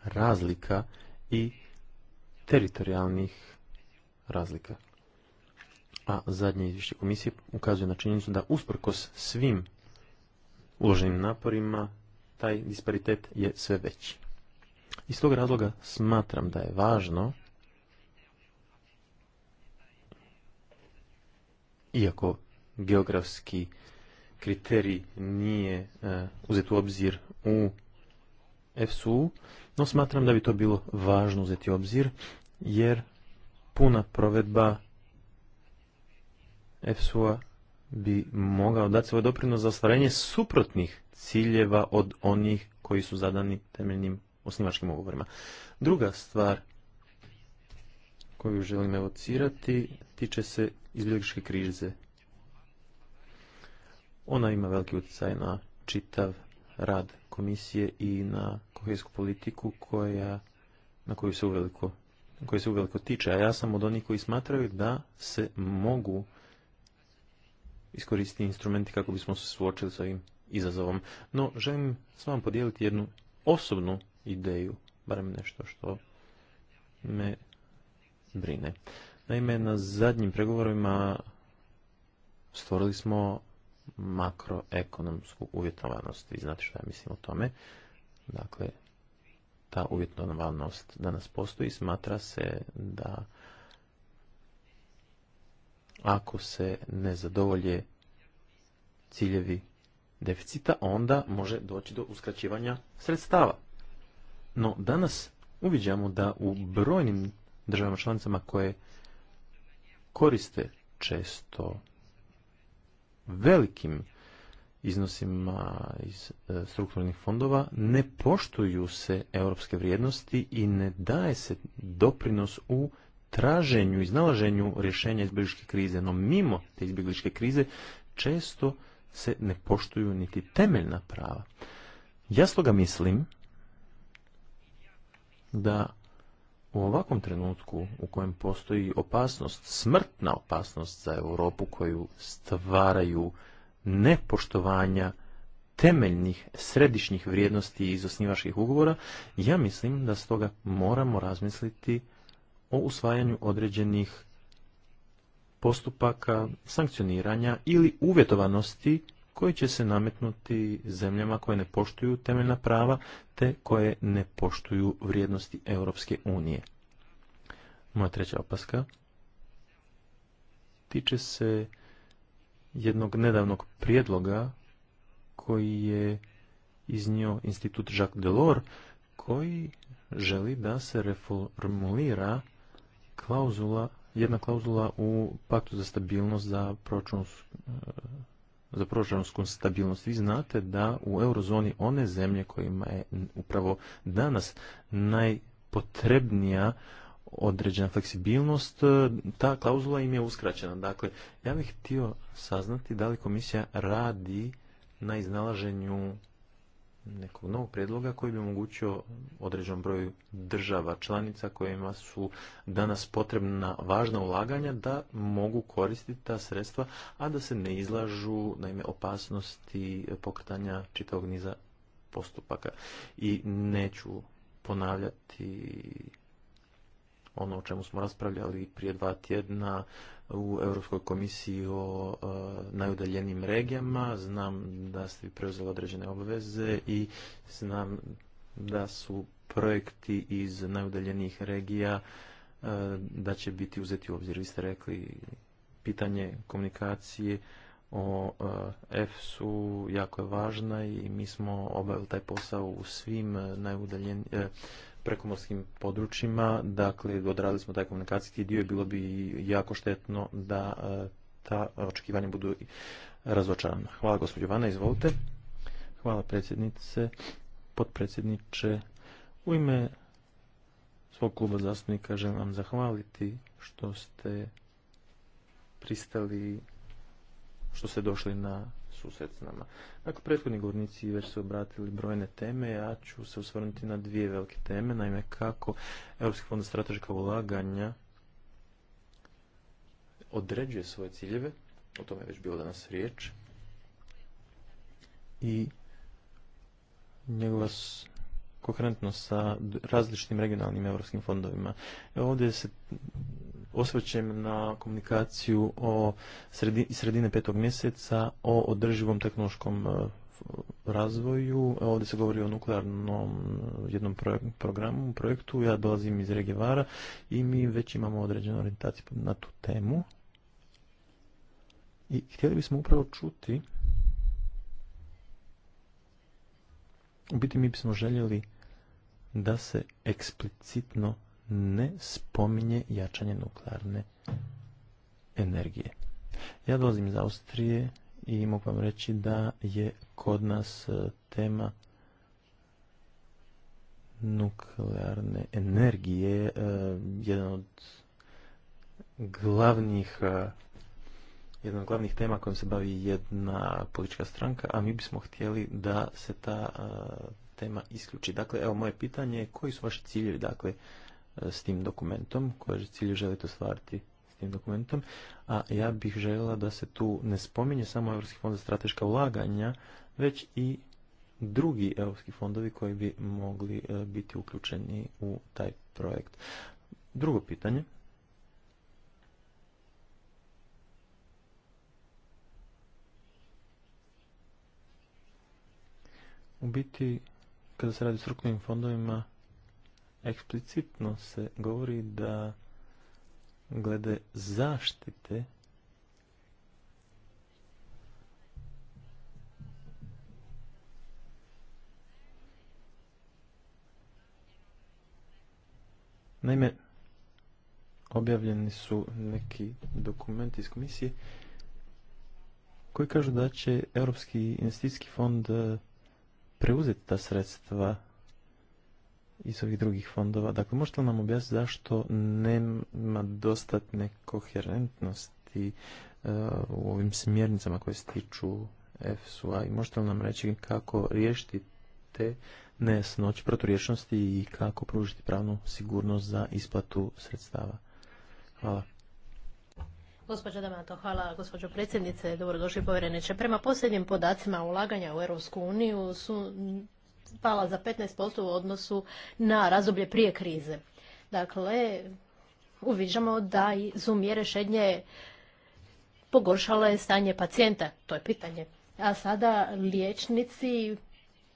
razlika i teritorijalnih razlika. A zadnje izvješće komisije ukazuje na činjenicu da usprkos svim uloženim naporima taj disparitet je sve veći. Iz tog razloga smatram da je važno iako geografski kriterij nije eh, uzet u obzir u FSU, no smatram da bi to bilo važno uzeti u obzir, jer puna provedba EFSU-a bi mogao dati svoj doprinos za ostvarenje suprotnih ciljeva od onih koji su zadani temeljnim osnivačkim ugovorima. Druga stvar koju želim evocirati tiče se izbjegličke krize ona ima veliki utjecaj na čitav rad komisije i na kohezijsku politiku koja, na koju se uveliko koji se uveliko tiče, a ja sam od onih koji smatraju da se mogu iskoristiti instrumenti kako bismo se suočili s ovim izazovom. No, želim s vama podijeliti jednu osobnu ideju, barem nešto što me brine. Naime, na zadnjim pregovorima stvorili smo makroekonomsku uvjetovanost. I znate što ja mislim o tome? Dakle, ta uvjetovanost danas postoji. Smatra se da ako se ne zadovolje ciljevi deficita, onda može doći do uskraćivanja sredstava. No, danas uviđamo da u brojnim državama članicama koje koriste često velikim iznosima iz e, strukturnih fondova ne poštuju se europske vrijednosti i ne daje se doprinos u traženju, i iznalaženju rješenja izbjegličke krize, no mimo te izbjegličke krize često se ne poštuju niti temeljna prava. Ja ga mislim da u ovakvom trenutku u kojem postoji opasnost, smrtna opasnost za Europu koju stvaraju nepoštovanja temeljnih središnjih vrijednosti iz osnivačkih ugovora, ja mislim da stoga moramo razmisliti o usvajanju određenih postupaka sankcioniranja ili uvjetovanosti koji će se nametnuti zemljama koje ne poštuju temeljna prava te koje ne poštuju vrijednosti Europske unije. Moja treća opaska tiče se jednog nedavnog prijedloga koji je iznio institut Jacques Delors koji želi da se reformulira klauzula, jedna klauzula u paktu za stabilnost za proračunsku za proračunsku stabilnost. Vi znate da u eurozoni one zemlje kojima je upravo danas najpotrebnija određena fleksibilnost, ta klauzula im je uskraćena. Dakle, ja bih htio saznati da li komisija radi na iznalaženju nekog novog predloga koji bi omogućio određenom broju država članica kojima su danas potrebna važna ulaganja da mogu koristiti ta sredstva, a da se ne izlažu naime opasnosti pokretanja čitavog niza postupaka. I neću ponavljati ono o čemu smo raspravljali prije dva tjedna u Europskoj komisiji o e, najudaljenim regijama. Znam da ste preuzeli određene obveze i znam da su projekti iz najudaljenijih regija e, da će biti uzeti u obzir. Vi ste rekli pitanje komunikacije o e, su jako je važna i mi smo obavili taj posao u svim najudaljenim prekomorskim područjima, dakle odradili smo taj komunikacijski dio i bilo bi jako štetno da e, ta očekivanja budu razočarana. Hvala gospođo Vana, izvolite. Hvala predsjednice, potpredsjedniče. U ime svog kluba zastupnika želim vam zahvaliti što ste pristali, što ste došli na susret nama. Dakle, prethodni govornici već su obratili brojne teme, ja ću se osvrnuti na dvije velike teme, naime kako Europski fond za strateška ulaganja određuje svoje ciljeve, o tome je već bilo danas riječ, i njegova koherentnost sa različitim regionalnim europskim fondovima. Ovdje se osvrćem na komunikaciju o sredi, sredine petog mjeseca o održivom tehnološkom e, razvoju. Ovdje se govori o nuklearnom jednom programu, projektu. Ja dolazim iz regije i mi već imamo određenu orientaciju na tu temu. I htjeli bismo upravo čuti u biti mi bismo željeli da se eksplicitno ne spominje jačanje nuklearne energije. Ja dolazim iz Austrije i mogu vam reći da je kod nas e, tema nuklearne energije e, jedan od glavnih e, jedna od glavnih tema kojom se bavi jedna politička stranka, a mi bismo htjeli da se ta tema isključi. Dakle, evo moje pitanje je koji su vaši ciljevi, dakle, E, s tim dokumentom, koje cilj želite ostvariti s tim dokumentom, a ja bih željela da se tu ne spominje samo Europski fond za strateška ulaganja, već i drugi europski fondovi koji bi mogli e, biti uključeni u taj projekt. Drugo pitanje. U biti, kada se radi o strukturnim fondovima, eksplicitno se govori da glede zaštite Naime, objavljeni su neki dokumenti iz komisije koji kažu da će Europski investicijski fond eh, preuzeti ta sredstva iz ovih drugih fondova. Dakle, možete li nam objasniti zašto nema dostatne koherentnosti e, u ovim smjernicama koje se tiču efsu i možete li nam reći kako riješiti te nejasnoće proturječnosti i kako pružiti pravnu sigurnost za isplatu sredstava? Hvala.
Gospođa Damato, hvala gospođo predsjednice, dobrodošli povjereniče. Prema posljednjim podacima ulaganja u Europsku uniju su pala za 15% u odnosu
na razdoblje
prije krize. Dakle, uviđamo da su mjere šednje pogoršale stanje pacijenta, to je pitanje. A sada liječnici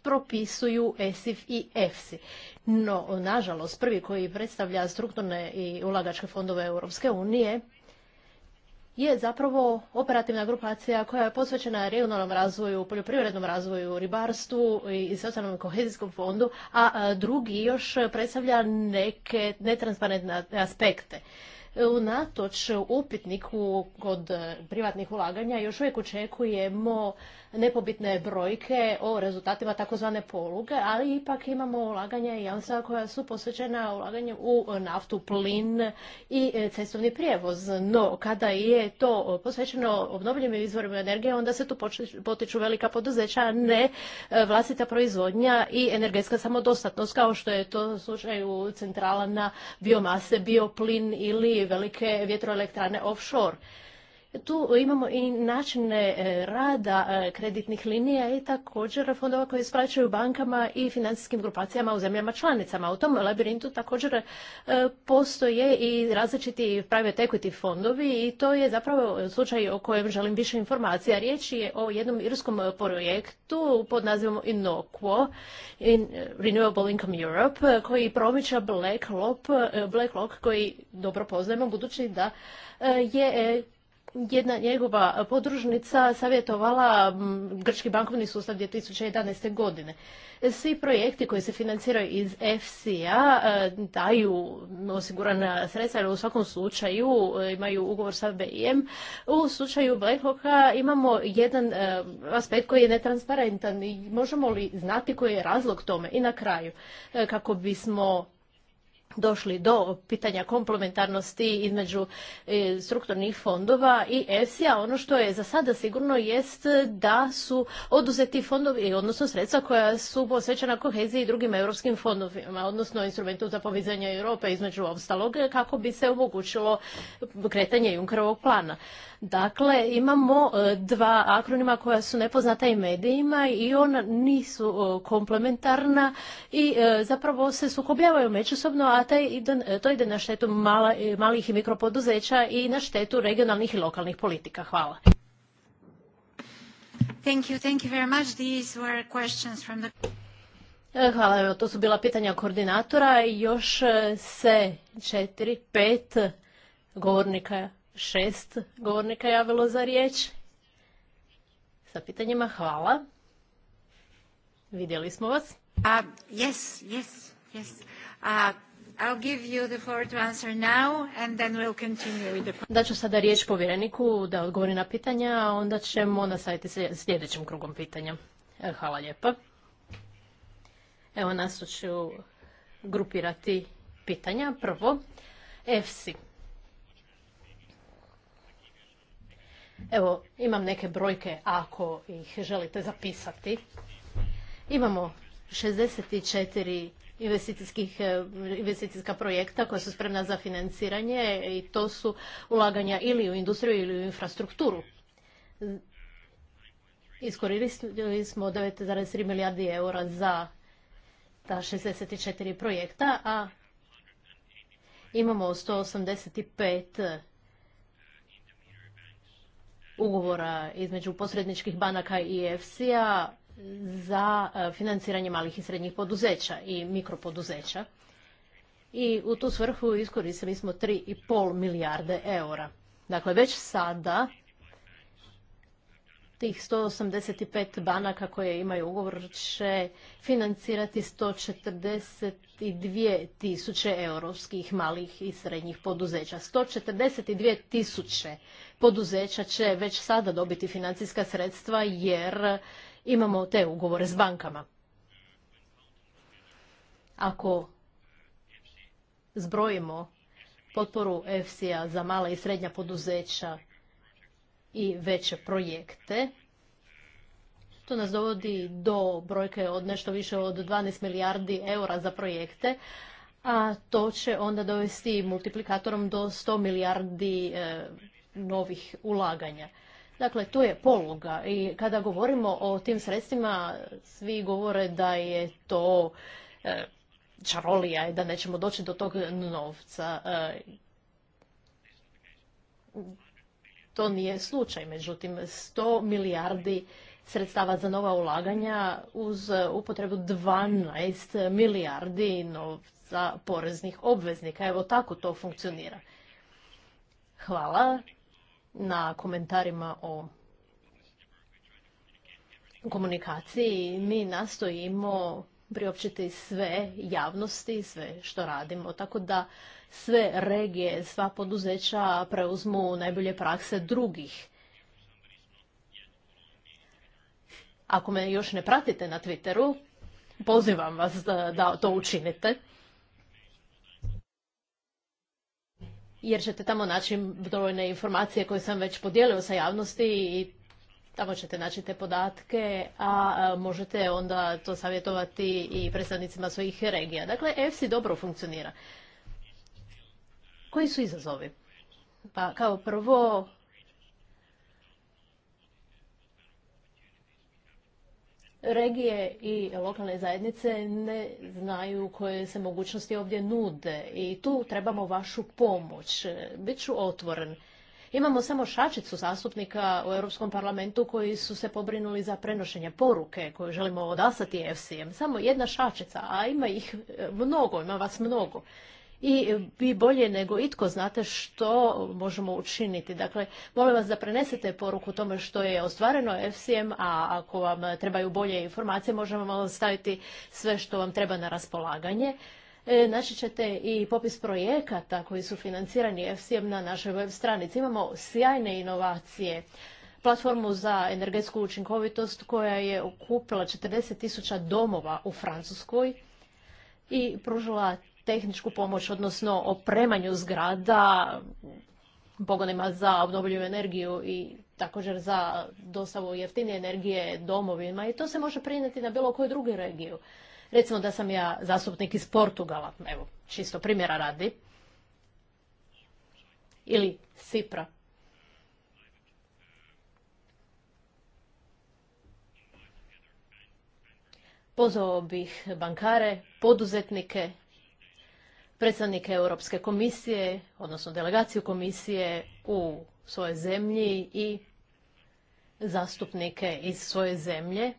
propisuju ESIF i EFSI. No, nažalost, prvi koji predstavlja strukturne i ulagačke fondove Europske unije je zapravo operativna grupacija koja je posvećena regionalnom razvoju, poljoprivrednom razvoju, ribarstvu i socijalnom kohezijskom fondu, a drugi još predstavlja neke netransparentne aspekte. Unatoč upitniku kod privatnih ulaganja još uvijek očekujemo nepobitne brojke o rezultatima takozvane poluge, ali ipak imamo ulaganja i jamstva koja su posvećena ulaganju u naftu, plin i e, cestovni prijevoz. No, kada je to posvećeno obnovljivim izvorima energije, onda se tu potiču velika poduzeća, ne e, vlastita proizvodnja i energetska samodostatnost, kao što je to u slučaju centrala na biomase, bioplin ili velike vjetroelektrane offshore. Tu imamo i načine e, rada e, kreditnih linija i također fondova koje isplaćuju bankama i financijskim grupacijama u zemljama članicama. U tom labirintu također e, postoje i različiti private equity fondovi i to je zapravo slučaj o kojem želim više informacija. Riječ je o jednom irskom projektu pod nazivom Inoquo, in Renewable Income Europe, koji promiča Black Lock, koji dobro poznajemo budući da je jedna njegova podružnica savjetovala grčki bankovni sustav 2011. godine. Svi projekti koji se financiraju iz FCA e, daju osigurana sredstva, ali u svakom slučaju e, imaju ugovor sa BIM. U slučaju Blackhawka imamo jedan e, aspekt koji je netransparentan i možemo li znati koji je razlog tome i na kraju kako bismo došli do pitanja komplementarnosti između e, strukturnih fondova i ESI-a. Ono što je za sada sigurno jest da su oduzeti fondovi, odnosno sredstva koja su posvećena koheziji i drugim europskim fondovima, odnosno instrumentu za povizanje Europe između ostalog, kako bi se omogućilo kretanje Junkerovog plana. Dakle, imamo e, dva akronima koja su nepoznata i medijima i ona nisu e, komplementarna i zapravo se sukobljavaju međusobno, a E, to ide na štetu e, malih i mikropoduzeća i na štetu regionalnih i lokalnih politika. Hvala. Thank you, to su bila pitanja koordinatora. Još e, se četiri, pet govornika, šest govornika javilo za riječ. Sa pitanjima hvala.
Vidjeli smo vas. Uh, yes, yes, uh, I'll give you the
sada riječ povjereniku da odgovori na pitanja, a onda ćemo nastaviti sljedećim krugom pitanja. E, hvala lijepa. Evo nas ću grupirati pitanja. Prvo, EFSI. Evo, imam neke brojke ako ih želite zapisati. Imamo 64 investicijskih, e, investicijska projekta koja su spremna za financiranje i to su ulaganja ili u industriju ili u infrastrukturu. Iskoristili smo 9,3 milijardi eura za ta 64 projekta, a imamo 185 ugovora između posredničkih banaka i EFSI-a za e, financiranje malih i srednjih poduzeća i mikropoduzeća. I u tu svrhu iskoristili smo 3,5 milijarde eura. Dakle, već sada tih 185 banaka koje imaju ugovor će financirati 142 tisuće europskih malih i srednjih poduzeća. 142 tisuće poduzeća će već sada dobiti financijska sredstva jer imamo te ugovore s bankama. Ako zbrojimo potporu EFSI-a za mala i srednja poduzeća i veće projekte, to nas dovodi do brojke od nešto više od 12 milijardi eura za projekte, a to će onda dovesti multiplikatorom do 100 milijardi e, novih ulaganja. Dakle, tu je poluga i kada govorimo o tim sredstvima, svi govore da je to e, čarolija i da nećemo doći do tog novca. E, to nije slučaj, međutim, 100 milijardi sredstava za nova ulaganja uz upotrebu 12 milijardi novca poreznih obveznika. Evo tako to funkcionira. Hvala na komentarima o komunikaciji. Mi nastojimo priopćiti sve javnosti, sve što radimo, tako da sve regije, sva poduzeća preuzmu najbolje prakse drugih. Ako me još ne pratite na Twitteru, pozivam vas da, to učinite. jer ćete tamo naći dovoljne informacije koje sam već podijelio sa javnosti i tamo ćete naći te podatke, a možete onda to savjetovati i predstavnicima svojih regija. Dakle, EFSI dobro funkcionira. Koji su izazovi? Pa kao prvo, regije i lokalne zajednice ne znaju koje se mogućnosti ovdje nude i tu trebamo vašu pomoć. Biću otvoren. Imamo samo šačicu zastupnika u Europskom parlamentu koji su se pobrinuli za prenošenje poruke koju želimo odasati FCM. Samo jedna šačica, a ima ih mnogo, ima vas mnogo i vi bolje nego itko znate što možemo učiniti. Dakle, molim vas da prenesete poruku tome što je ostvareno FCM, a ako vam trebaju bolje informacije možemo vam staviti sve što vam treba na raspolaganje. E, naći ćete i popis projekata koji su financirani FCM na našoj web stranici. Imamo sjajne inovacije platformu za energetsku učinkovitost koja je okupila 40 tisuća domova u Francuskoj i pružila tehničku pomoć, odnosno opremanju zgrada, pogonima za obnovljivu energiju i također za dostavu jeftinije energije domovima i to se može prenijeti na bilo koju drugu regiju. Recimo da sam ja zastupnik iz Portugala, evo, čisto primjera radi, ili Sipra. Pozvao bih bankare, poduzetnike predstavnike Europske komisije, odnosno delegaciju komisije u svojoj zemlji i zastupnike iz svoje zemlje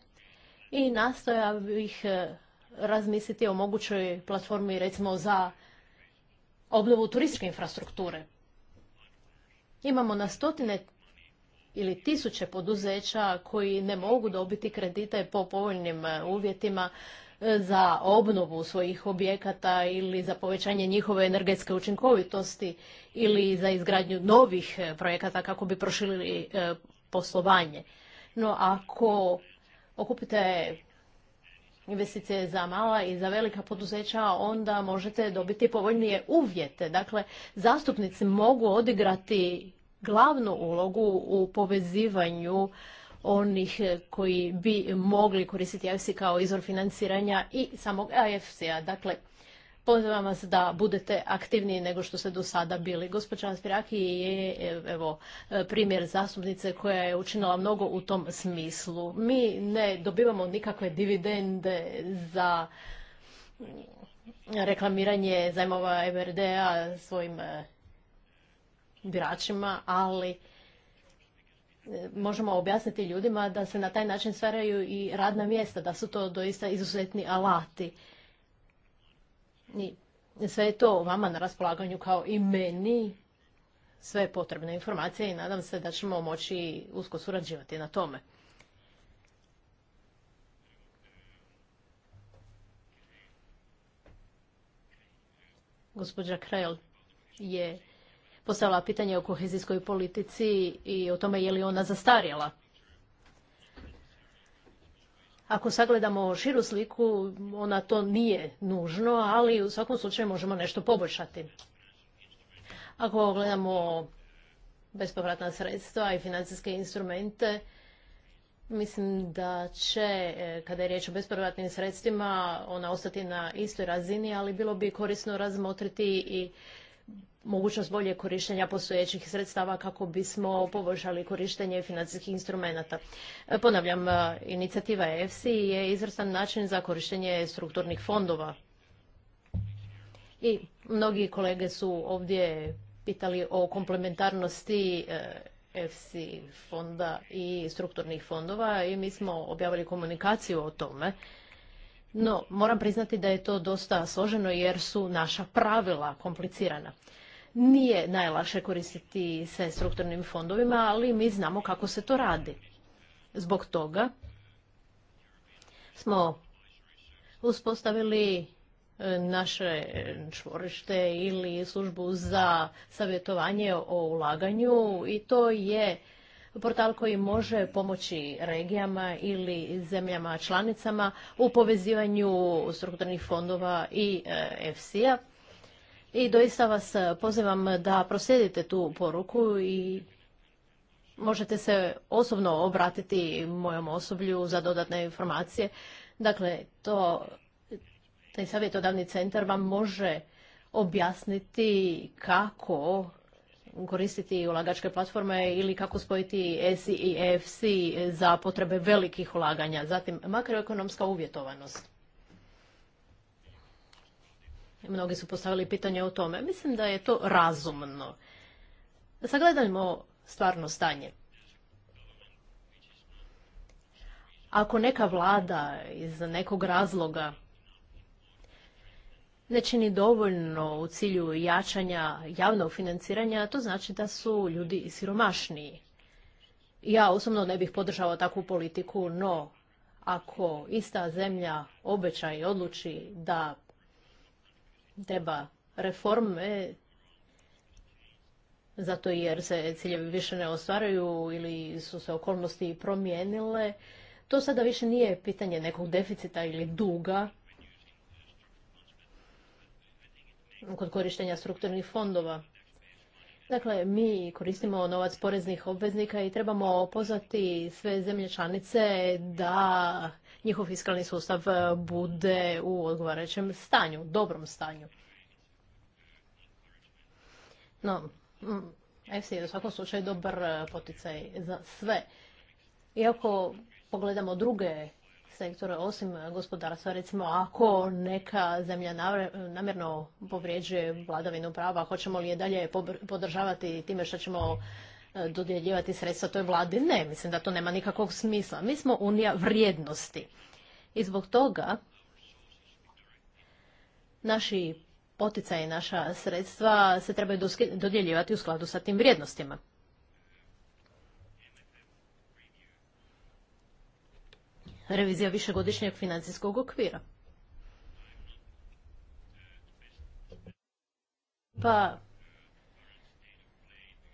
i nastoja bih e, razmisliti o mogućoj platformi recimo za obnovu turističke infrastrukture. Imamo na stotine ili tisuće poduzeća koji ne mogu dobiti kredite po povoljnim e, uvjetima za obnovu svojih objekata ili za povećanje njihove energetske učinkovitosti ili za izgradnju novih e, projekata kako bi proširili e, poslovanje. No ako okupite investicije za mala i za velika poduzeća, onda možete dobiti povoljnije uvjete. Dakle, zastupnici mogu odigrati glavnu ulogu u povezivanju onih eh, koji bi mogli koristiti AFC kao izvor financiranja i samog afc a Dakle, pozivam vas da budete aktivniji nego što ste do sada bili. Gospođa Aspiraki je eh, evo, eh, primjer zastupnice koja je učinila mnogo u tom smislu. Mi ne dobivamo nikakve dividende za mm, reklamiranje zajmova MRD-a svojim biračima, ali možemo objasniti ljudima da se na taj način stvaraju i radna mjesta, da su to doista izuzetni alati. I sve je to vama na raspolaganju kao i meni sve potrebne informacije i nadam se da ćemo moći usko surađivati na tome. Gospođa Krell je postavila pitanje o kohezijskoj politici i o tome je li ona zastarjela. Ako sagledamo širu sliku, ona to nije nužno, ali u svakom slučaju možemo nešto poboljšati. Ako gledamo bespovratna sredstva i financijske instrumente, Mislim da će, e, kada je riječ o bespovratnim sredstvima, ona ostati na istoj razini, ali bilo bi korisno razmotriti i mogućnost bolje korištenja postojećih sredstava kako bismo poboljšali korištenje financijskih instrumenata. E, ponavljam, e, inicijativa EFSI je izvrstan način za korištenje strukturnih fondova. I mnogi kolege su ovdje pitali o komplementarnosti EFSI e fonda i strukturnih fondova i mi smo objavili komunikaciju o tome. No, moram priznati da je to dosta složeno jer su naša pravila komplicirana. Nije najlakše koristiti se strukturnim fondovima, ali mi znamo kako se to radi. Zbog toga smo uspostavili e, naše čvorište ili službu za savjetovanje o ulaganju i to je portal koji može pomoći regijama ili zemljama članicama u povezivanju strukturnih fondova i e, fc a i doista vas e, pozivam da proslijedite tu poruku i možete se osobno obratiti mojom osoblju za dodatne informacije. Dakle, to, taj savjetodavni centar vam može objasniti kako koristiti ulagačke platforme ili kako spojiti ESI i EFC za potrebe velikih ulaganja. Zatim, makroekonomska uvjetovanost. Mnogi su postavili pitanje o tome. Mislim da je to razumno. Sagledajmo stvarno stanje. Ako neka vlada iz nekog razloga ne čini dovoljno u cilju jačanja javnog financiranja, to znači da su ljudi siromašniji. Ja osobno ne bih podržao takvu politiku, no ako ista zemlja obeća i odluči da treba reforme zato jer se ciljevi više ne ostvaraju ili su se okolnosti promijenile. To sada više nije pitanje nekog deficita ili duga kod korištenja strukturnih fondova. Dakle, mi koristimo novac poreznih obveznika i trebamo pozvati sve zemlje članice da njihov fiskalni sustav e, bude u odgovarajućem stanju, dobrom stanju. No, mm, je u svakom slučaju dobar e, poticaj za sve. Iako pogledamo druge sektore osim gospodarstva, recimo ako neka zemlja namjerno povrijeđuje vladavinu prava, hoćemo li je dalje podržavati time što ćemo dodjeljivati sredstva toj vladi. Ne, mislim da to nema nikakvog smisla. Mi smo unija vrijednosti. I zbog toga naši poticaji, naša sredstva se trebaju dodjeljivati u skladu sa tim vrijednostima. Revizija višegodišnjeg financijskog okvira. Pa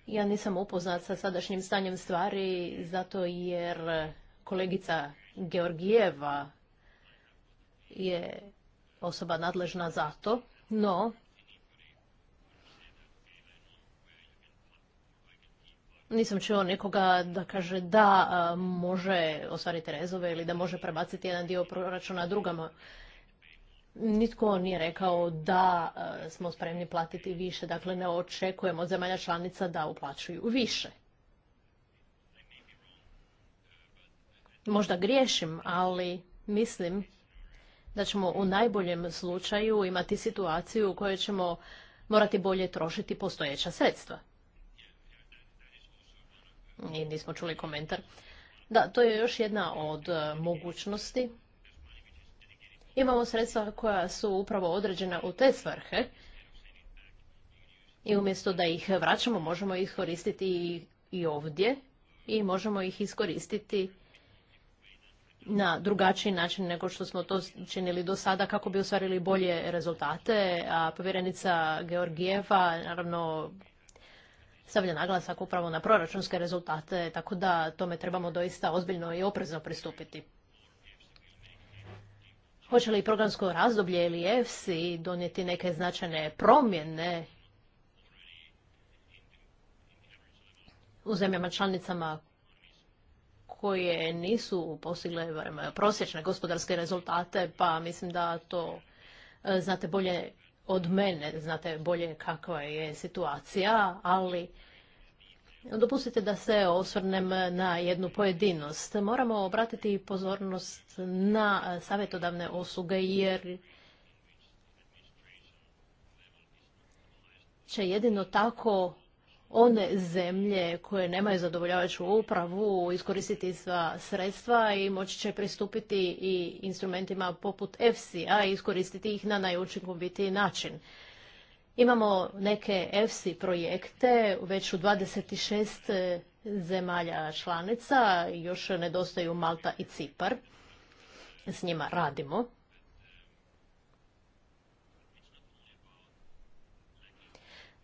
ja nisam upoznat sa sadašnjim stanjem stvari zato jer kolegica Georgijeva je osoba nadležna za to, no nisam čuo nikoga da kaže da može ostvariti rezove ili da može prebaciti jedan dio proračuna drugama. Nitko nije rekao da e, smo spremni platiti više, dakle ne očekujemo od zemalja članica da uplaćuju više. Možda griješim, ali mislim da ćemo u najboljem slučaju imati situaciju u kojoj ćemo morati bolje trošiti postojeća sredstva. I nismo čuli komentar. Da, to je još jedna od e, mogućnosti imamo sredstva koja su upravo određena u te svrhe i umjesto da ih vraćamo možemo ih koristiti i ovdje i možemo ih iskoristiti na drugačiji način nego što smo to činili do sada kako bi ostvarili bolje rezultate, a povjerenica Georgijeva naravno stavlja naglasak upravo na proračunske rezultate, tako da tome trebamo doista ozbiljno i oprezno pristupiti. Hoće li programsko razdoblje ili EFSI donijeti neke značajne promjene u zemljama članicama koje nisu postigle prosječne gospodarske rezultate, pa mislim da to e, znate bolje od mene, znate bolje kakva je situacija, ali Dopustite da se osvrnem na jednu pojedinost. Moramo obratiti pozornost na savjetodavne usluge jer će jedino tako one zemlje koje nemaju zadovoljavajuću upravu iskoristiti sva sredstva i moći će pristupiti i instrumentima poput EFSI, a iskoristiti ih na najučinkovitiji način. Imamo neke EFSI projekte već u 26 e, zemalja članica, još nedostaju Malta i Cipar. S njima radimo.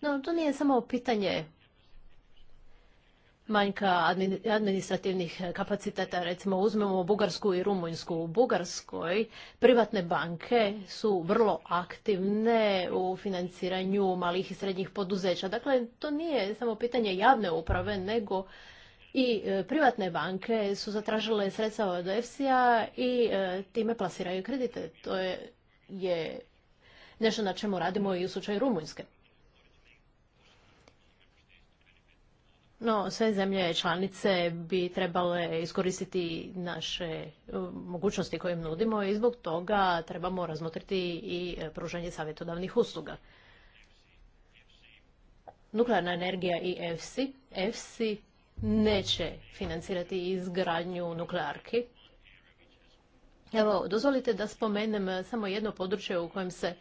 No, to nije samo pitanje manjka administrativnih kapaciteta. Recimo uzmemo Bugarsku i Rumunjsku. U Bugarskoj privatne banke su vrlo aktivne u financiranju malih i srednjih poduzeća. Dakle, to nije samo pitanje javne uprave, nego i e, privatne banke su zatražile sredstva od EFSI-a i e, time plasiraju kredite. To je, je nešto na čemu radimo i u slučaju Rumunjske. No, sve zemlje članice bi trebale iskoristiti naše e, mogućnosti koje im nudimo i zbog toga trebamo razmotriti i e, pružanje savjetodavnih usluga. Nuklearna energija i EFSI. EFSI neće financirati izgradnju nuklearki. Evo, dozvolite da spomenem samo jedno područje u kojem se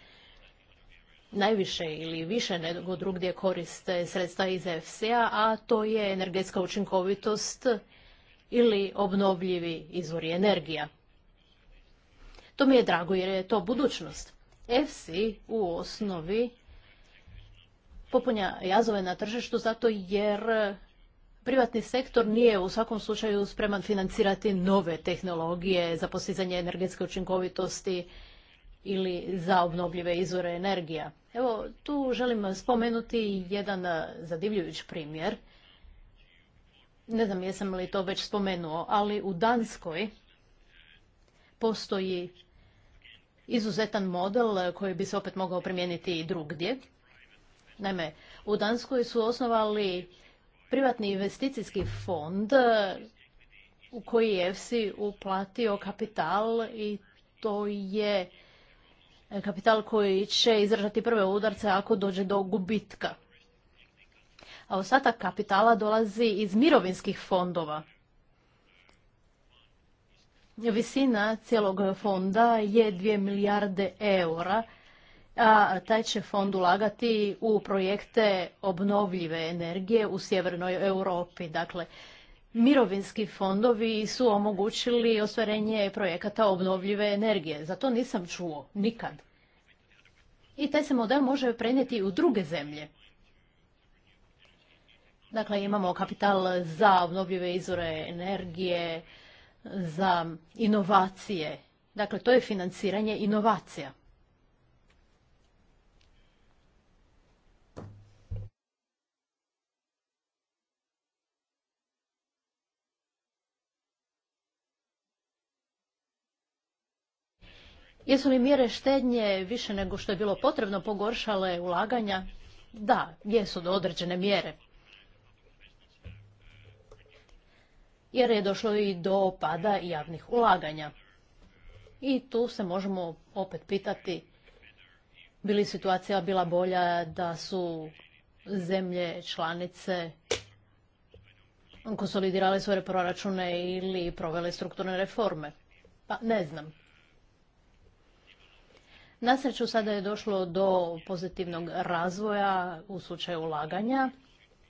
najviše ili više nego drugdje koriste sredstva iz EFSI-a, a to je energetska učinkovitost ili obnovljivi izvori energija. To mi je drago jer je to budućnost. EFSI u osnovi popunja jazove na tržištu zato jer privatni sektor nije u svakom slučaju spreman financirati nove tehnologije za postizanje energetske učinkovitosti ili za obnovljive izvore energija. Evo, tu želim spomenuti jedan e, zadivljujući primjer. Ne znam jesam li to već spomenuo, ali u Danskoj postoji izuzetan model koji bi se opet mogao primijeniti i drugdje. Naime, u Danskoj su osnovali privatni investicijski fond e, u koji je EFSI uplatio kapital i to je E, kapital koji će izražati prve udarce ako dođe do gubitka. A ostatak kapitala dolazi iz mirovinskih fondova. Visina cijelog fonda je 2 milijarde eura, a taj će fond ulagati u projekte obnovljive energije u sjevernoj Europi. Dakle, mirovinski fondovi su omogućili ostvarenje projekata obnovljive energije. Za to nisam čuo nikad. I taj se model može prenijeti u druge zemlje. Dakle, imamo kapital za obnovljive izvore energije, za inovacije. Dakle, to je financiranje inovacija. Jesu li mjere štednje više nego što je bilo potrebno pogoršale ulaganja? Da, jesu do određene mjere. Jer je došlo i do pada javnih ulaganja. I tu se možemo opet pitati bi li situacija bila bolja da su zemlje članice konsolidirale svoje proračune ili provele strukturne reforme? Pa ne znam. Na sreću sada je došlo do pozitivnog razvoja u slučaju ulaganja.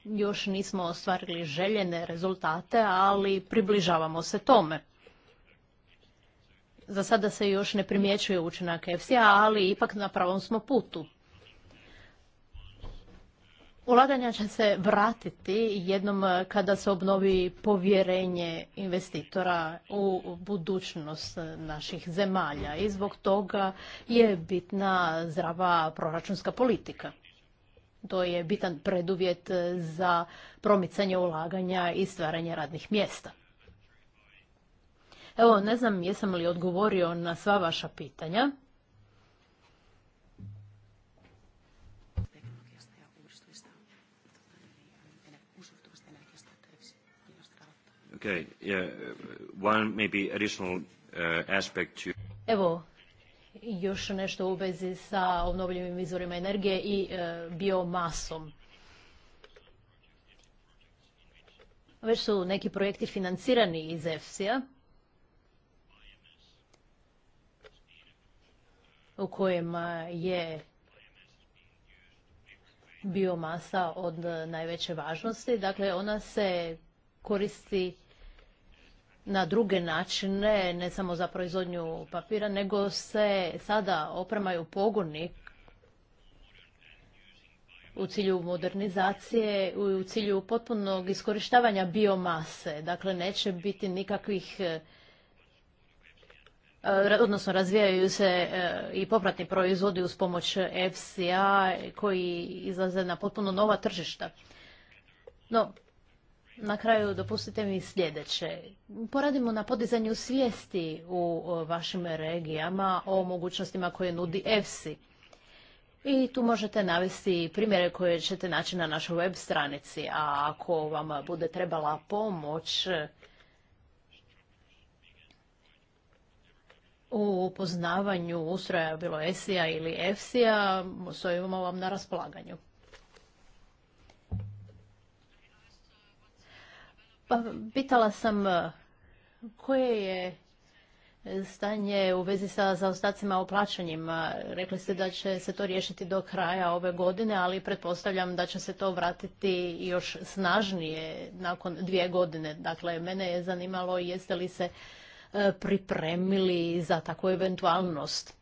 Još nismo ostvarili željene rezultate, ali približavamo se tome. Za sada se još ne primjećuje učinak EFSI-a, ali ipak na pravom smo putu. Ulaganja će se vratiti jednom eh, kada se obnovi povjerenje investitora u budućnost naših zemalja i zbog toga je bitna zdrava proračunska politika. To je bitan preduvjet eh, za promicanje ulaganja i stvaranje radnih mjesta. Evo, ne znam jesam li odgovorio na sva vaša pitanja. Uh, Evo, još nešto u vezi sa obnovljivim izvorima energije i uh, biomasom. Već su neki projekti financirani iz EFSI-a, u kojima je biomasa od najveće važnosti. Dakle, ona se koristi na druge načine, ne samo za proizvodnju papira, nego se sada opremaju pogoni u cilju modernizacije, u cilju potpunog iskorištavanja biomase. Dakle, neće biti nikakvih e, e, odnosno razvijaju se e, i popratni proizvodi uz pomoć FCA koji izlaze na potpuno nova tržišta. No, na kraju dopustite mi sljedeće. Poradimo na podizanju svijesti u vašim regijama o mogućnostima koje nudi EFSI. I tu možete navesti primjere koje ćete naći na našoj web stranici, a ako vam bude trebala pomoć u upoznavanju ustroja bilo ESI-a ili EFSI-a, stojimo vam na raspolaganju. Pa, pitala sam e, koje je stanje u vezi sa zaostacima o plaćanjima. Rekli ste da će se to riješiti do kraja ove godine, ali pretpostavljam da će se to vratiti još snažnije nakon dvije godine. Dakle, mene je zanimalo jeste li se e, pripremili za takvu eventualnost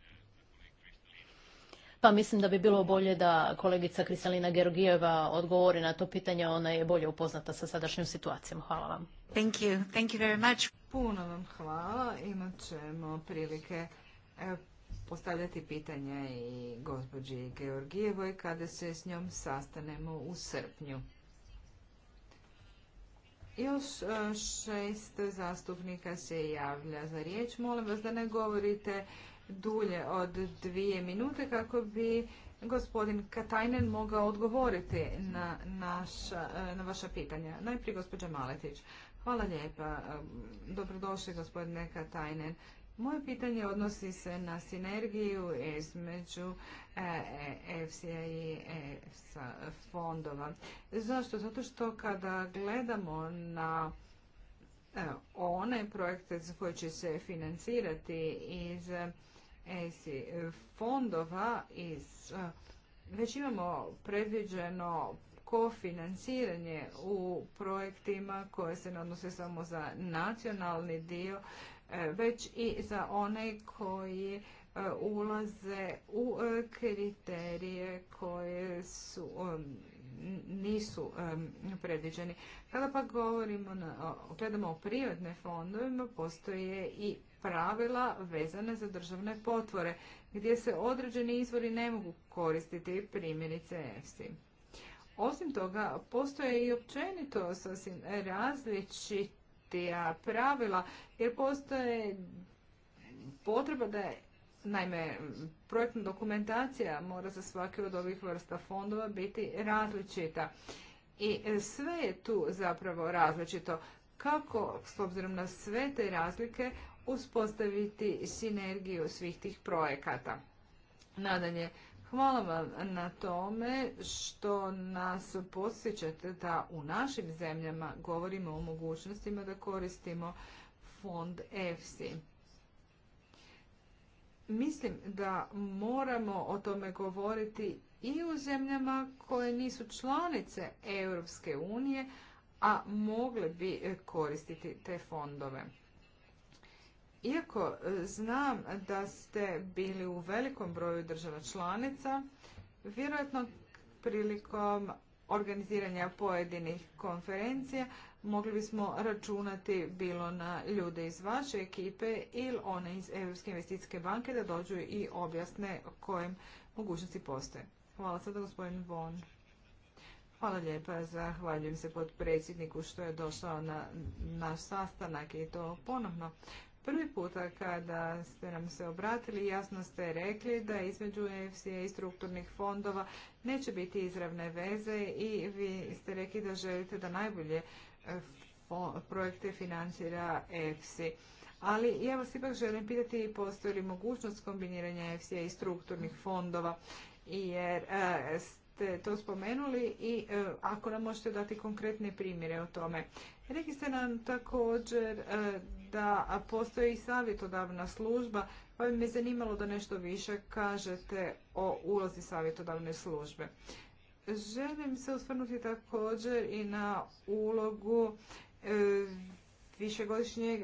pa mislim da bi bilo bolje da kolegica Kristalina Georgijeva odgovori na to pitanje, ona je bolje upoznata sa sadašnjom situacijom. Hvala vam. Thank
you. Thank you very much. Puno vam hvala, imat ćemo prilike e, postavljati pitanja i gospođi Georgijevoj kada se s njom sastanemo u srpnju. Još e, šest zastupnika se javlja za riječ. Molim vas da ne govorite dulje od dvije minute kako bi gospodin Katajnen mogao odgovoriti na, naša, na vaša pitanja. Najprije gospođa Maletić. Hvala lijepa. Dobrodošli gospodine Katajnen. Moje pitanje odnosi se na sinergiju između efsi e, i EFSA fondova. Zašto? Zato što kada gledamo na e, one projekte koje će se financirati iz ESI fondova iz već imamo predviđeno kofinanciranje u projektima koje se ne odnose samo za nacionalni dio, e, već i za one koji e, ulaze u e, kriterije koje su, nisu predviđeni. Kada pa govorimo, na, gledamo o privatne fondovima, postoje i pravila vezane za državne potvore, gdje se određeni izvori ne mogu koristiti primjerice EFSI. Osim toga, postoje i općenito sasvim različitija pravila, jer postoje potreba da je Naime, projektna dokumentacija mora za svake od ovih vrsta fondova biti različita. I sve je tu zapravo različito. Kako, s obzirom na sve te razlike, uspostaviti sinergiju svih tih projekata. Nadalje, hvala vam na tome što nas posjećate da u našim zemljama govorimo o mogućnostima da koristimo fond EFSI. Mislim da moramo o tome govoriti i u zemljama koje nisu članice Europske unije, a mogle bi koristiti te fondove. Iako e, znam da ste bili u velikom broju država članica, vjerojatno prilikom organiziranja pojedinih konferencija mogli bismo računati bilo na ljude iz vaše ekipe ili one iz Europske investicijske banke da dođu i objasne kojim mogućnosti postoje. Hvala sada gospodin Von. Hvala lijepa, zahvaljujem se predsjedniku što je došao na naš sastanak i to ponovno. Prvi puta kada ste nam se obratili, jasno ste rekli da između EFSI-a i strukturnih fondova neće biti izravne veze i vi ste rekli da želite da najbolje e, projekte financira EFSI. Ali ja vas ipak želim pitati postoji li mogućnost kombiniranja EFSI-a i strukturnih fondova, jer e, ste to spomenuli i e, ako nam možete dati konkretne primjere o tome. Rekli ste nam također da postoji i savjetodavna služba, pa bi me zanimalo da nešto više kažete o ulozi savjetodavne službe. Želim se osvrnuti također i na ulogu e, višegodišnjeg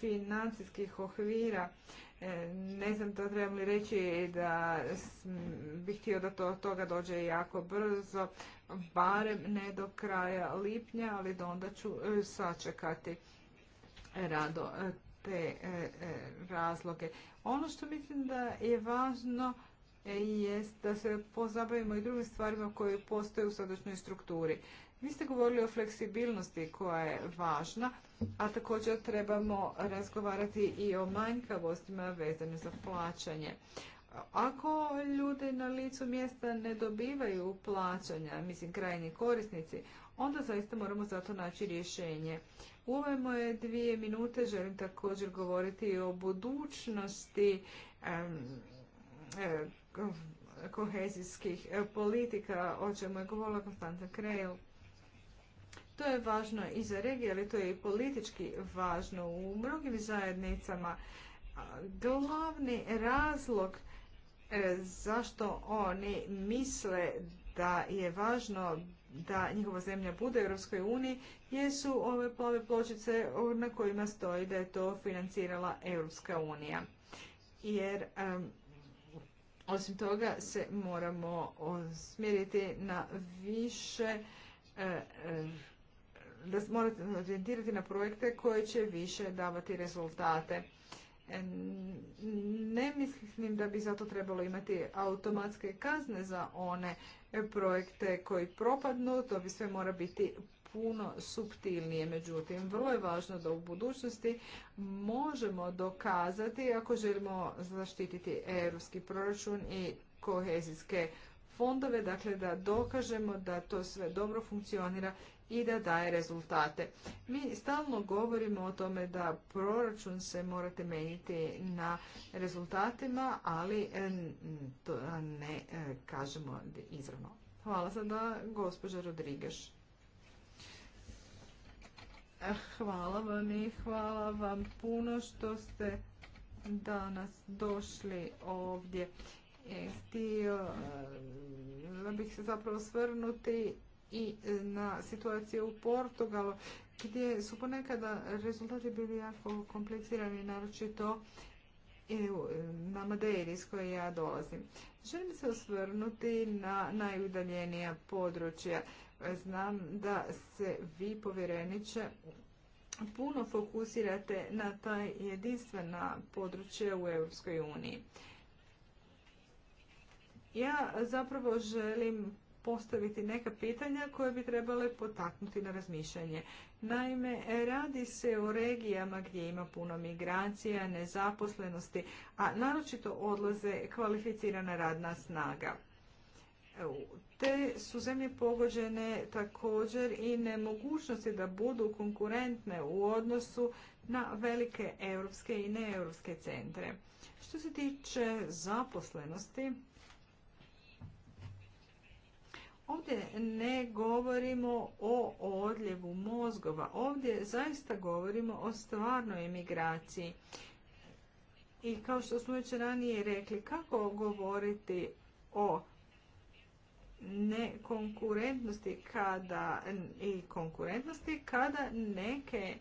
financijskih okvira. E, ne znam da trebam li reći da bih htio da to toga dođe jako brzo, barem ne do kraja lipnja, ali do onda ću e, sačekati rado e, te e, e, razloge. Ono što mislim da je važno jest da se pozabavimo i drugim stvarima koje postoje u sadašnjoj strukturi. Vi ste govorili o fleksibilnosti koja je važna, a također trebamo razgovarati i o manjkavostima vezane za plaćanje. Ako ljudi na licu mjesta ne dobivaju plaćanja, mislim krajnji korisnici, onda zaista moramo zato naći rješenje. U ove moje dvije minute želim također govoriti o budućnosti e, kohezijskih e, politika, o čemu je govorila Konstanta Krejl. To je važno i za regiju, ali to je i politički važno u mnogim zajednicama. Glavni razlog e, zašto oni misle da je važno da njihova zemlja bude u Europskoj uniji jesu ove plave pločice na kojima stoji da je to financirala Europska unija. Jer um, osim toga se moramo smjeriti na više uh, morate orijentirati na projekte koje će više davati rezultate. Ne mislim da bi zato trebalo imati automatske kazne za one projekte koji propadnu, to bi sve mora biti puno suptilnije. Međutim, vrlo je važno da u budućnosti možemo dokazati ako želimo zaštititi europski proračun i kohezijske fondove, dakle da dokažemo da to sve dobro funkcionira i da daje rezultate. Mi stalno govorimo o tome da proračun se mora temeljiti na rezultatima, ali to ne e, kažemo izravno. Hvala sada gospođa Rodrigeš. Eh, hvala vam i hvala vam puno što ste danas došli ovdje. E, htio eh, bih se zapravo svrnuti i e, na situacije u Portugalu gdje su ponekada rezultati bili jako komplicirani, naročito e, na Madeiri iz koje ja dolazim. Želim se osvrnuti na najudaljenija područja. Znam da se vi, povjereniče, puno fokusirate na taj jedinstvena područja u Europskoj uniji. Ja zapravo želim postaviti neka pitanja koje bi trebale potaknuti na razmišljanje. Naime, radi se o regijama gdje ima puno migracija, nezaposlenosti, a naročito odlaze kvalificirana radna snaga. Te su zemlje pogođene također i nemogućnosti da budu konkurentne u odnosu na velike europske i neeuropske centre. Što se tiče zaposlenosti, Ovdje ne govorimo o odljevu mozgova, ovdje zaista govorimo o stvarnoj emigraciji. I kao što smo već ranije rekli, kako govoriti o nekonkurentnosti kada i konkurentnosti kada neke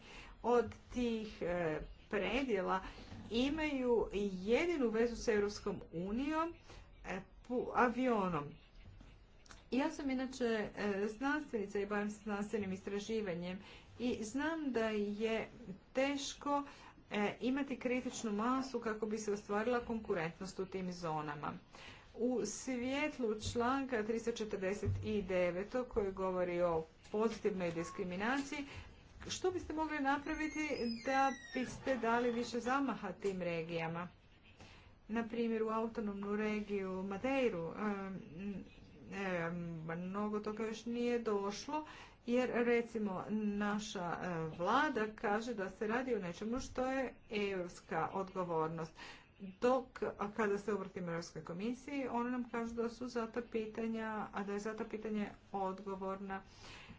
od tih e, predjela imaju jedinu vezu s Europskom unijom e, avionom. Ja sam inače e, znanstvenica i bavim se znanstvenim istraživanjem i znam da je teško e, imati kritičnu masu kako bi se ostvarila konkurentnost u tim zonama. U svijetlu članka 349. koji govori o pozitivnoj diskriminaciji, što biste mogli napraviti da biste dali više zamaha tim regijama? Na primjer, u autonomnu regiju Madeiru E, mnogo toga još nije došlo jer recimo naša e, vlada kaže da se radi o nečemu što je europska odgovornost. Dok a kada se obratimo Europskoj komisiji, ona nam kaže da su za ta pitanja, a da je za ta pitanje odgovorna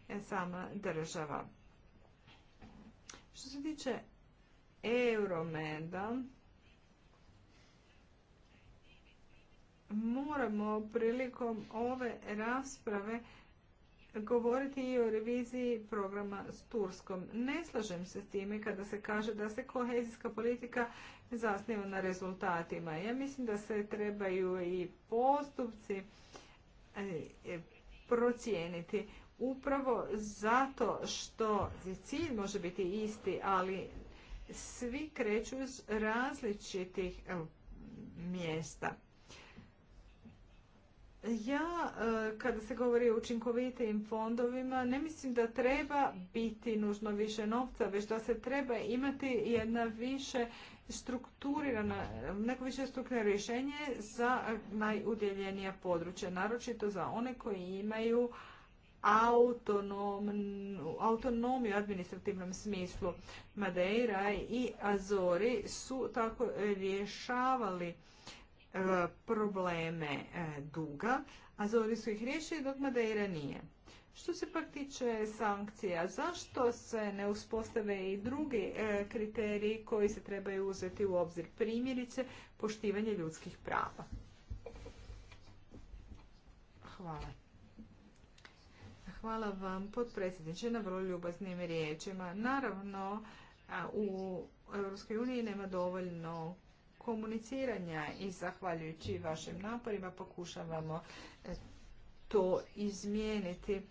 e, sama država. Što se tiče Euromeda, moramo prilikom ove rasprave govoriti i o reviziji programa s Turskom. Ne slažem se s time kada se kaže da se kohezijska politika zasniva na rezultatima. Ja mislim da se trebaju i postupci e, e, procijeniti upravo zato što cilj može biti isti, ali svi kreću iz različitih mjesta. Ja, e, kada se govori o učinkovitijim fondovima, ne mislim da treba biti nužno više novca, već da se treba imati jedna više strukturirana, neko više strukturno rješenje za najudjeljenija područja, naročito za one koji imaju autonom, autonomiju u administrativnom smislu. Madeira i Azori su tako rješavali E, probleme e, duga, a zove su ih riješili dok Madeira nije. Što se pak tiče sankcija, zašto se ne uspostave i drugi e, kriteriji koji se trebaju uzeti u obzir primjerice poštivanje ljudskih prava? Hvala. Hvala vam, potpredsjedniče, na vrlo ljubaznim riječima. Naravno, u EU uniji nema dovoljno komuniciranja i zahvaljujući vašim naporima pokušavamo e, to izmijeniti.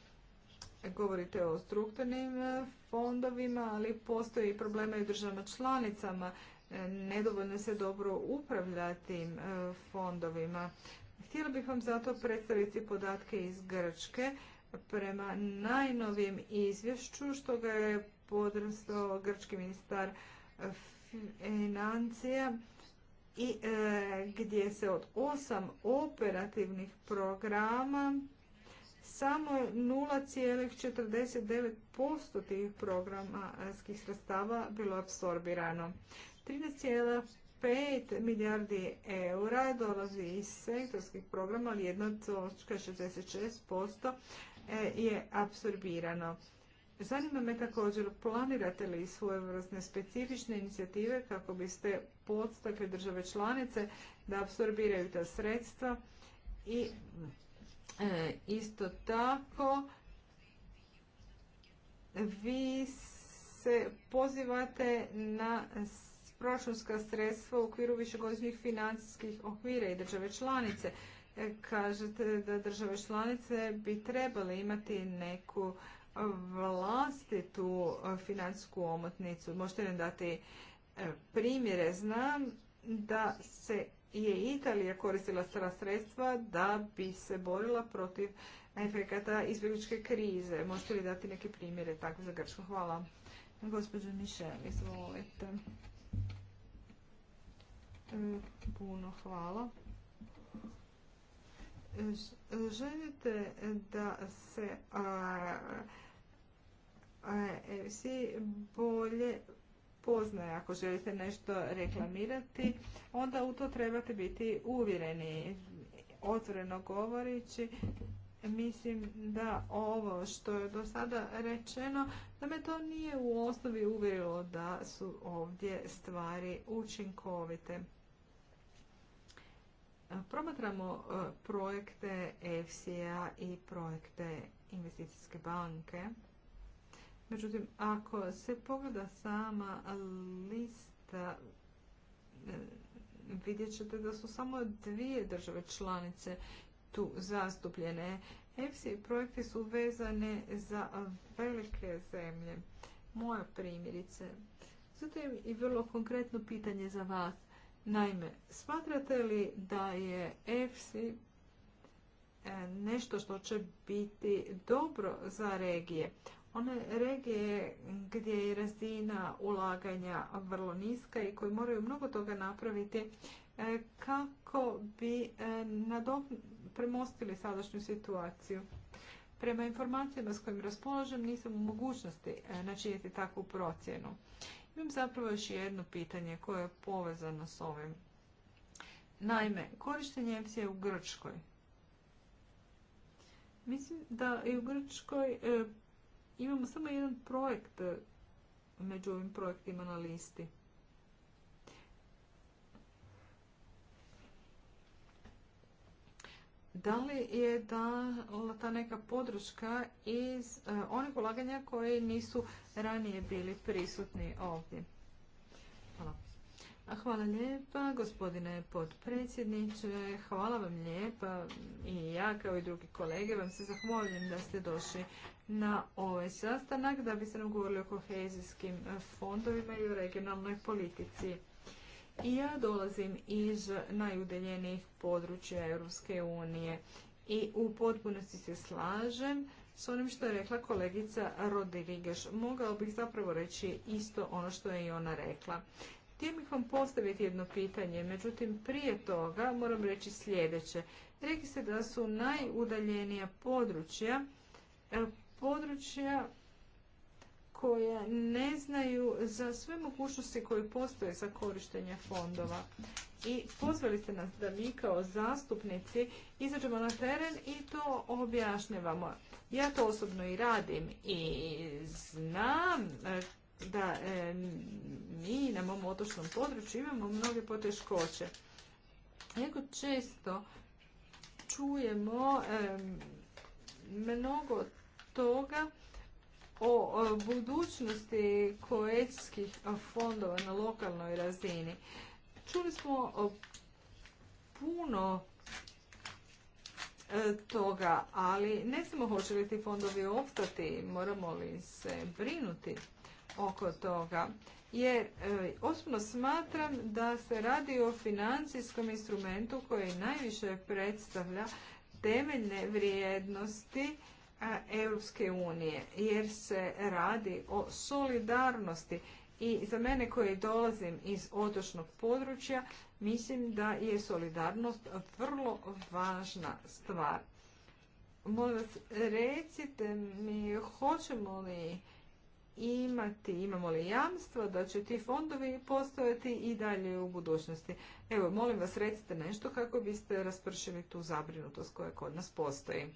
Govorite o strukturnim e, fondovima, ali postoji problema i u državama članicama. E, nedovoljno se dobro upravlja tim fondovima. Htjela bih vam zato predstaviti podatke iz Grčke prema najnovijem izvješću što ga je podrastao grčki ministar financija i e, gdje se od osam operativnih programa samo 0,49% tih programskih e, sredstava bilo apsorbirano. 13,5 milijardi eura dolazi iz sektorskih programa, ali 1,66% e, je apsorbirano. Zanima me također planirate li svoje vrstne specifične inicijative kako biste Dakle, države članice da apsorbiraju ta sredstva i e, isto tako vi se pozivate na proračunska sredstva u okviru višegodišnjih financijskih okvira i države članice. E, kažete da države članice bi trebale imati neku vlastitu e, financijsku omotnicu. Možete nam dati E, primjere znam da se je Italija koristila stara sredstva da bi se borila protiv efekata izbjegličke krize. Možete li dati neke primjere tako za Grčku? Hvala. Gospođo Mišel, izvolite. E, puno hvala. E, želite da se a, bolje poznaje. Ako želite nešto reklamirati, onda u to trebate biti uvjereni. Otvoreno govorići, mislim da ovo što je do sada rečeno, da me to nije u osnovi uvjerilo da su ovdje stvari učinkovite. Promatramo e, projekte EFSI-a i projekte investicijske banke. Međutim, ako se pogleda sama lista, e, vidjet ćete da su samo dvije države članice tu zastupljene. EFSI projekti su vezane za velike zemlje. Moja primjerice. Zatim i vrlo konkretno pitanje za vas. Naime, smatrate li da je EFSI e, nešto što će biti dobro za regije? one regije gdje je razina ulaganja vrlo niska i koji moraju mnogo toga napraviti e, kako bi e, premostili sadašnju situaciju. Prema informacijama s kojim raspolažem nisam u mogućnosti e, načiniti takvu procjenu. Imam zapravo još jedno pitanje koje je povezano s ovim. Naime, korištenje eps u Grčkoj. Mislim da i u Grčkoj imamo samo jedan projekt e, među ovim projektima na listi. Da li je da ta neka podrška iz e, onih ulaganja koji nisu ranije bili prisutni ovdje? Hvala lijepa, gospodine potpredsjedniče. Hvala vam lijepa i ja kao i drugi kolege vam se zahvaljujem da ste došli na ovaj sastanak da bi se nam govorili o kohezijskim fondovima i o regionalnoj politici. I ja dolazim iz najudeljenijih područja Europske unije i u potpunosti se slažem s onim što je rekla kolegica Rodriguez. Mogao bih zapravo reći isto ono što je i ona rekla. Htio bih vam postaviti jedno pitanje, međutim prije toga moram reći sljedeće. Rekli ste da su najudaljenija područja, eh, područja koja ne znaju za sve mogućnosti koje postoje za korištenje fondova. I pozvali ste nas da mi kao zastupnici izađemo na teren i to objašnjavamo. Ja to osobno i radim i znam eh, da e, mi na mom otočnom području imamo mnoge poteškoće. Jako često čujemo e, mnogo toga o, budućnosti koetskih fondova na lokalnoj razini. Čuli smo o, puno e, toga, ali ne znamo hoće li ti fondovi opstati, moramo li se brinuti oko toga. Jer e, osobno smatram da se radi o financijskom instrumentu koji najviše predstavlja temeljne vrijednosti Europske unije jer se radi o solidarnosti i za mene koji dolazim iz otočnog područja mislim da je solidarnost vrlo važna stvar. Molim vas recite mi hoćemo li imati, imamo li jamstvo da će ti fondovi postojati i dalje u budućnosti. Evo, molim vas, recite nešto kako biste raspršili tu zabrinutost koja kod nas postoji.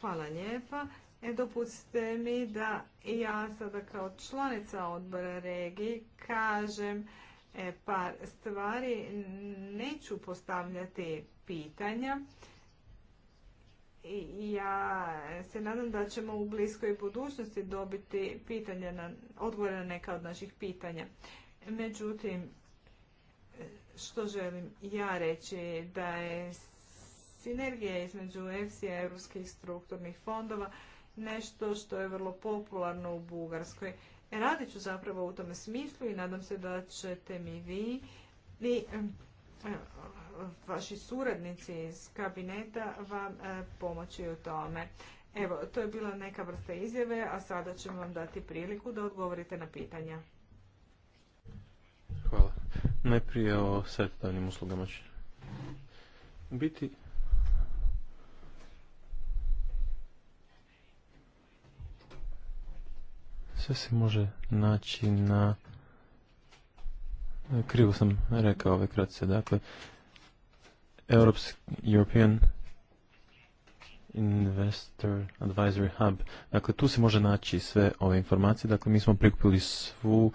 Hvala lijepa. E, dopustite mi da ja sada kao članica odbora regiji kažem e, par stvari. Neću postavljati pitanja ja se nadam da ćemo u bliskoj budućnosti dobiti pitanja na, odgovore na neka od naših pitanja. Međutim, što želim ja reći da je sinergija između efsi i europskih strukturnih fondova nešto što je vrlo popularno u Bugarskoj. Radit ću zapravo u tome smislu i nadam se da ćete mi vi vaši suradnici iz kabineta vam e, pomoći u tome. Evo, to je bila neka vrsta izjave, a sada ćemo vam dati priliku da odgovorite na
pitanja. Hvala. Najprije o savjetodavnim uslugama biti, sve se može naći na krivo sam rekao ove kratice dakle European Investor Advisory Hub. Dakle, tu se može naći sve ove informacije. Dakle, mi smo prikupili svu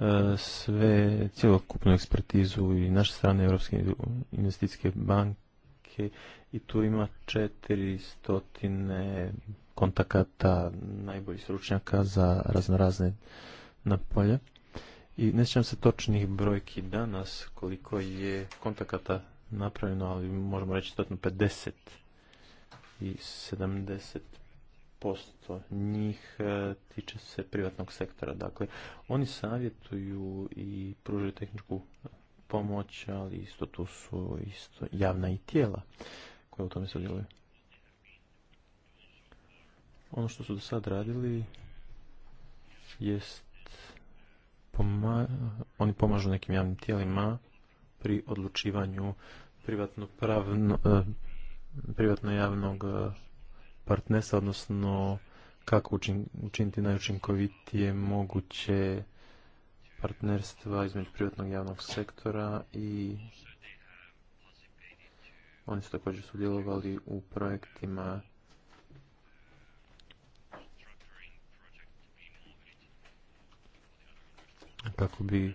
e, sve cjelokupnu ekspertizu i naše strane Europske investicijske banke i tu ima stotine kontakata najboljih stručnjaka za raznorazne napolje. I ne sjećam se točnih brojki danas koliko je kontakata napravljeno, ali možemo reći 50 i 70 posto njih e, tiče se privatnog sektora. Dakle, oni savjetuju i pružaju tehničku pomoć, ali isto tu su isto javna i tijela koja u tome sudjeluju. Ono što su do sad radili jest oni pomažu nekim javnim tijelima pri odlučivanju privatno pravno, e, privatno javnog e, partnerstva, odnosno kako učiniti najučinkovitije moguće partnerstva između privatnog javnog sektora i oni su također sudjelovali u projektima kako bi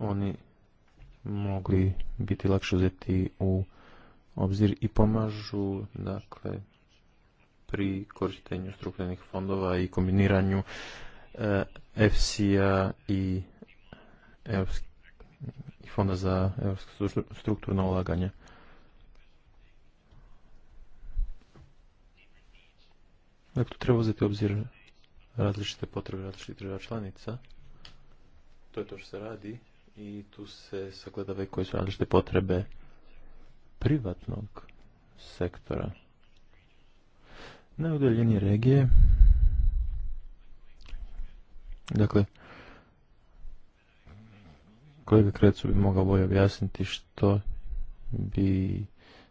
oni mogli biti lakše uzeti u obzir i pomažu dakle, pri korištenju strukturnih fondova i kombiniranju e, FCA i, i Fonda za europsko strukturno ulaganje. Dakle, tu treba uzeti obzir različite potrebe različitih država članica. To je to što se radi i tu se sagledave koje su različite potrebe privatnog sektora. Najudaljenije regije, dakle, kolega Krecu bi mogao bolje objasniti što bi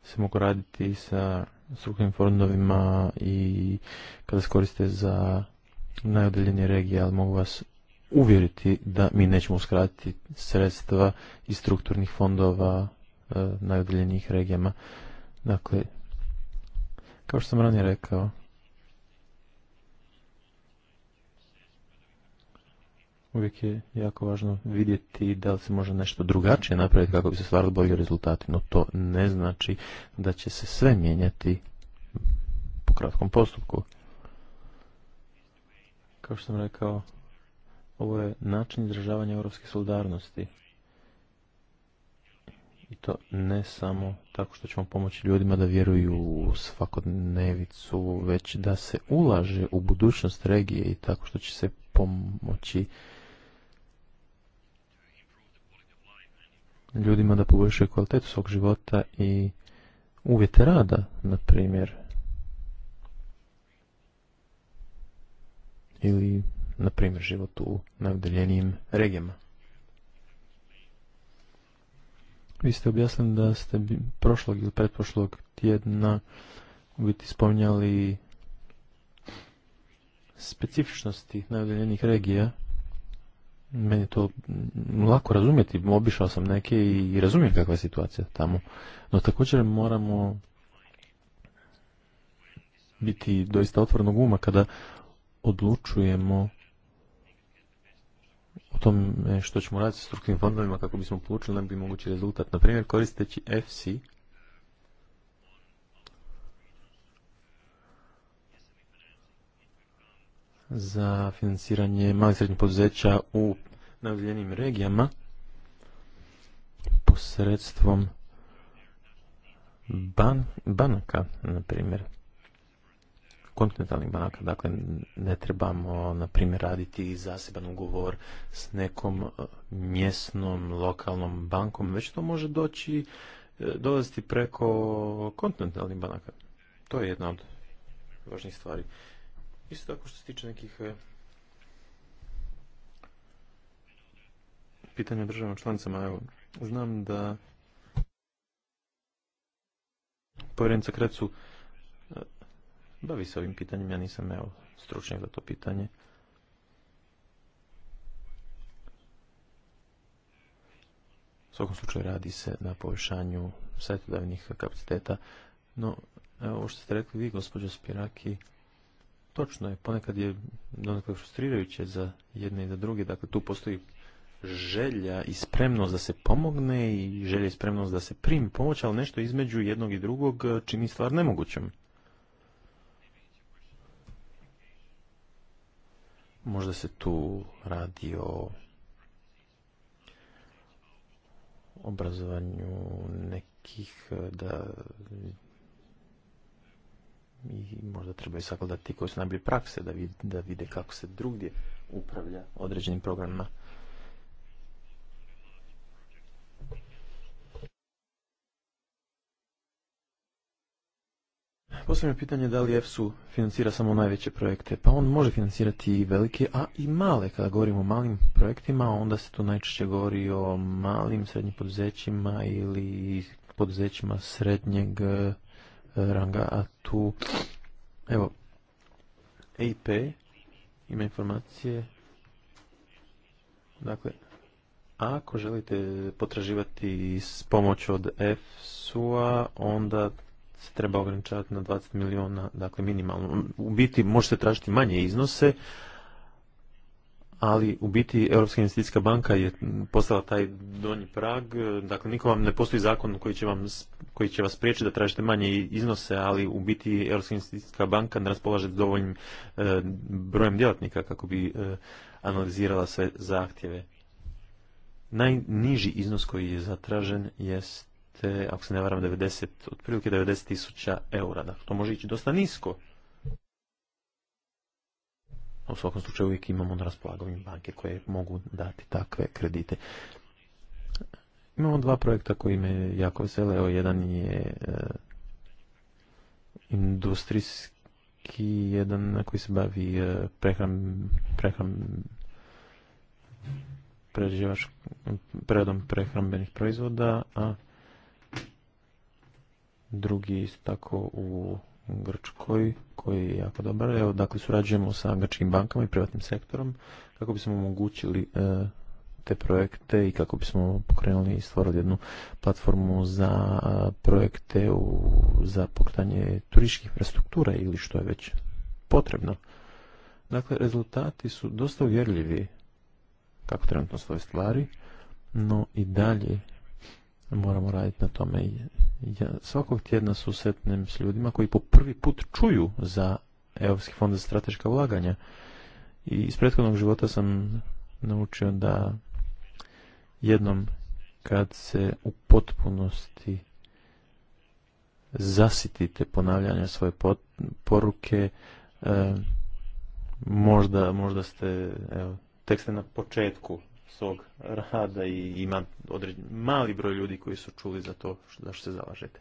se moglo raditi sa strukturnim fondovima i kada se koriste za najodeljenije regije, ali mogu vas uvjeriti da mi nećemo uskratiti sredstva iz strukturnih fondova e, regima. regijama. Dakle, kao što sam ranije rekao, uvijek je jako važno vidjeti da li se može nešto drugačije napraviti kako bi se stvarali bolji rezultati, no to ne znači da će se sve mijenjati po kratkom postupku. Kao što sam rekao, ovo je način izražavanja europske solidarnosti. I to ne samo tako što ćemo pomoći ljudima da vjeruju u svakodnevicu, već da se ulaže u budućnost regije i tako što će se pomoći ljudima da poboljšaju kvalitetu svog života i uvjete rada, na primjer. Ili na primjer život u najudaljenijim regijama. Vi ste objasnili da ste prošlog ili pretprošlog tjedna u biti spominjali specifičnosti najudaljenijih regija. Meni je to lako razumjeti, obišao sam neke i razumijem kakva je situacija tamo. No također moramo biti doista otvornog uma kada odlučujemo o tome što ćemo raditi s strukturnim fondovima kako bismo polučili bi mogući rezultat. Na primjer, koristeći FC, za financiranje malih i srednjih poduzeća u navedenim regijama posredstvom ban, banaka, na primjer kontinentalnih banaka. Dakle, ne trebamo, na primjer, raditi zaseban ugovor s nekom e, mjesnom, lokalnom bankom, već to može doći, e, dolaziti preko kontinentalnih banaka. To je jedna od važnih stvari. Isto tako što se tiče nekih e, pitanja državama članicama, evo, znam da povjerenica Krecu bavi se ovim pitanjem. Ja nisam evo, stručnjak za to pitanje. U svakom slučaju radi se na povišanju svetodavnih kapaciteta. No, evo ovo što ste rekli vi, gospođo Spiraki, točno je, ponekad je donekle frustrirajuće za jedne i za druge, dakle tu postoji želja i spremnost da se pomogne i želja i spremnost da se primi pomoć, ali nešto između jednog i drugog čini stvar nemogućom. Možda se tu radi o obrazovanju nekih e, da i možda trebaju sagledati koji su najbolje prakse da vide, da vide kako se drugdje upravlja određenim programima. Posljedno pitanje da li EFSU financira samo najveće projekte. Pa on može financirati i velike, a i male. Kada govorimo o malim projektima, onda se tu najčešće govori o malim srednjim poduzećima ili poduzećima srednjeg eh, ranga, a tu evo EIP ima informacije dakle ako želite potraživati s pomoć od EFSU-a onda se treba ograničavati na 20 milijuna, dakle minimalno. U biti možete tražiti manje iznose, ali u biti Europska investicijska banka je postala taj donji prag, dakle niko vam ne postoji zakon koji će, vam, koji će vas priječiti da tražite manje iznose, ali u biti Europska investicijska banka ne raspolaže dovoljnim e, brojem djelatnika kako bi e, analizirala sve zahtjeve. Najniži iznos koji je zatražen jest te, ako se ne varam, 90, otprilike 90 tisuća eura. Dakle, to može ići dosta nisko. U svakom slučaju uvijek imamo na raspolaganju banke koje mogu dati takve kredite. Imamo dva projekta koji me jako vesele. Evo, jedan je e, industrijski, jedan na koji se bavi e, prehram, prehram predom prehrambenih proizvoda, a drugi isto tako u Grčkoj koji je jako dobar. Evo, dakle, surađujemo sa grčkim bankama i privatnim sektorom kako bismo omogućili e, te projekte i kako bismo pokrenuli i stvorili jednu platformu za e, projekte u, za pokretanje turističkih infrastruktura ili što je već potrebno. Dakle, rezultati su dosta uvjerljivi kako trenutno svoje stvari, no i dalje moramo raditi na tome. Ja svakog tjedna susretnem s ljudima koji po prvi put čuju za Europski fond za strateška ulaganja. I iz prethodnog života sam naučio da jednom kad se u potpunosti zasitite ponavljanja svoje poruke, e, možda, možda ste, evo, tek ste na početku svog rada i ima određen, mali broj ljudi koji su čuli za to što, za što se zalažete.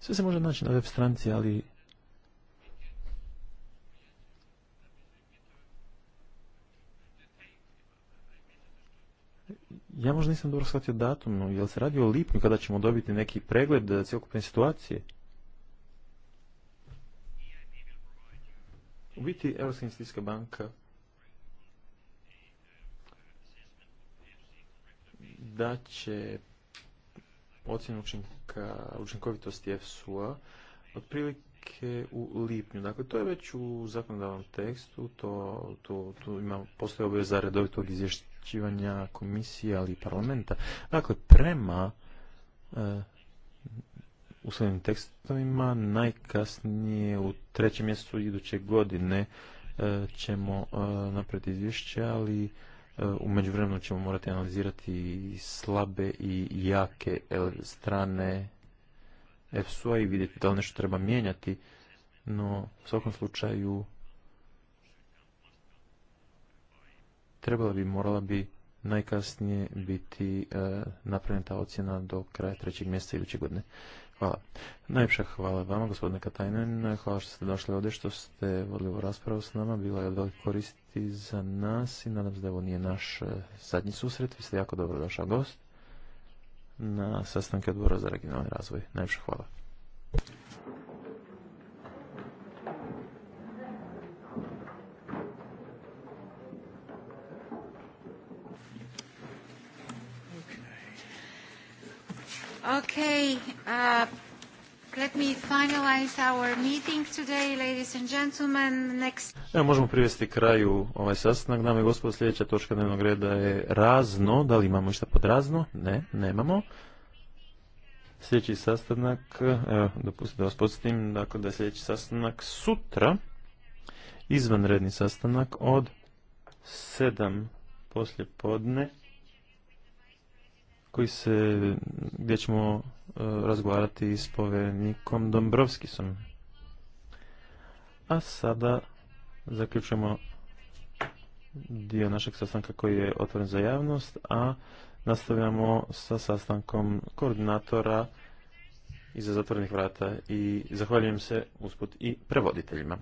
Sve se može naći na web stranici, ali Ja možda nisam dobro shvatio datum, no, jel se radi o lipnju kada ćemo dobiti neki pregled cjelokupne situacije? U biti, Europska investicijska banka da će ocjenu učinkovitosti EFSU-a otprilike u lipnju. Dakle, to je već u zakonodavnom tekstu, to, to, tu obje postoje obveza redovitog izvješćivanja komisije, ali i parlamenta. Dakle, prema eh, u svojim tekstovima. Najkasnije u trećem mjestu iduće godine e, ćemo e, napraviti izvješće, ali e, u međuvremenu ćemo morati analizirati slabe i jake strane EFSU-a i vidjeti da li nešto treba mijenjati, no u svakom slučaju trebala bi, morala bi najkasnije biti napravljena ta ocjena do kraja trećeg mjeseca iduće godine. Hvala. Najljepša hvala vama, gospodine Katajnen. Hvala što ste došli ovdje, što ste vodili ovu raspravu s nama. Bila je veliko koristi za nas i nadam se da ovo nije naš e, zadnji susret. Vi ste jako dobro došao gost na sastanke odbora za regionalni razvoj. Najljepša hvala.
Okay, uh, let me finalize our meeting today, ladies and gentlemen. Next...
Evo, možemo privesti kraju ovaj sastanak. Dame i gospodo, sljedeća točka dnevnog reda je razno. Da li imamo išta pod razno? Ne, nemamo. Sljedeći sastanak, evo, dopustite da vas podsjetim, dakle da je sljedeći sastanak sutra, izvanredni sastanak od 7 poslje podne koji se, gdje ćemo e, razgovarati s povjerenikom Dombrovskisom. A sada zaključujemo dio našeg sastanka koji je otvoren za javnost, a nastavljamo sa sastankom koordinatora iza zatvorenih vrata i zahvaljujem se usput i prevoditeljima.